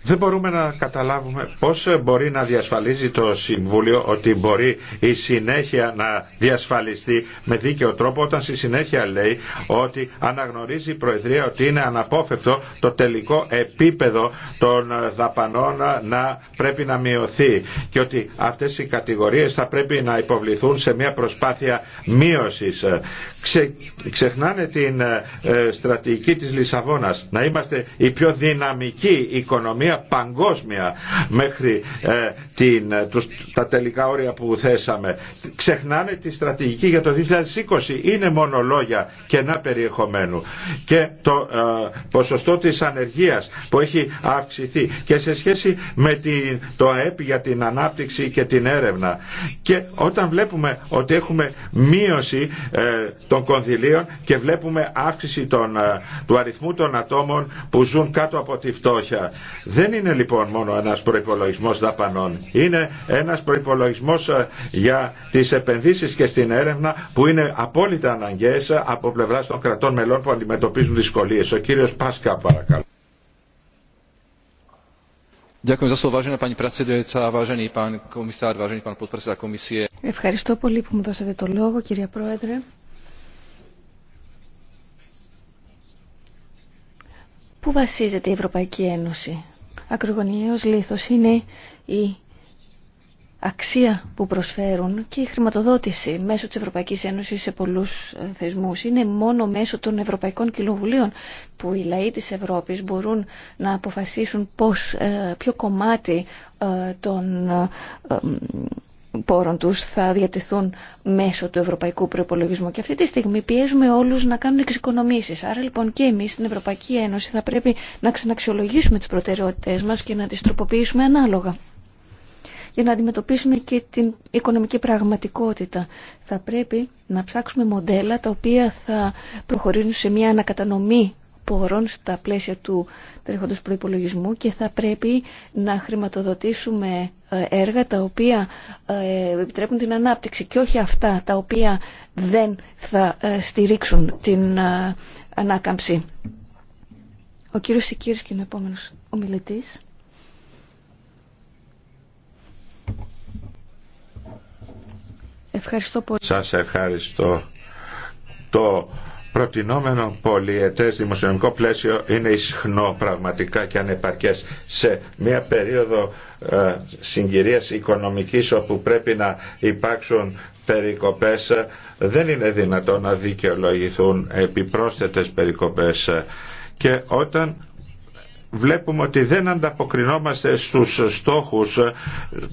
Δεν μπορούμε να καταλάβουμε πώς μπορεί να διασφαλίζει το Συμβούλιο ότι μπορεί η συνέχεια να διασφαλιστεί με δίκαιο τρόπο όταν στη συνέχεια λέει ότι αναγνωρίζει η Προεδρία ότι είναι αναπόφευκτο το τελικό επίπεδο των δαπανών να πρέπει να μειωθεί και ότι αυτές οι κατηγορίες θα πρέπει να υποβληθούν σε μια προσπάθεια μείωσης ξε, ξεχνάνε την ε, ε, στρατηγική της Λισαβόνας να είμαστε η πιο δυναμική οικονομία παγκόσμια μέχρι ε, την, τους, τα τελικά όρια που θέσαμε ξεχνάνε τη στρατηγική για το 2020 είναι μόνο λόγια και να περιεχομένου και το ποσοστό της ανεργίας που έχει αυξηθεί και σε σχέση με την, το ΑΕΠ για την ανάπτυξη και την έρευνα και όταν βλέπουμε ότι έχουμε μείωση των κονδυλίων και βλέπουμε αύξηση των, ε, του αριθμού των ατόμων που ζουν κάτω από τη φτώχεια. Δεν είναι λοιπόν μόνο ένας προϋπολογισμός δαπανών. Είναι ένας προϋπολογισμός ε, για τις επενδύσεις και στην έρευνα που είναι απόλυτα αναγκαίες ε, από πλευράς των κρατών μελών που αντιμετωπίζουν δυσκολίες. Ο κύριος Πάσκα παρακαλώ. Ευχαριστώ πολύ που μου δώσατε το λόγο, κύριε Πρόεδρε. Πού βασίζεται η Ευρωπαϊκή Ένωση. Ακρογωνιαίος λήθος είναι η αξία που προσφέρουν και η χρηματοδότηση μέσω της Ευρωπαϊκής Ένωσης σε πολλούς ε, θεσμούς. Είναι μόνο μέσω των Ευρωπαϊκών Κοινοβουλίων που οι λαοί της Ευρώπης μπορούν να αποφασίσουν πώς, ε, ποιο κομμάτι ε, των πόρων τους θα διατηθούν μέσω του ευρωπαϊκού προπολογισμού. Και αυτή τη στιγμή πιέζουμε όλους να κάνουν εξοικονομήσεις. Άρα λοιπόν και εμείς στην Ευρωπαϊκή Ένωση θα πρέπει να ξαναξιολογήσουμε τις προτεραιότητες μας και να τις τροποποιήσουμε ανάλογα για να αντιμετωπίσουμε και την οικονομική πραγματικότητα. Θα πρέπει να ψάξουμε μοντέλα τα οποία θα προχωρήσουν σε μια ανακατανομή πόρων στα πλαίσια του τρέχοντος προϋπολογισμού και θα πρέπει να χρηματοδοτήσουμε ε, έργα τα οποία ε, επιτρέπουν την ανάπτυξη και όχι αυτά τα οποία δεν θα ε, στηρίξουν την ανάκαμψη. Ο κύριος Σικύρης και ο επόμενος ομιλητής. Ευχαριστώ πολύ. Σας ευχαριστώ. Το προτινόμενο πολιετές δημοσιονομικό πλαίσιο είναι ισχνό πραγματικά και ανεπαρκές σε μια περίοδο ε, συγκυρίας οικονομικής όπου πρέπει να υπάρξουν περικοπές ε, δεν είναι δυνατόν να δικαιολογηθούν επιπρόσθετες περικοπές ε, και όταν βλέπουμε ότι δεν ανταποκρινόμαστε στους στόχους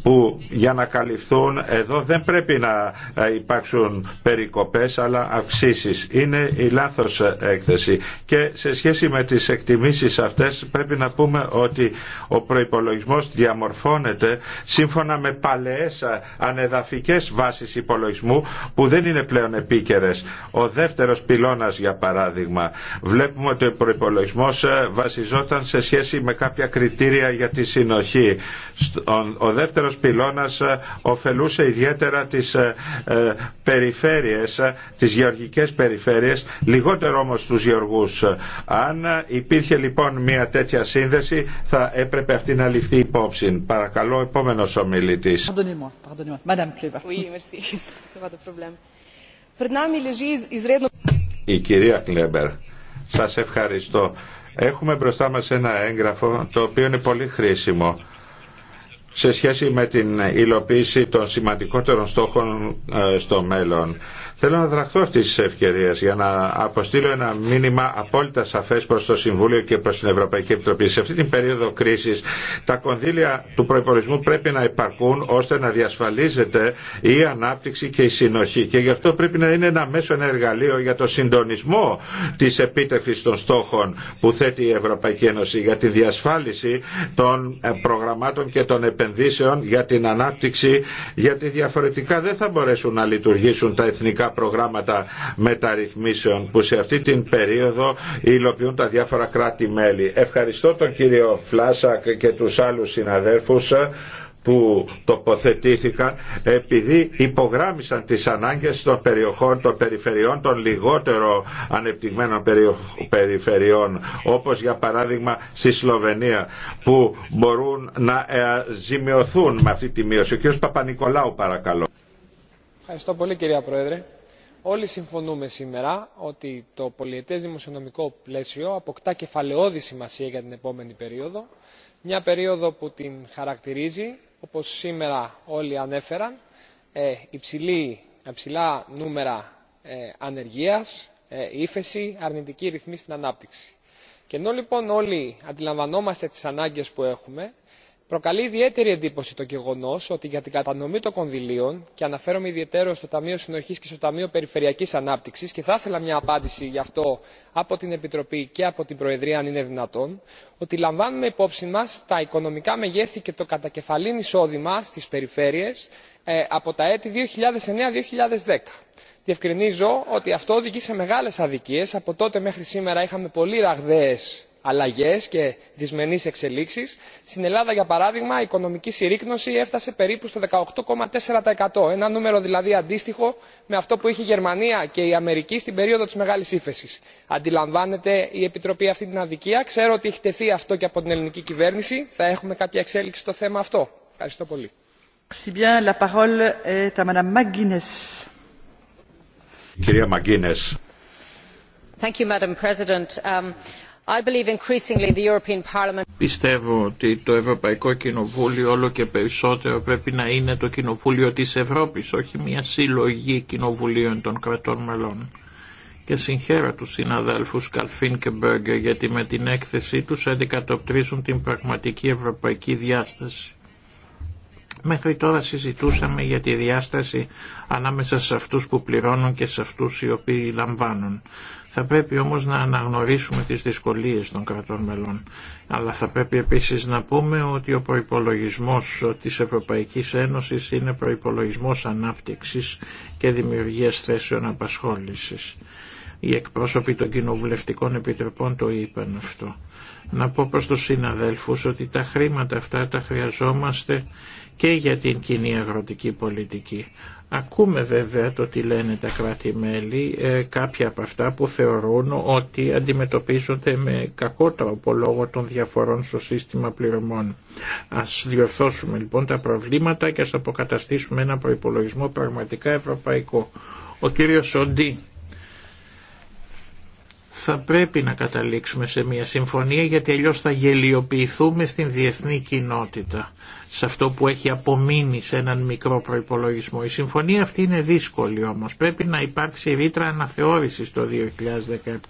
που για να καλυφθούν εδώ δεν πρέπει να υπάρξουν περικοπές αλλά αυξήσεις. Είναι η λάθος έκθεση και σε σχέση με τις εκτιμήσεις αυτές πρέπει να πούμε ότι ο προϋπολογισμός διαμορφώνεται σύμφωνα με παλαιές ανεδαφικές βάσεις υπολογισμού που δεν είναι πλέον επίκαιρες. Ο δεύτερος πυλώνας για παράδειγμα βλέπουμε ότι ο βασιζόταν σε σχέση με κάποια κριτήρια για τη συνοχή. Ο δεύτερος πυλώνας ε, ωφελούσε ιδιαίτερα τις ε, ε, περιφέρειες, τις γεωργικές περιφέρειες, λιγότερο όμως τους γεωργούς. Αν υπήρχε λοιπόν μια τέτοια σύνδεση θα έπρεπε αυτή να ληφθεί υπόψη. Παρακαλώ, επόμενος ομιλητής. [laughs] Η κυρία Κλέμπερ, σας ευχαριστώ. Έχουμε μπροστά μας ένα έγγραφο το οποίο είναι πολύ χρήσιμο σε σχέση με την υλοποίηση των σημαντικότερων στόχων ε, στο μέλλον. Θέλω να δραχθώ αυτή τη ευκαιρία για να αποστείλω ένα μήνυμα απόλυτα σαφέ προ το Συμβούλιο και προ την Ευρωπαϊκή Επιτροπή. Σε αυτή την περίοδο κρίση, τα κονδύλια του προπολογισμού πρέπει να υπαρκούν ώστε να διασφαλίζεται η ανάπτυξη και η συνοχή. Και γι' αυτό πρέπει να είναι ένα μέσο, ένα εργαλείο για το συντονισμό τη επίτευξη των στόχων που θέτει η Ευρωπαϊκή Ένωση για τη διασφάλιση των ε, προγραμμάτων και των επενδύσεων για την ανάπτυξη, γιατί διαφορετικά δεν θα μπορέσουν να λειτουργήσουν τα εθνικά προγράμματα μεταρρυθμίσεων που σε αυτή την περίοδο υλοποιούν τα διάφορα κράτη-μέλη. Ευχαριστώ τον κύριο Φλάσακ και τους άλλους συναδέρφους ε, που τοποθετήθηκαν επειδή υπογράμμισαν τις ανάγκες των περιοχών, των περιφερειών, των λιγότερο ανεπτυγμένων περιφερειών όπως για παράδειγμα στη Σλοβενία που μπορούν να ε, ζημιωθούν με αυτή τη μείωση. Ο κ. Παπα-Νικολάου παρακαλώ. Ευχαριστώ πολύ κυρία Πρόεδρε όλοι συμφωνούμε σήμερα ότι το πολιετές δημοσιονομικό πλαίσιο αποκτά κεφαλαιώδη σημασία για την επόμενη περίοδο μια περίοδο που την χαρακτηρίζει όπως σήμερα όλοι ανέφεραν ε, υψηλά νούμερα ε, ανεργίας ε, ύφεση αρνητική ρυθμή στην ανάπτυξη. και ενώ λοιπόν όλοι αντιλαμβανόμαστε τις ανάγκες που έχουμε προκαλεί ιδιαίτερη εντύπωση το γεγονό ότι για την κατανομή των κονδυλίων και αναφέρομαι ιδιαιτέρω στο ταμείο συνοχή και στο ταμείο περιφερειακή ανάπτυξη και θα ήθελα μια απάντηση γι' αυτό από την επιτροπή και από την προεδρία αν είναι δυνατόν ότι λαμβάνουμε υπόψη μα τα οικονομικά μεγέθη και το κατακεφαλήν εισόδημα στι περιφέρειε ε, από τα έτη. 2009 2009-2010. διευκρινίζω ότι αυτό οδηγεί σε μεγάλε αδικίε από τότε μέχρι σήμερα είχαμε πολύ ραγδαίε αλλαγές και δυσμενείς εξελίξεις στην ελλάδα για παράδειγμα η οικονομική συρρήκνωση έφτασε περίπου στο 18,4 ένα νούμερο δηλαδή αντίστοιχο με αυτό που είχε η γερμανία και η αμερική στην περίοδο της μεγάλης ύφεση. αντιλαμβάνεται η επιτροπή αυτή την αδικία; ξέρω ότι έχει τεθεί αυτό και από την ελληνική κυβέρνηση. θα έχουμε κάποια εξέλιξη στο θέμα αυτό; ευχαριστώ πολύ. Κυρία Thank um, Πιστεύω ότι το Ευρωπαϊκό Κοινοβούλιο όλο και περισσότερο πρέπει να είναι το Κοινοβούλιο της Ευρώπης, όχι μια συλλογή κοινοβουλίων των κρατών μελών. Και συγχαίρω τους συναδέλφους Καλφίν και Μπέργκερ γιατί με την έκθεσή τους αντικατοπτρίζουν την πραγματική ευρωπαϊκή διάσταση. Μέχρι τώρα συζητούσαμε για τη διάσταση ανάμεσα σε αυτούς που πληρώνουν και σε αυτούς οι οποίοι λαμβάνουν. Θα πρέπει όμως να αναγνωρίσουμε τις δυσκολίες των κρατών μελών. Αλλά θα πρέπει επίσης να πούμε ότι ο προϋπολογισμός της Ευρωπαϊκής Ένωσης είναι προϋπολογισμός ανάπτυξης και δημιουργίας θέσεων απασχόλησης. Οι εκπρόσωποι των κοινοβουλευτικών επιτροπών το είπαν αυτό. Να πω προς τους συναδέλφους ότι τα χρήματα αυτά τα χρειαζόμαστε και για την κοινή αγροτική πολιτική. Ακούμε βέβαια το τι λένε τα κράτη-μέλη, ε, κάποια από αυτά που θεωρούν ότι αντιμετωπίζονται με κακό τρόπο λόγω των διαφορών στο σύστημα πληρωμών. Ας διορθώσουμε λοιπόν τα προβλήματα και ας αποκαταστήσουμε ένα προϋπολογισμό πραγματικά ευρωπαϊκό. Ο κύριος Σοντή θα πρέπει να καταλήξουμε σε μια συμφωνία γιατί αλλιώς θα γελιοποιηθούμε στην διεθνή κοινότητα σε αυτό που έχει απομείνει σε έναν μικρό προϋπολογισμό. Η συμφωνία αυτή είναι δύσκολη όμως. Πρέπει να υπάρξει ρήτρα αναθεώρησης το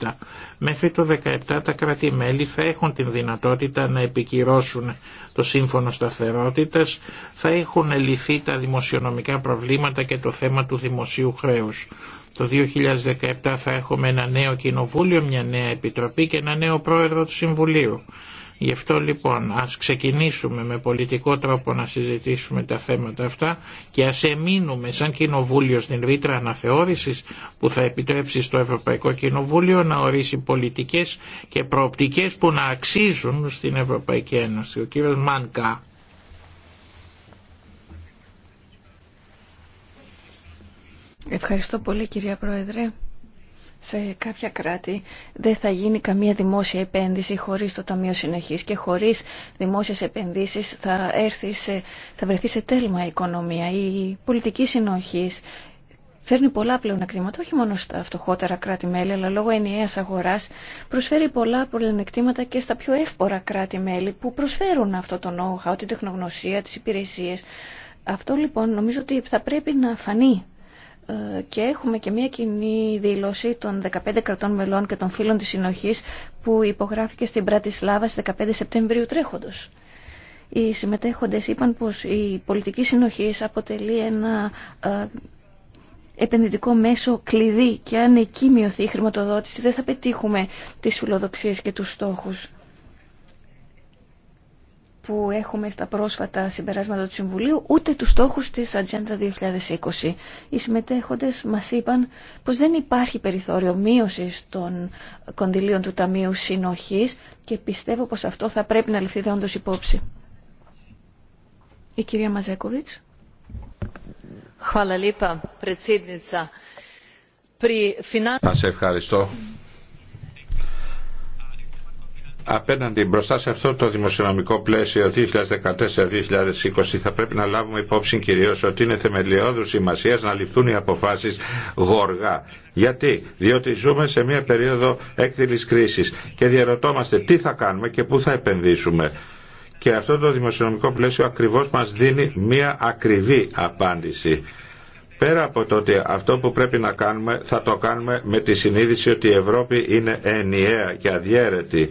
2017. Μέχρι το 2017 τα κράτη-μέλη θα έχουν την δυνατότητα να επικυρώσουν το σύμφωνο σταθερότητας, θα έχουν λυθεί τα δημοσιονομικά προβλήματα και το θέμα του δημοσίου χρέους. Το 2017 θα έχουμε ένα νέο κοινοβούλιο, μια νέα επιτροπή και ένα νέο πρόεδρο του Συμβουλίου. Γι' αυτό λοιπόν ας ξεκινήσουμε με πολιτικό τρόπο να συζητήσουμε τα θέματα αυτά και ας εμείνουμε σαν Κοινοβούλιο στην ρήτρα αναθεώρησης που θα επιτρέψει στο Ευρωπαϊκό Κοινοβούλιο να ορίσει πολιτικές και προοπτικές που να αξίζουν στην Ευρωπαϊκή Ένωση. Ο κύριος Μάνκα. Ευχαριστώ πολύ κυρία Πρόεδρε σε κάποια κράτη δεν θα γίνει καμία δημόσια επένδυση χωρίς το Ταμείο Συνεχής και χωρίς δημόσιες επενδύσεις θα, έρθει θα βρεθεί σε τέλμα η οικονομία. Η πολιτική συνοχής φέρνει πολλά πλέον όχι μόνο στα φτωχότερα κράτη-μέλη, αλλά λόγω ενιαία αγοράς προσφέρει πολλά πλεονεκτήματα και στα πιο εύπορα κράτη-μέλη που προσφέρουν αυτό το νόχα, την τεχνογνωσία, τις υπηρεσίες. Αυτό λοιπόν νομίζω ότι θα πρέπει να φανεί ε, και έχουμε και μια κοινή δήλωση των 15 κρατών μελών και των φίλων της συνοχής που υπογράφηκε στην Σλάβα στις 15 Σεπτεμβρίου τρέχοντος. Οι συμμετέχοντες είπαν πως η πολιτική συνοχής αποτελεί ένα ε, επενδυτικό μέσο κλειδί και αν εκεί μειωθεί η χρηματοδότηση δεν θα πετύχουμε τις φιλοδοξίες και τους στόχους που έχουμε στα πρόσφατα συμπεράσματα του Συμβουλίου, ούτε τους στόχους της Ατζέντα 2020. Οι συμμετέχοντες μας είπαν πως δεν υπάρχει περιθώριο μείωσης των κονδυλίων του Ταμείου Συνοχής και πιστεύω πως αυτό θα πρέπει να ληφθεί όντως υπόψη. Η κυρία Μαζέκοβιτς. Σας ευχαριστώ απέναντι μπροστά σε αυτό το δημοσιονομικό πλαίσιο 2014-2020 θα πρέπει να λάβουμε υπόψη κυρίως ότι είναι θεμελιώδους σημασία να ληφθούν οι αποφάσεις γοργά. Γιατί, διότι ζούμε σε μια περίοδο έκτηλης κρίσης και διαρωτόμαστε τι θα κάνουμε και πού θα επενδύσουμε. Και αυτό το δημοσιονομικό πλαίσιο ακριβώς μας δίνει μια ακριβή απάντηση. Πέρα από το ότι αυτό που πρέπει να κάνουμε θα το κάνουμε με τη συνείδηση ότι η Ευρώπη είναι ενιαία και αδιέρετη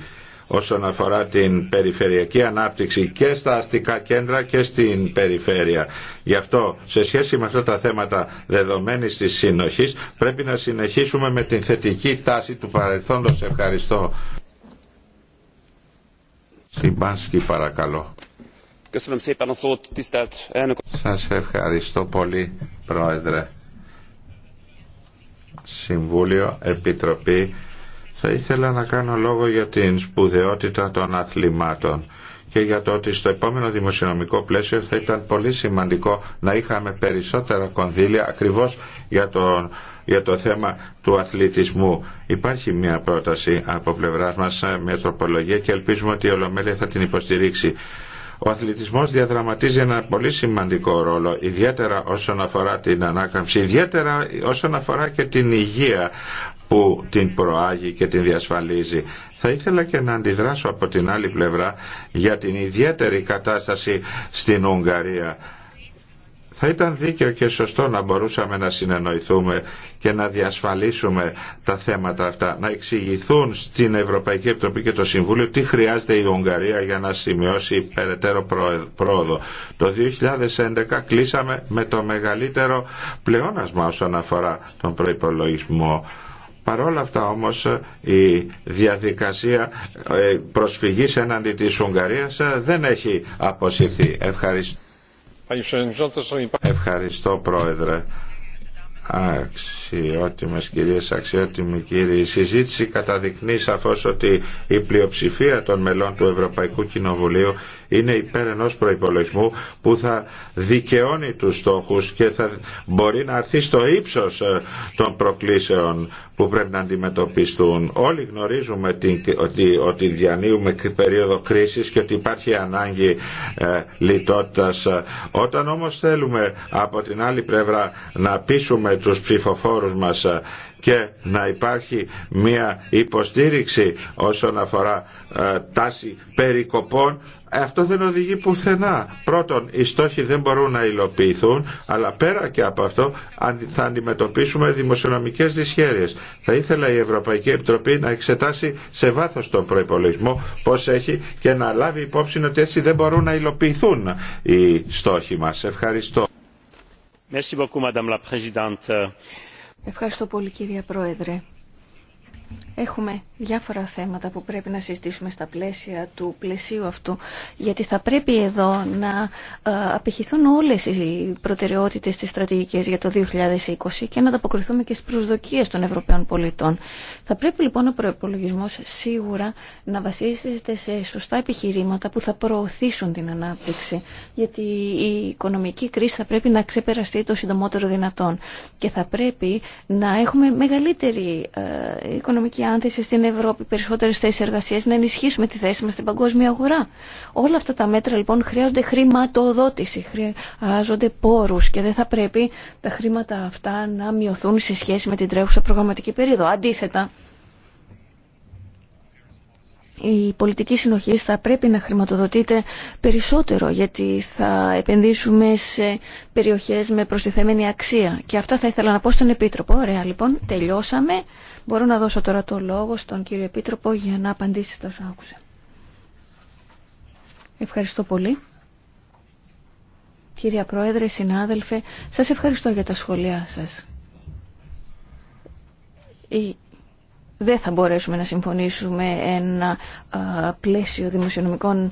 όσον αφορά την περιφερειακή ανάπτυξη και στα αστικά κέντρα και στην περιφέρεια. Γι' αυτό σε σχέση με αυτά τα θέματα δεδομένη της σύνοχή πρέπει να συνεχίσουμε με την θετική τάση του παρελθόντος. Ευχαριστώ. Σιμπάνσκι παρακαλώ. Σας ευχαριστώ πολύ Πρόεδρε. Συμβούλιο, Επιτροπή θα ήθελα να κάνω λόγο για την σπουδαιότητα των αθλημάτων και για το ότι στο επόμενο δημοσιονομικό πλαίσιο θα ήταν πολύ σημαντικό να είχαμε περισσότερα κονδύλια ακριβώς για για το θέμα του αθλητισμού. Υπάρχει μια πρόταση από πλευρά μας, ε, μια τροπολογία και ελπίζουμε ότι η Ολομέλεια θα την υποστηρίξει. Ο αθλητισμός διαδραματίζει ένα πολύ σημαντικό ρόλο, ιδιαίτερα όσον αφορά την ανάκαμψη, ιδιαίτερα όσον αφορά και την υγεία που την προάγει και την διασφαλίζει. Θα ήθελα και να αντιδράσω από την άλλη πλευρά για την ιδιαίτερη κατάσταση στην Ουγγαρία θα ήταν δίκαιο και σωστό να μπορούσαμε να συνεννοηθούμε και να διασφαλίσουμε τα θέματα αυτά, να εξηγηθούν στην Ευρωπαϊκή Επιτροπή και το Συμβούλιο τι χρειάζεται η Ουγγαρία για να σημειώσει περαιτέρω πρόοδο. Το 2011 κλείσαμε με το μεγαλύτερο πλεόνασμα όσον αφορά τον προϋπολογισμό. Παρ' όλα αυτά όμως η διαδικασία ε, προσφυγής έναντι της Ουγγαρίας ε, δεν έχει αποσυρθεί. Ευχαριστώ. Ευχαριστώ Πρόεδρε. Αξιότιμες κυρίες, αξιότιμοι κύριοι, η συζήτηση καταδεικνύει σαφώς ότι η πλειοψηφία των μελών του Ευρωπαϊκού Κοινοβουλίου είναι υπέρ ενό προπολογισμού που θα δικαιώνει του στόχου και θα μπορεί να αρθεί στο ύψο ε, των προκλήσεων που πρέπει να αντιμετωπιστούν. Όλοι γνωρίζουμε ότι, ότι διανύουμε περίοδο κρίσης και ότι υπάρχει ανάγκη ε, λιτότητας. Όταν όμως θέλουμε από την άλλη πλευρά να πείσουμε τους ψηφοφόρους μας ε, και να υπάρχει μια υποστήριξη όσον αφορά ε, τάση περικοπών αυτό δεν οδηγεί πουθενά. Πρώτον, οι στόχοι δεν μπορούν να υλοποιηθούν, αλλά πέρα και από αυτό θα αντιμετωπίσουμε δημοσιονομικές δυσχέρειες. Θα ήθελα η Ευρωπαϊκή Επιτροπή να εξετάσει σε βάθος τον προϋπολογισμό πώς έχει και να λάβει υπόψη ότι έτσι δεν μπορούν να υλοποιηθούν οι στόχοι μας. Ευχαριστώ. Ευχαριστώ πολύ κυρία Πρόεδρε. Έχουμε διάφορα θέματα που πρέπει να συζητήσουμε στα πλαίσια του πλαισίου αυτού, γιατί θα πρέπει εδώ να ε, απηχηθούν όλες οι προτεραιότητες της στρατηγικής για το 2020 και να ανταποκριθούμε και στις προσδοκίες των Ευρωπαίων πολιτών. Θα πρέπει λοιπόν ο προπολογισμό σίγουρα να βασίζεται σε σωστά επιχειρήματα που θα προωθήσουν την ανάπτυξη, γιατί η οικονομική κρίση θα πρέπει να ξεπεραστεί το συντομότερο δυνατόν και θα πρέπει να έχουμε μεγαλύτερη οικονομική ε, οικονομική άνθηση στην Ευρώπη, περισσότερε θέσει εργασία, να ενισχύσουμε τη θέση μα στην παγκόσμια αγορά. Όλα αυτά τα μέτρα λοιπόν χρειάζονται χρηματοδότηση, χρειάζονται πόρου και δεν θα πρέπει τα χρήματα αυτά να μειωθούν σε σχέση με την τρέχουσα προγραμματική περίοδο. Αντίθετα, η πολιτική συνοχή θα πρέπει να χρηματοδοτείται περισσότερο γιατί θα επενδύσουμε σε περιοχές με προστιθέμενη αξία. Και αυτά θα ήθελα να πω στον Επίτροπο. Ωραία λοιπόν, τελειώσαμε. Μπορώ να δώσω τώρα το λόγο στον κύριο Επίτροπο για να απαντήσει στο όσο Ευχαριστώ πολύ. Κυρία Πρόεδρε, συνάδελφε, σας ευχαριστώ για τα σχόλιά σας δεν θα μπορέσουμε να συμφωνήσουμε ένα πλαίσιο δημοσιονομικών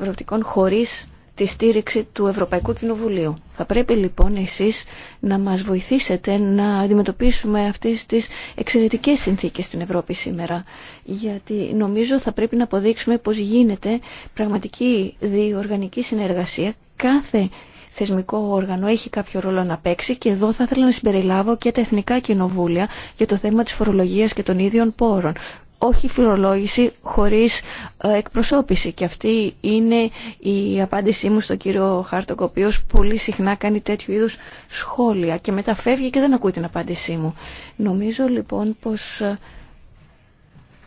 προοπτικών χωρίς τη στήριξη του Ευρωπαϊκού Κοινοβουλίου. Θα πρέπει λοιπόν εσείς να μας βοηθήσετε να αντιμετωπίσουμε αυτές τις εξαιρετικές συνθήκες στην Ευρώπη σήμερα. Γιατί νομίζω θα πρέπει να αποδείξουμε πως γίνεται πραγματική διοργανική συνεργασία κάθε θεσμικό όργανο έχει κάποιο ρόλο να παίξει και εδώ θα ήθελα να συμπεριλάβω και τα εθνικά κοινοβούλια για το θέμα της φορολογίας και των ίδιων πόρων όχι φορολόγηση χωρίς ε, εκπροσώπηση. Και αυτή είναι η απάντησή μου στον κύριο Χάρτοκ, ο οποίος πολύ συχνά κάνει τέτοιου είδους σχόλια και μετά φεύγει και δεν ακούει την απάντησή μου. Νομίζω λοιπόν πως ε,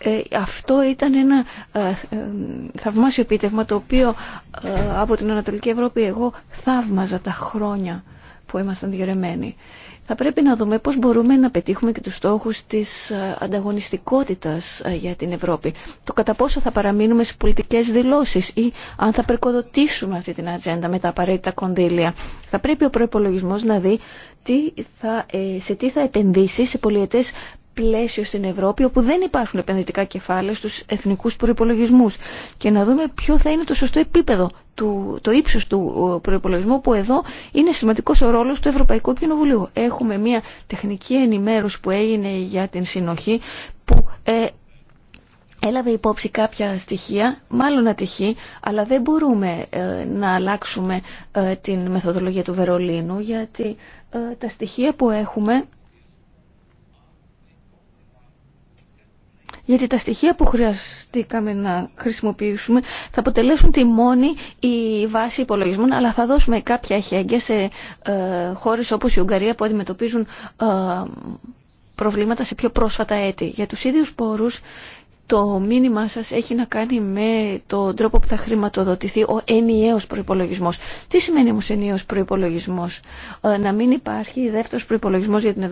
ε, αυτό ήταν ένα ε, ε, θαυμάσιο επίτευγμα το οποίο από την Ανατολική Ευρώπη εγώ θαύμαζα τα χρόνια που ήμασταν διαιρεμένοι. Θα πρέπει να δούμε πώς μπορούμε να πετύχουμε και τους στόχους της ανταγωνιστικότητας για την Ευρώπη. Το κατά πόσο θα παραμείνουμε σε πολιτικές δηλώσεις ή αν θα περκοδοτήσουμε αυτή την ατζέντα με τα απαραίτητα κονδύλια. Θα πρέπει ο προπολογισμό να δει τι θα, σε τι θα επενδύσει σε πολιετές πλαίσιο στην Ευρώπη όπου δεν υπάρχουν επενδυτικά κεφάλαια στους εθνικούς προϋπολογισμούς και να δούμε ποιο θα είναι το σωστό επίπεδο, του, το ύψος του προϋπολογισμού που εδώ είναι σημαντικός ο ρόλος του Ευρωπαϊκού Κοινοβουλίου. Έχουμε μια τεχνική ενημέρωση που έγινε για την συνοχή που ε, έλαβε υπόψη κάποια στοιχεία, μάλλον ατυχή, αλλά δεν μπορούμε ε, να αλλάξουμε ε, την μεθοδολογία του Βερολίνου γιατί ε, τα στοιχεία που έχουμε γιατί τα στοιχεία που χρειαστήκαμε να χρησιμοποιήσουμε θα αποτελέσουν τη μόνη η βάση υπολογισμών, αλλά θα δώσουμε κάποια χέγγια σε ε, χώρες όπως η Ουγγαρία που αντιμετωπίζουν ε, προβλήματα σε πιο πρόσφατα έτη. Για τους ίδιους πόρους το μήνυμά σας έχει να κάνει με τον τρόπο που θα χρηματοδοτηθεί ο ενιαίος προϋπολογισμός. Τι σημαίνει όμως ενιαίος προϋπολογισμός? Ε, να μην υπάρχει δεύτερος προϋπολογισμός για την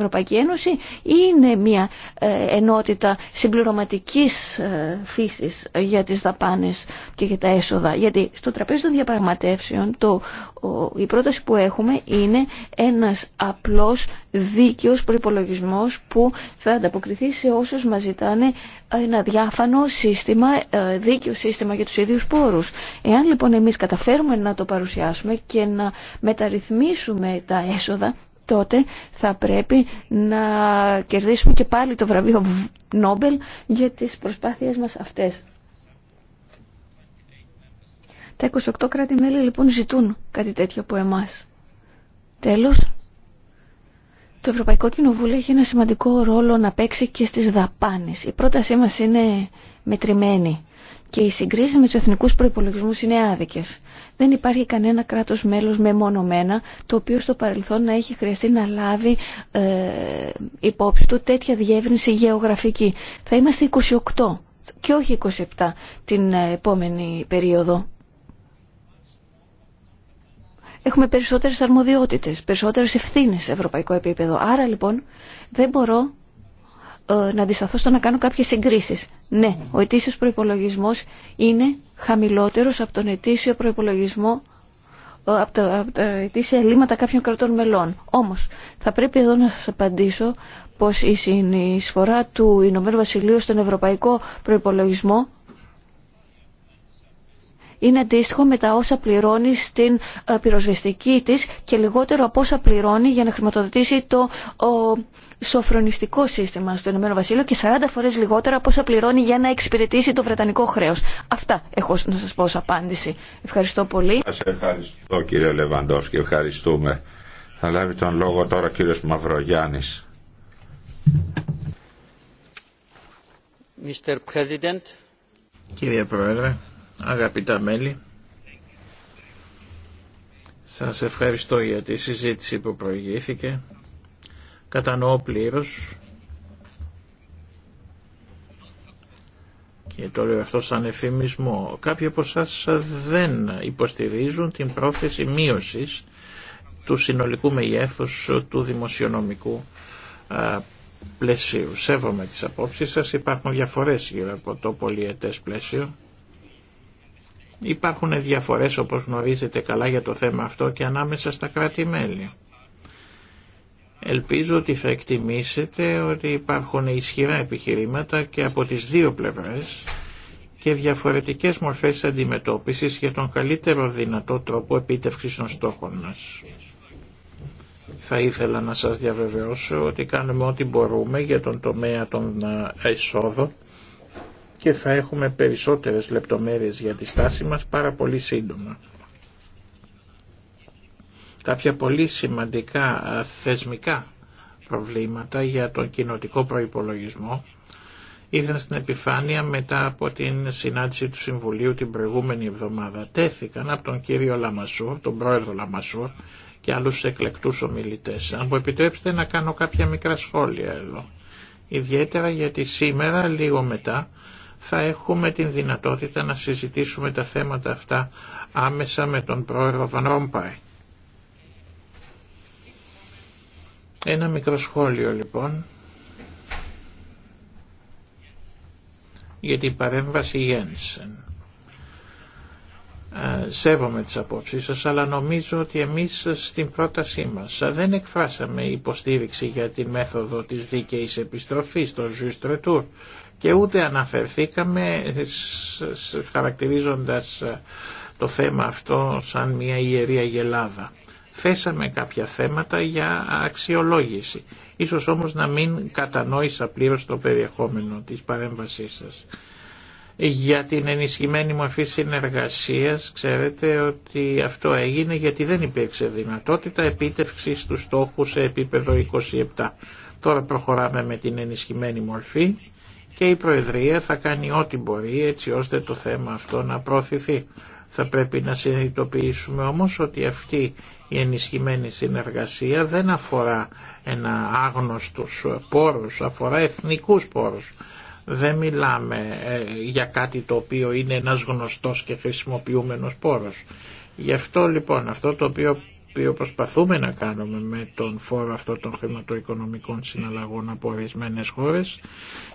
Ευρωπαϊκή Ένωση είναι μια ε, ενότητα συμπληρωματικής ε, φύσης ε, για τις δαπάνες και για τα έσοδα. Γιατί στο τραπέζι των διαπραγματεύσεων το, ο, η πρόταση που έχουμε είναι ένας απλός δίκαιος προϋπολογισμός που θα ανταποκριθεί σε όσους μας ζητάνε ένα διάφανο σύστημα, δίκαιο σύστημα για τους ίδιους πόρους. Εάν λοιπόν εμείς καταφέρουμε να το παρουσιάσουμε και να μεταρρυθμίσουμε τα έσοδα, τότε θα πρέπει να κερδίσουμε και πάλι το βραβείο Νόμπελ για τις προσπάθειές μας αυτές. Τα 28 κράτη-μέλη λοιπόν ζητούν κάτι τέτοιο από εμάς. Τέλος, το Ευρωπαϊκό Κοινοβούλιο έχει ένα σημαντικό ρόλο να παίξει και στις δαπάνες. Η πρότασή μας είναι μετρημένη και οι συγκρίσεις με τους εθνικούς προϋπολογισμούς είναι άδικες. Δεν υπάρχει κανένα κράτος μέλος μένα το οποίο στο παρελθόν να έχει χρειαστεί να λάβει ε, υπόψη του τέτοια διεύρυνση γεωγραφική. Θα είμαστε 28 και όχι 27 την ε, επόμενη περίοδο. Έχουμε περισσότερες αρμοδιότητες, περισσότερες ευθύνες σε ευρωπαϊκό επίπεδο. Άρα λοιπόν δεν μπορώ ε, να αντισταθώ στο να κάνω κάποιες συγκρίσεις. Ναι, ο ετήσιος προϋπολογισμός είναι χαμηλότερους από τον ετήσιο προϋπολογισμό από τα, από τα ετήσια ελλείμματα κάποιων κρατών μελών. Όμως, θα πρέπει εδώ να σας απαντήσω πως η συνεισφορά του Ηνωμένου Βασιλείου στον Ευρωπαϊκό Προϋπολογισμό είναι αντίστοιχο με τα όσα πληρώνει στην ε, πυροσβεστική της και λιγότερο από όσα πληρώνει για να χρηματοδοτήσει το σοφρονιστικό σύστημα στο Ηνωμένο Βασίλειο και 40 φορές λιγότερο από όσα πληρώνει για να εξυπηρετήσει το βρετανικό χρέο. Αυτά έχω να σας πω ως απάντηση. Ευχαριστώ πολύ. Σας ευχαριστώ κύριε Λεβαντός και ευχαριστούμε. Θα λάβει τον λόγο τώρα ο κύριος Mr. President. Κύριε Πρόεδρε, Αγαπητά μέλη, σας ευχαριστώ για τη συζήτηση που προηγήθηκε. Κατανοώ πλήρως και το λέω αυτό σαν εφημισμό. Κάποιοι από εσάς δεν υποστηρίζουν την πρόθεση μείωσης του συνολικού μεγέθους του δημοσιονομικού πλαισίου. Σέβομαι τις απόψεις σας, υπάρχουν διαφορές γύρω από το πολιετές πλαίσιο Υπάρχουν διαφορές όπως γνωρίζετε καλά για το θέμα αυτό και ανάμεσα στα κράτη-μέλη. Ελπίζω ότι θα εκτιμήσετε ότι υπάρχουν ισχυρά επιχειρήματα και από τις δύο πλευρές και διαφορετικές μορφές αντιμετώπισης για τον καλύτερο δυνατό τρόπο επίτευξης των στόχων μας. Θα ήθελα να σας διαβεβαιώσω ότι κάνουμε ό,τι μπορούμε για τον τομέα των εισόδων και θα έχουμε περισσότερες λεπτομέρειες για τη στάση μας πάρα πολύ σύντομα. Κάποια πολύ σημαντικά θεσμικά προβλήματα για τον κοινοτικό προϋπολογισμό ήρθαν στην επιφάνεια μετά από την συνάντηση του Συμβουλίου την προηγούμενη εβδομάδα. Τέθηκαν από τον κύριο Λαμασούρ, τον πρόεδρο Λαμασούρ και άλλους εκλεκτούς ομιλητές. Αν μου επιτρέψετε να κάνω κάποια μικρά σχόλια εδώ. Ιδιαίτερα γιατί σήμερα λίγο μετά θα έχουμε την δυνατότητα να συζητήσουμε τα θέματα αυτά άμεσα με τον πρόεδρο Βαν Ένα μικρό σχόλιο λοιπόν για την παρέμβαση Γένσεν. Σέβομαι τις απόψεις σας, αλλά νομίζω ότι εμείς στην πρότασή μας δεν εκφράσαμε υποστήριξη για τη μέθοδο της δίκαιης επιστροφής, το Ζουστρετούρ, και ούτε αναφερθήκαμε χαρακτηρίζοντας ε, το θέμα αυτό σαν μια ιερή αγελάδα. Θέσαμε κάποια θέματα για αξιολόγηση. Ίσως όμως να μην κατανόησα πλήρως το περιεχόμενο της παρέμβασής σας. Για την ενισχυμένη μορφή συνεργασίας ξέρετε ότι αυτό έγινε γιατί δεν υπήρξε δυνατότητα επίτευξης του στόχου σε επίπεδο 27. Τώρα προχωράμε με την ενισχυμένη μορφή και η Προεδρία θα κάνει ό,τι μπορεί έτσι ώστε το θέμα αυτό να προωθηθεί. Θα πρέπει να συνειδητοποιήσουμε όμως ότι αυτή η ενισχυμένη συνεργασία δεν αφορά ένα άγνωστος πόρος, αφορά εθνικούς πόρους. Δεν μιλάμε ε, για κάτι το οποίο είναι ένας γνωστός και χρησιμοποιούμενος πόρος. Γι' αυτό λοιπόν αυτό το οποίο οποίο προσπαθούμε να κάνουμε με τον φόρο αυτό των χρηματοοικονομικών συναλλαγών από ορισμένε χώρες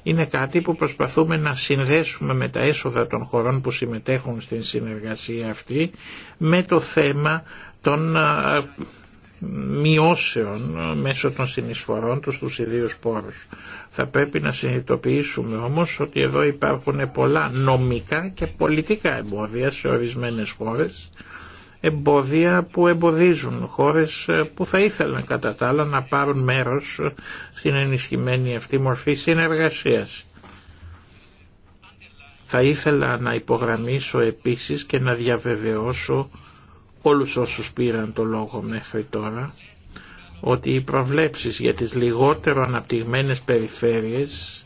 είναι κάτι που προσπαθούμε να συνδέσουμε με τα έσοδα των χωρών που συμμετέχουν στην συνεργασία αυτή με το θέμα των μειώσεων μέσω των συνεισφορών τους στους ιδίους πόρους. Θα πρέπει να συνειδητοποιήσουμε όμως ότι εδώ υπάρχουν πολλά νομικά και πολιτικά εμπόδια σε ορισμένες χώρες εμπόδια που εμποδίζουν χώρες ε, που θα ήθελαν κατά τα άλλα να πάρουν μέρος ε, στην ενισχυμένη αυτή μορφή συνεργασίας. Θα ήθελα να υπογραμμίσω επίσης και να διαβεβαιώσω όλους όσους πήραν το λόγο μέχρι τώρα ότι οι προβλέψεις για τις λιγότερο αναπτυγμένες περιφέρειες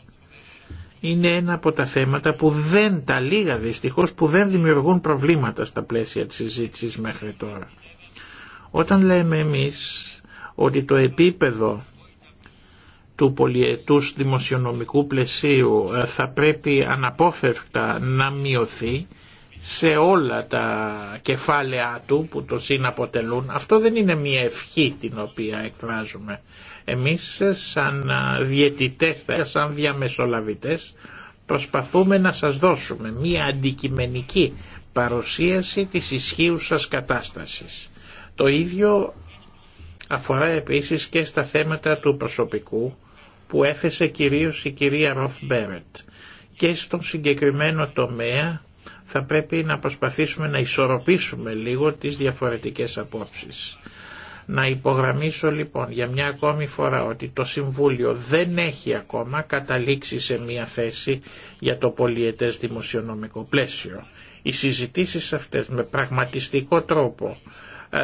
είναι ένα από τα θέματα που δεν τα λίγα δυστυχώς που δεν δημιουργούν προβλήματα στα πλαίσια της συζήτηση μέχρι τώρα. Όταν λέμε εμείς ότι το επίπεδο του πολιετούς δημοσιονομικού πλαισίου ε, θα πρέπει αναπόφευκτα να μειωθεί σε όλα τα κεφάλαια του που το συναποτελούν. Αυτό δεν είναι μια ευχή την οποία εκφράζουμε. Εμείς σαν διαιτητές, σαν διαμεσολαβητές προσπαθούμε να σας δώσουμε μία αντικειμενική παρουσίαση της ισχύουσας κατάστασης. Το ίδιο αφορά επίσης και στα θέματα του προσωπικού που έθεσε κυρίως η κυρία Ροθ Μπέρετ. Και στον συγκεκριμένο τομέα θα πρέπει να προσπαθήσουμε να ισορροπήσουμε λίγο τις διαφορετικές απόψεις. Να υπογραμμίσω λοιπόν για μια ακόμη φορά ότι το Συμβούλιο δεν έχει ακόμα καταλήξει σε μια θέση για το πολιετές δημοσιονομικό πλαίσιο. Οι συζητήσεις αυτές με πραγματιστικό τρόπο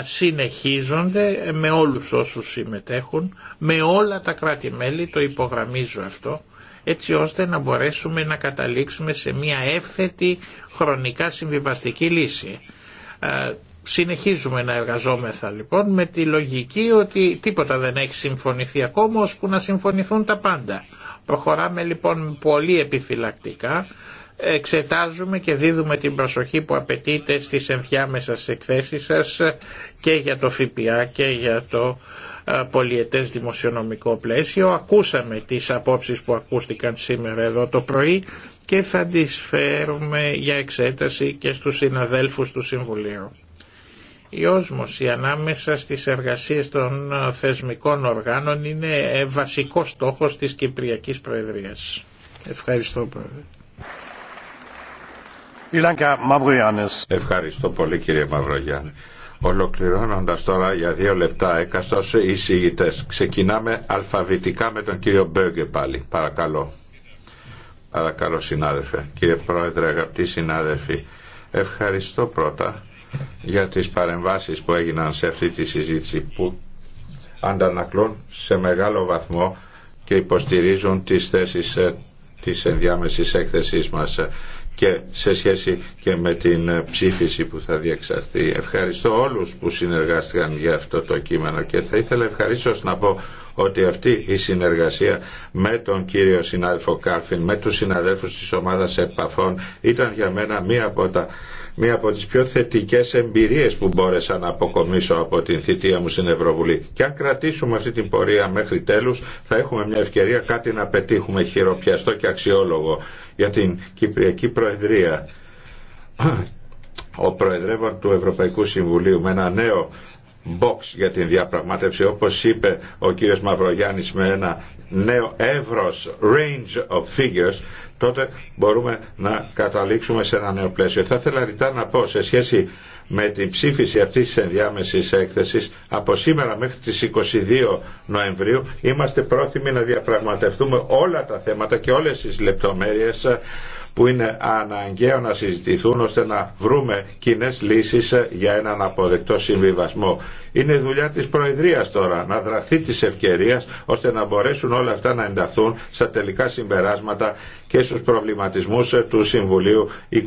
συνεχίζονται με όλους όσους συμμετέχουν, με όλα τα κράτη-μέλη, το υπογραμμίζω αυτό, έτσι ώστε να μπορέσουμε να καταλήξουμε σε μια εύθετη χρονικά συμβιβαστική λύση Συνεχίζουμε να εργαζόμεθα λοιπόν με τη λογική ότι τίποτα δεν έχει συμφωνηθεί ακόμα ώσπου να συμφωνηθούν τα πάντα. Προχωράμε λοιπόν πολύ επιφυλακτικά, εξετάζουμε και δίδουμε την προσοχή που απαιτείται στις ενδιάμεσες εκθέσεις σας και για το ΦΠΑ και για το πολιετές δημοσιονομικό πλαίσιο. Ακούσαμε τις απόψεις που ακούστηκαν σήμερα εδώ το πρωί και θα τις φέρουμε για εξέταση και στους συναδέλφους του Συμβουλίου. Η όσμωση ανάμεσα στις εργασίες των ε, θεσμικών οργάνων είναι ε, βασικό στόχος της Κυπριακής Προεδρίας. Ευχαριστώ Πρόεδρε. Ευχαριστώ πολύ κύριε Μαυρογιάννη. Ολοκληρώνοντας τώρα για δύο λεπτά έκαστος εισηγητές. Ξεκινάμε αλφαβητικά με τον κύριο Μπέγκε πάλι. Παρακαλώ. Παρακαλώ συνάδελφε. Κύριε Πρόεδρε, αγαπητοί συνάδελφοι. Ευχαριστώ πρώτα για τις παρεμβάσεις που έγιναν σε αυτή τη συζήτηση που αντανακλούν σε μεγάλο βαθμό και υποστηρίζουν τις θέσεις ε, της ενδιάμεσης έκθεσής μας ε, και σε σχέση και με την ε, ψήφιση που θα διεξαρθεί. Ευχαριστώ όλους που συνεργάστηκαν για αυτό το κείμενο και θα ήθελα ευχαρίστω να πω ότι αυτή η συνεργασία με τον κύριο συνάδελφο Κάρφιν, με τους συναδέλφους της ομάδας επαφών ήταν για μένα μία από τα μία από τις πιο θετικές εμπειρίες που μπόρεσα να αποκομίσω από την θητεία μου στην Ευρωβουλή. Και αν κρατήσουμε αυτή την πορεία μέχρι τέλους θα έχουμε μια ευκαιρία κάτι να πετύχουμε χειροπιαστό και αξιόλογο για την Κυπριακή Προεδρία. Ο Προεδρεύων του Ευρωπαϊκού Συμβουλίου με ένα νέο box για την διαπραγμάτευση όπως είπε ο κύριος Μαυρογιάννης με ένα νέο εύρος range of figures τότε μπορούμε να καταλήξουμε σε ένα νέο πλαίσιο. Θα ήθελα ρητά να πω σε σχέση με την ψήφιση αυτής της ενδιάμεσης έκθεσης από σήμερα μέχρι τις 22 Νοεμβρίου είμαστε πρόθυμοι να διαπραγματευτούμε όλα τα θέματα και όλες τις λεπτομέρειες που είναι αναγκαίο να συζητηθούν ώστε να βρούμε κοινέ λύσεις για έναν αποδεκτό συμβιβασμό. Είναι δουλειά της Προεδρίας τώρα να δραθεί της ευκαιρία ώστε να μπορέσουν όλα αυτά να ενταχθούν στα τελικά συμπεράσματα και στους προβληματισμούς του Συμβουλίου 23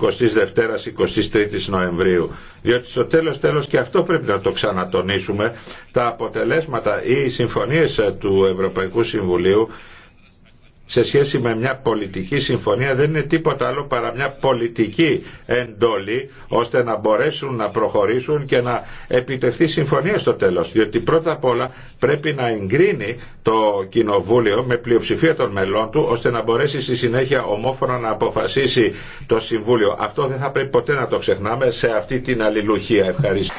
νοεμβριου Διότι στο τέλος τέλος και αυτό πρέπει να το ξανατονίσουμε, τα αποτελέσματα ή οι συμφωνίε του Ευρωπαϊκού Συμβουλίου σε σχέση με μια πολιτική συμφωνία δεν είναι τίποτα άλλο παρά μια πολιτική εντόλη ώστε να μπορέσουν να προχωρήσουν και να επιτευχθεί συμφωνία στο τέλος. Διότι πρώτα απ' όλα πρέπει να εγκρίνει το Κοινοβούλιο με πλειοψηφία των μελών του ώστε να μπορέσει στη συνέχεια ομόφωνα να αποφασίσει το Συμβούλιο. Αυτό δεν θα πρέπει ποτέ να το ξεχνάμε σε αυτή την αλληλουχία. Ευχαριστώ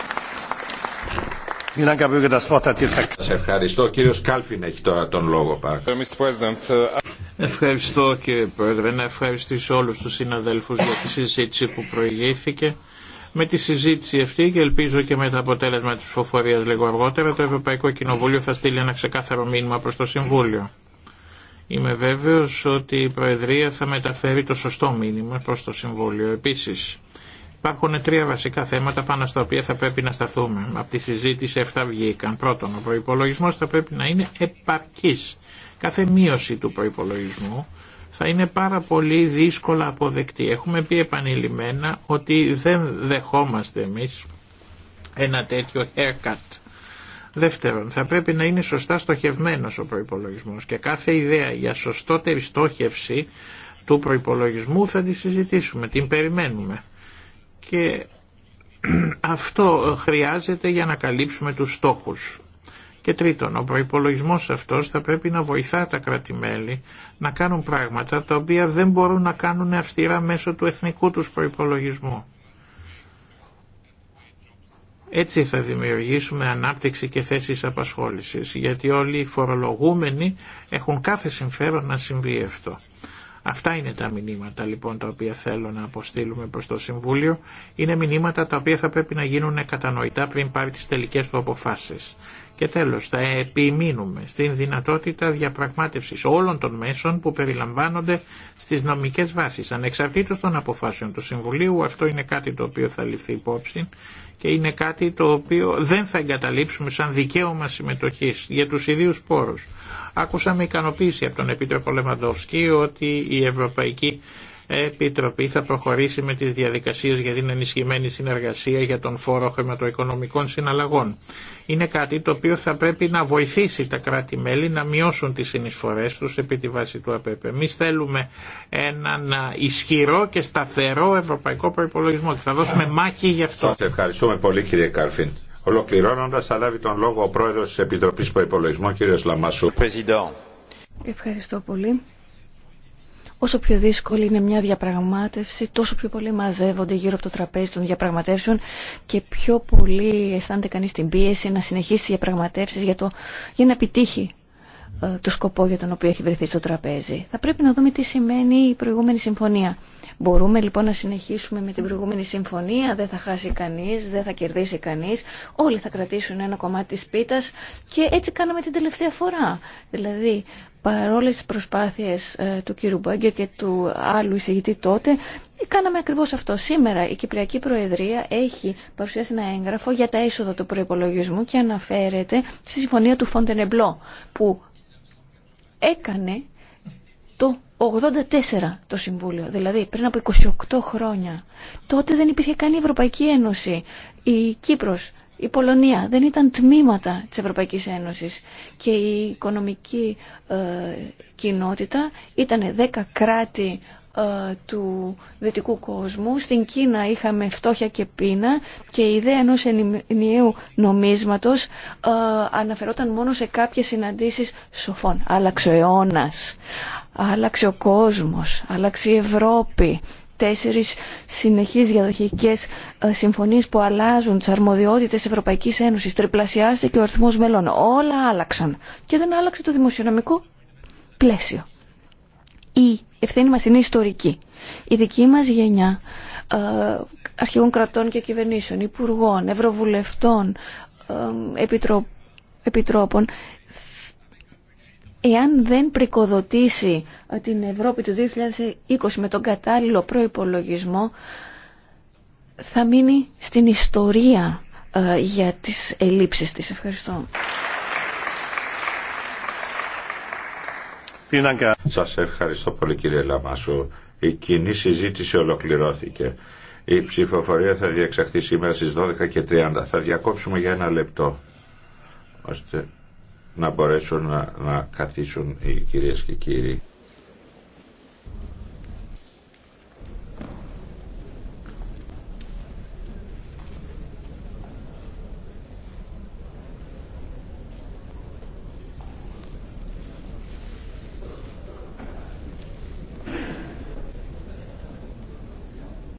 ευχαριστώ. Ο κύριος Κάλφιν έχει τώρα τον λόγο uh, Ευχαριστώ κύριε Πρόεδρε. Να ευχαριστήσω όλους τους συναδέλφους για τη συζήτηση που προηγήθηκε. Με τη συζήτηση αυτή και ελπίζω και με το αποτέλεσμα της φοφορίας λίγο αργότερα το Ευρωπαϊκό Κοινοβούλιο θα στείλει ένα ξεκάθαρο μήνυμα προς το Συμβούλιο. Είμαι βέβαιος ότι η Προεδρία θα μεταφέρει το σωστό μήνυμα προς το Συμβούλιο. Επίσης, Υπάρχουν τρία βασικά θέματα πάνω στα οποία θα πρέπει να σταθούμε. Από τη συζήτηση 7 βγήκαν. Πρώτον, ο προπολογισμό θα πρέπει να είναι επαρκή. Κάθε μείωση του προπολογισμού θα είναι πάρα πολύ δύσκολα αποδεκτή. Έχουμε πει επανειλημμένα ότι δεν δεχόμαστε εμείς ένα τέτοιο haircut. Δεύτερον, θα πρέπει να είναι σωστά στοχευμένος ο προϋπολογισμός και κάθε ιδέα για σωστότερη στόχευση του προϋπολογισμού θα τη συζητήσουμε, την περιμένουμε και [clears throat] αυτό χρειάζεται για να καλύψουμε τους στόχους. Και τρίτον, ο προπολογισμό αυτός θα πρέπει να βοηθά τα κρατημέλη να κάνουν πράγματα τα οποία δεν μπορούν να κάνουν αυστηρά μέσω του εθνικού τους προϋπολογισμού. Έτσι θα δημιουργήσουμε ανάπτυξη και θέσεις απασχόλησης, γιατί όλοι οι φορολογούμενοι έχουν κάθε συμφέρον να συμβεί αυτό. Αυτά είναι τα μηνύματα λοιπόν τα οποία θέλω να αποστείλουμε προς το Συμβούλιο. Είναι μηνύματα τα οποία θα πρέπει να γίνουν κατανοητά πριν πάρει τις τελικές του αποφάσεις. Και τέλος θα επιμείνουμε στην δυνατότητα διαπραγμάτευσης όλων των μέσων που περιλαμβάνονται στις νομικές βάσεις. Ανεξαρτήτως των αποφάσεων του Συμβουλίου αυτό είναι κάτι το οποίο θα ληφθεί υπόψη και είναι κάτι το οποίο δεν θα εγκαταλείψουμε σαν δικαίωμα συμμετοχής για τους ιδίους πόρους. Άκουσα με ικανοποίηση από τον Επίτροπο Λεμαντοφσκή ότι η Ευρωπαϊκή Επιτροπή θα προχωρήσει με τις διαδικασίες για την ενισχυμένη συνεργασία για τον φόρο χρηματοοικονομικών συναλλαγών. Είναι κάτι το οποίο θα πρέπει να βοηθήσει τα κράτη-μέλη να μειώσουν τις συνεισφορές τους επί τη βάση του ΑΠΕΠ. Εμεί θέλουμε έναν ισχυρό και σταθερό ευρωπαϊκό προϋπολογισμό και θα δώσουμε μάχη γι' αυτό. Σας ευχαριστούμε πολύ κύριε Κάρφιν. Ολοκληρώνοντας θα λάβει τον λόγο ο πρόεδρος της Επιτροπής Προϋπολογισμών, κ. Λαμασού. Ευχαριστώ πολύ. Όσο πιο δύσκολη είναι μια διαπραγμάτευση, τόσο πιο πολλοί μαζεύονται γύρω από το τραπέζι των διαπραγματεύσεων και πιο πολύ αισθάνεται κανείς την πίεση να συνεχίσει τις διαπραγματεύσεις για, για να επιτύχει ε, το σκοπό για τον οποίο έχει βρεθεί στο τραπέζι. Θα πρέπει να δούμε τι σημαίνει η προηγούμενη συμφωνία. Μπορούμε λοιπόν να συνεχίσουμε με την προηγούμενη συμφωνία, δεν θα χάσει κανείς, δεν θα κερδίσει κανείς, όλοι θα κρατήσουν ένα κομμάτι της πίτας και έτσι κάναμε την τελευταία φορά. Δηλαδή παρόλες τις προσπάθειες ε, του κύριου Μπάγκε και του άλλου εισηγητή τότε, κάναμε ακριβώς αυτό. Σήμερα η Κυπριακή Προεδρία έχει παρουσιάσει ένα έγγραφο για τα έσοδα του προϋπολογισμού και αναφέρεται στη συμφωνία του Φοντενεμπλό που έκανε το 84 το Συμβούλιο, δηλαδή πριν από 28 χρόνια. Τότε δεν υπήρχε καν η Ευρωπαϊκή Ένωση. Η Κύπρος η Πολωνία δεν ήταν τμήματα της Ευρωπαϊκής Ένωσης και η οικονομική ε, κοινότητα ήταν 10 κράτη ε, του δυτικού κόσμου. Στην Κίνα είχαμε φτώχεια και πείνα και η ιδέα ενός ενιαίου νομίσματος ε, αναφερόταν μόνο σε κάποιες συναντήσεις σοφών. Άλλαξε ο αιώνας, άλλαξε ο κόσμος, άλλαξε η Ευρώπη τέσσερις συνεχείς διαδοχικές ε, συμφωνίες που αλλάζουν τις αρμοδιότητες Ευρωπαϊκής Ένωσης. Τριπλασιάστηκε ο αριθμός μελών. Όλα άλλαξαν. Και δεν άλλαξε το δημοσιονομικό πλαίσιο. Η ευθύνη μας είναι ιστορική. Η δική μας γενιά ε, αρχηγών κρατών και κυβερνήσεων, υπουργών, ευρωβουλευτών, ε, επιτρόπων εάν δεν πρικοδοτήσει ε, την Ευρώπη του 2020 με τον κατάλληλο προϋπολογισμό, θα μείνει στην ιστορία ε, για τις ελλείψεις της. Ευχαριστώ. Σας ευχαριστώ πολύ κύριε Λαμάσου. Η κοινή συζήτηση ολοκληρώθηκε. Η ψηφοφορία θα διεξαχθεί σήμερα στις 12.30. Θα διακόψουμε για ένα λεπτό, ώστε να μπορέσουν να, καθίσουν οι κυρίες και κύριοι.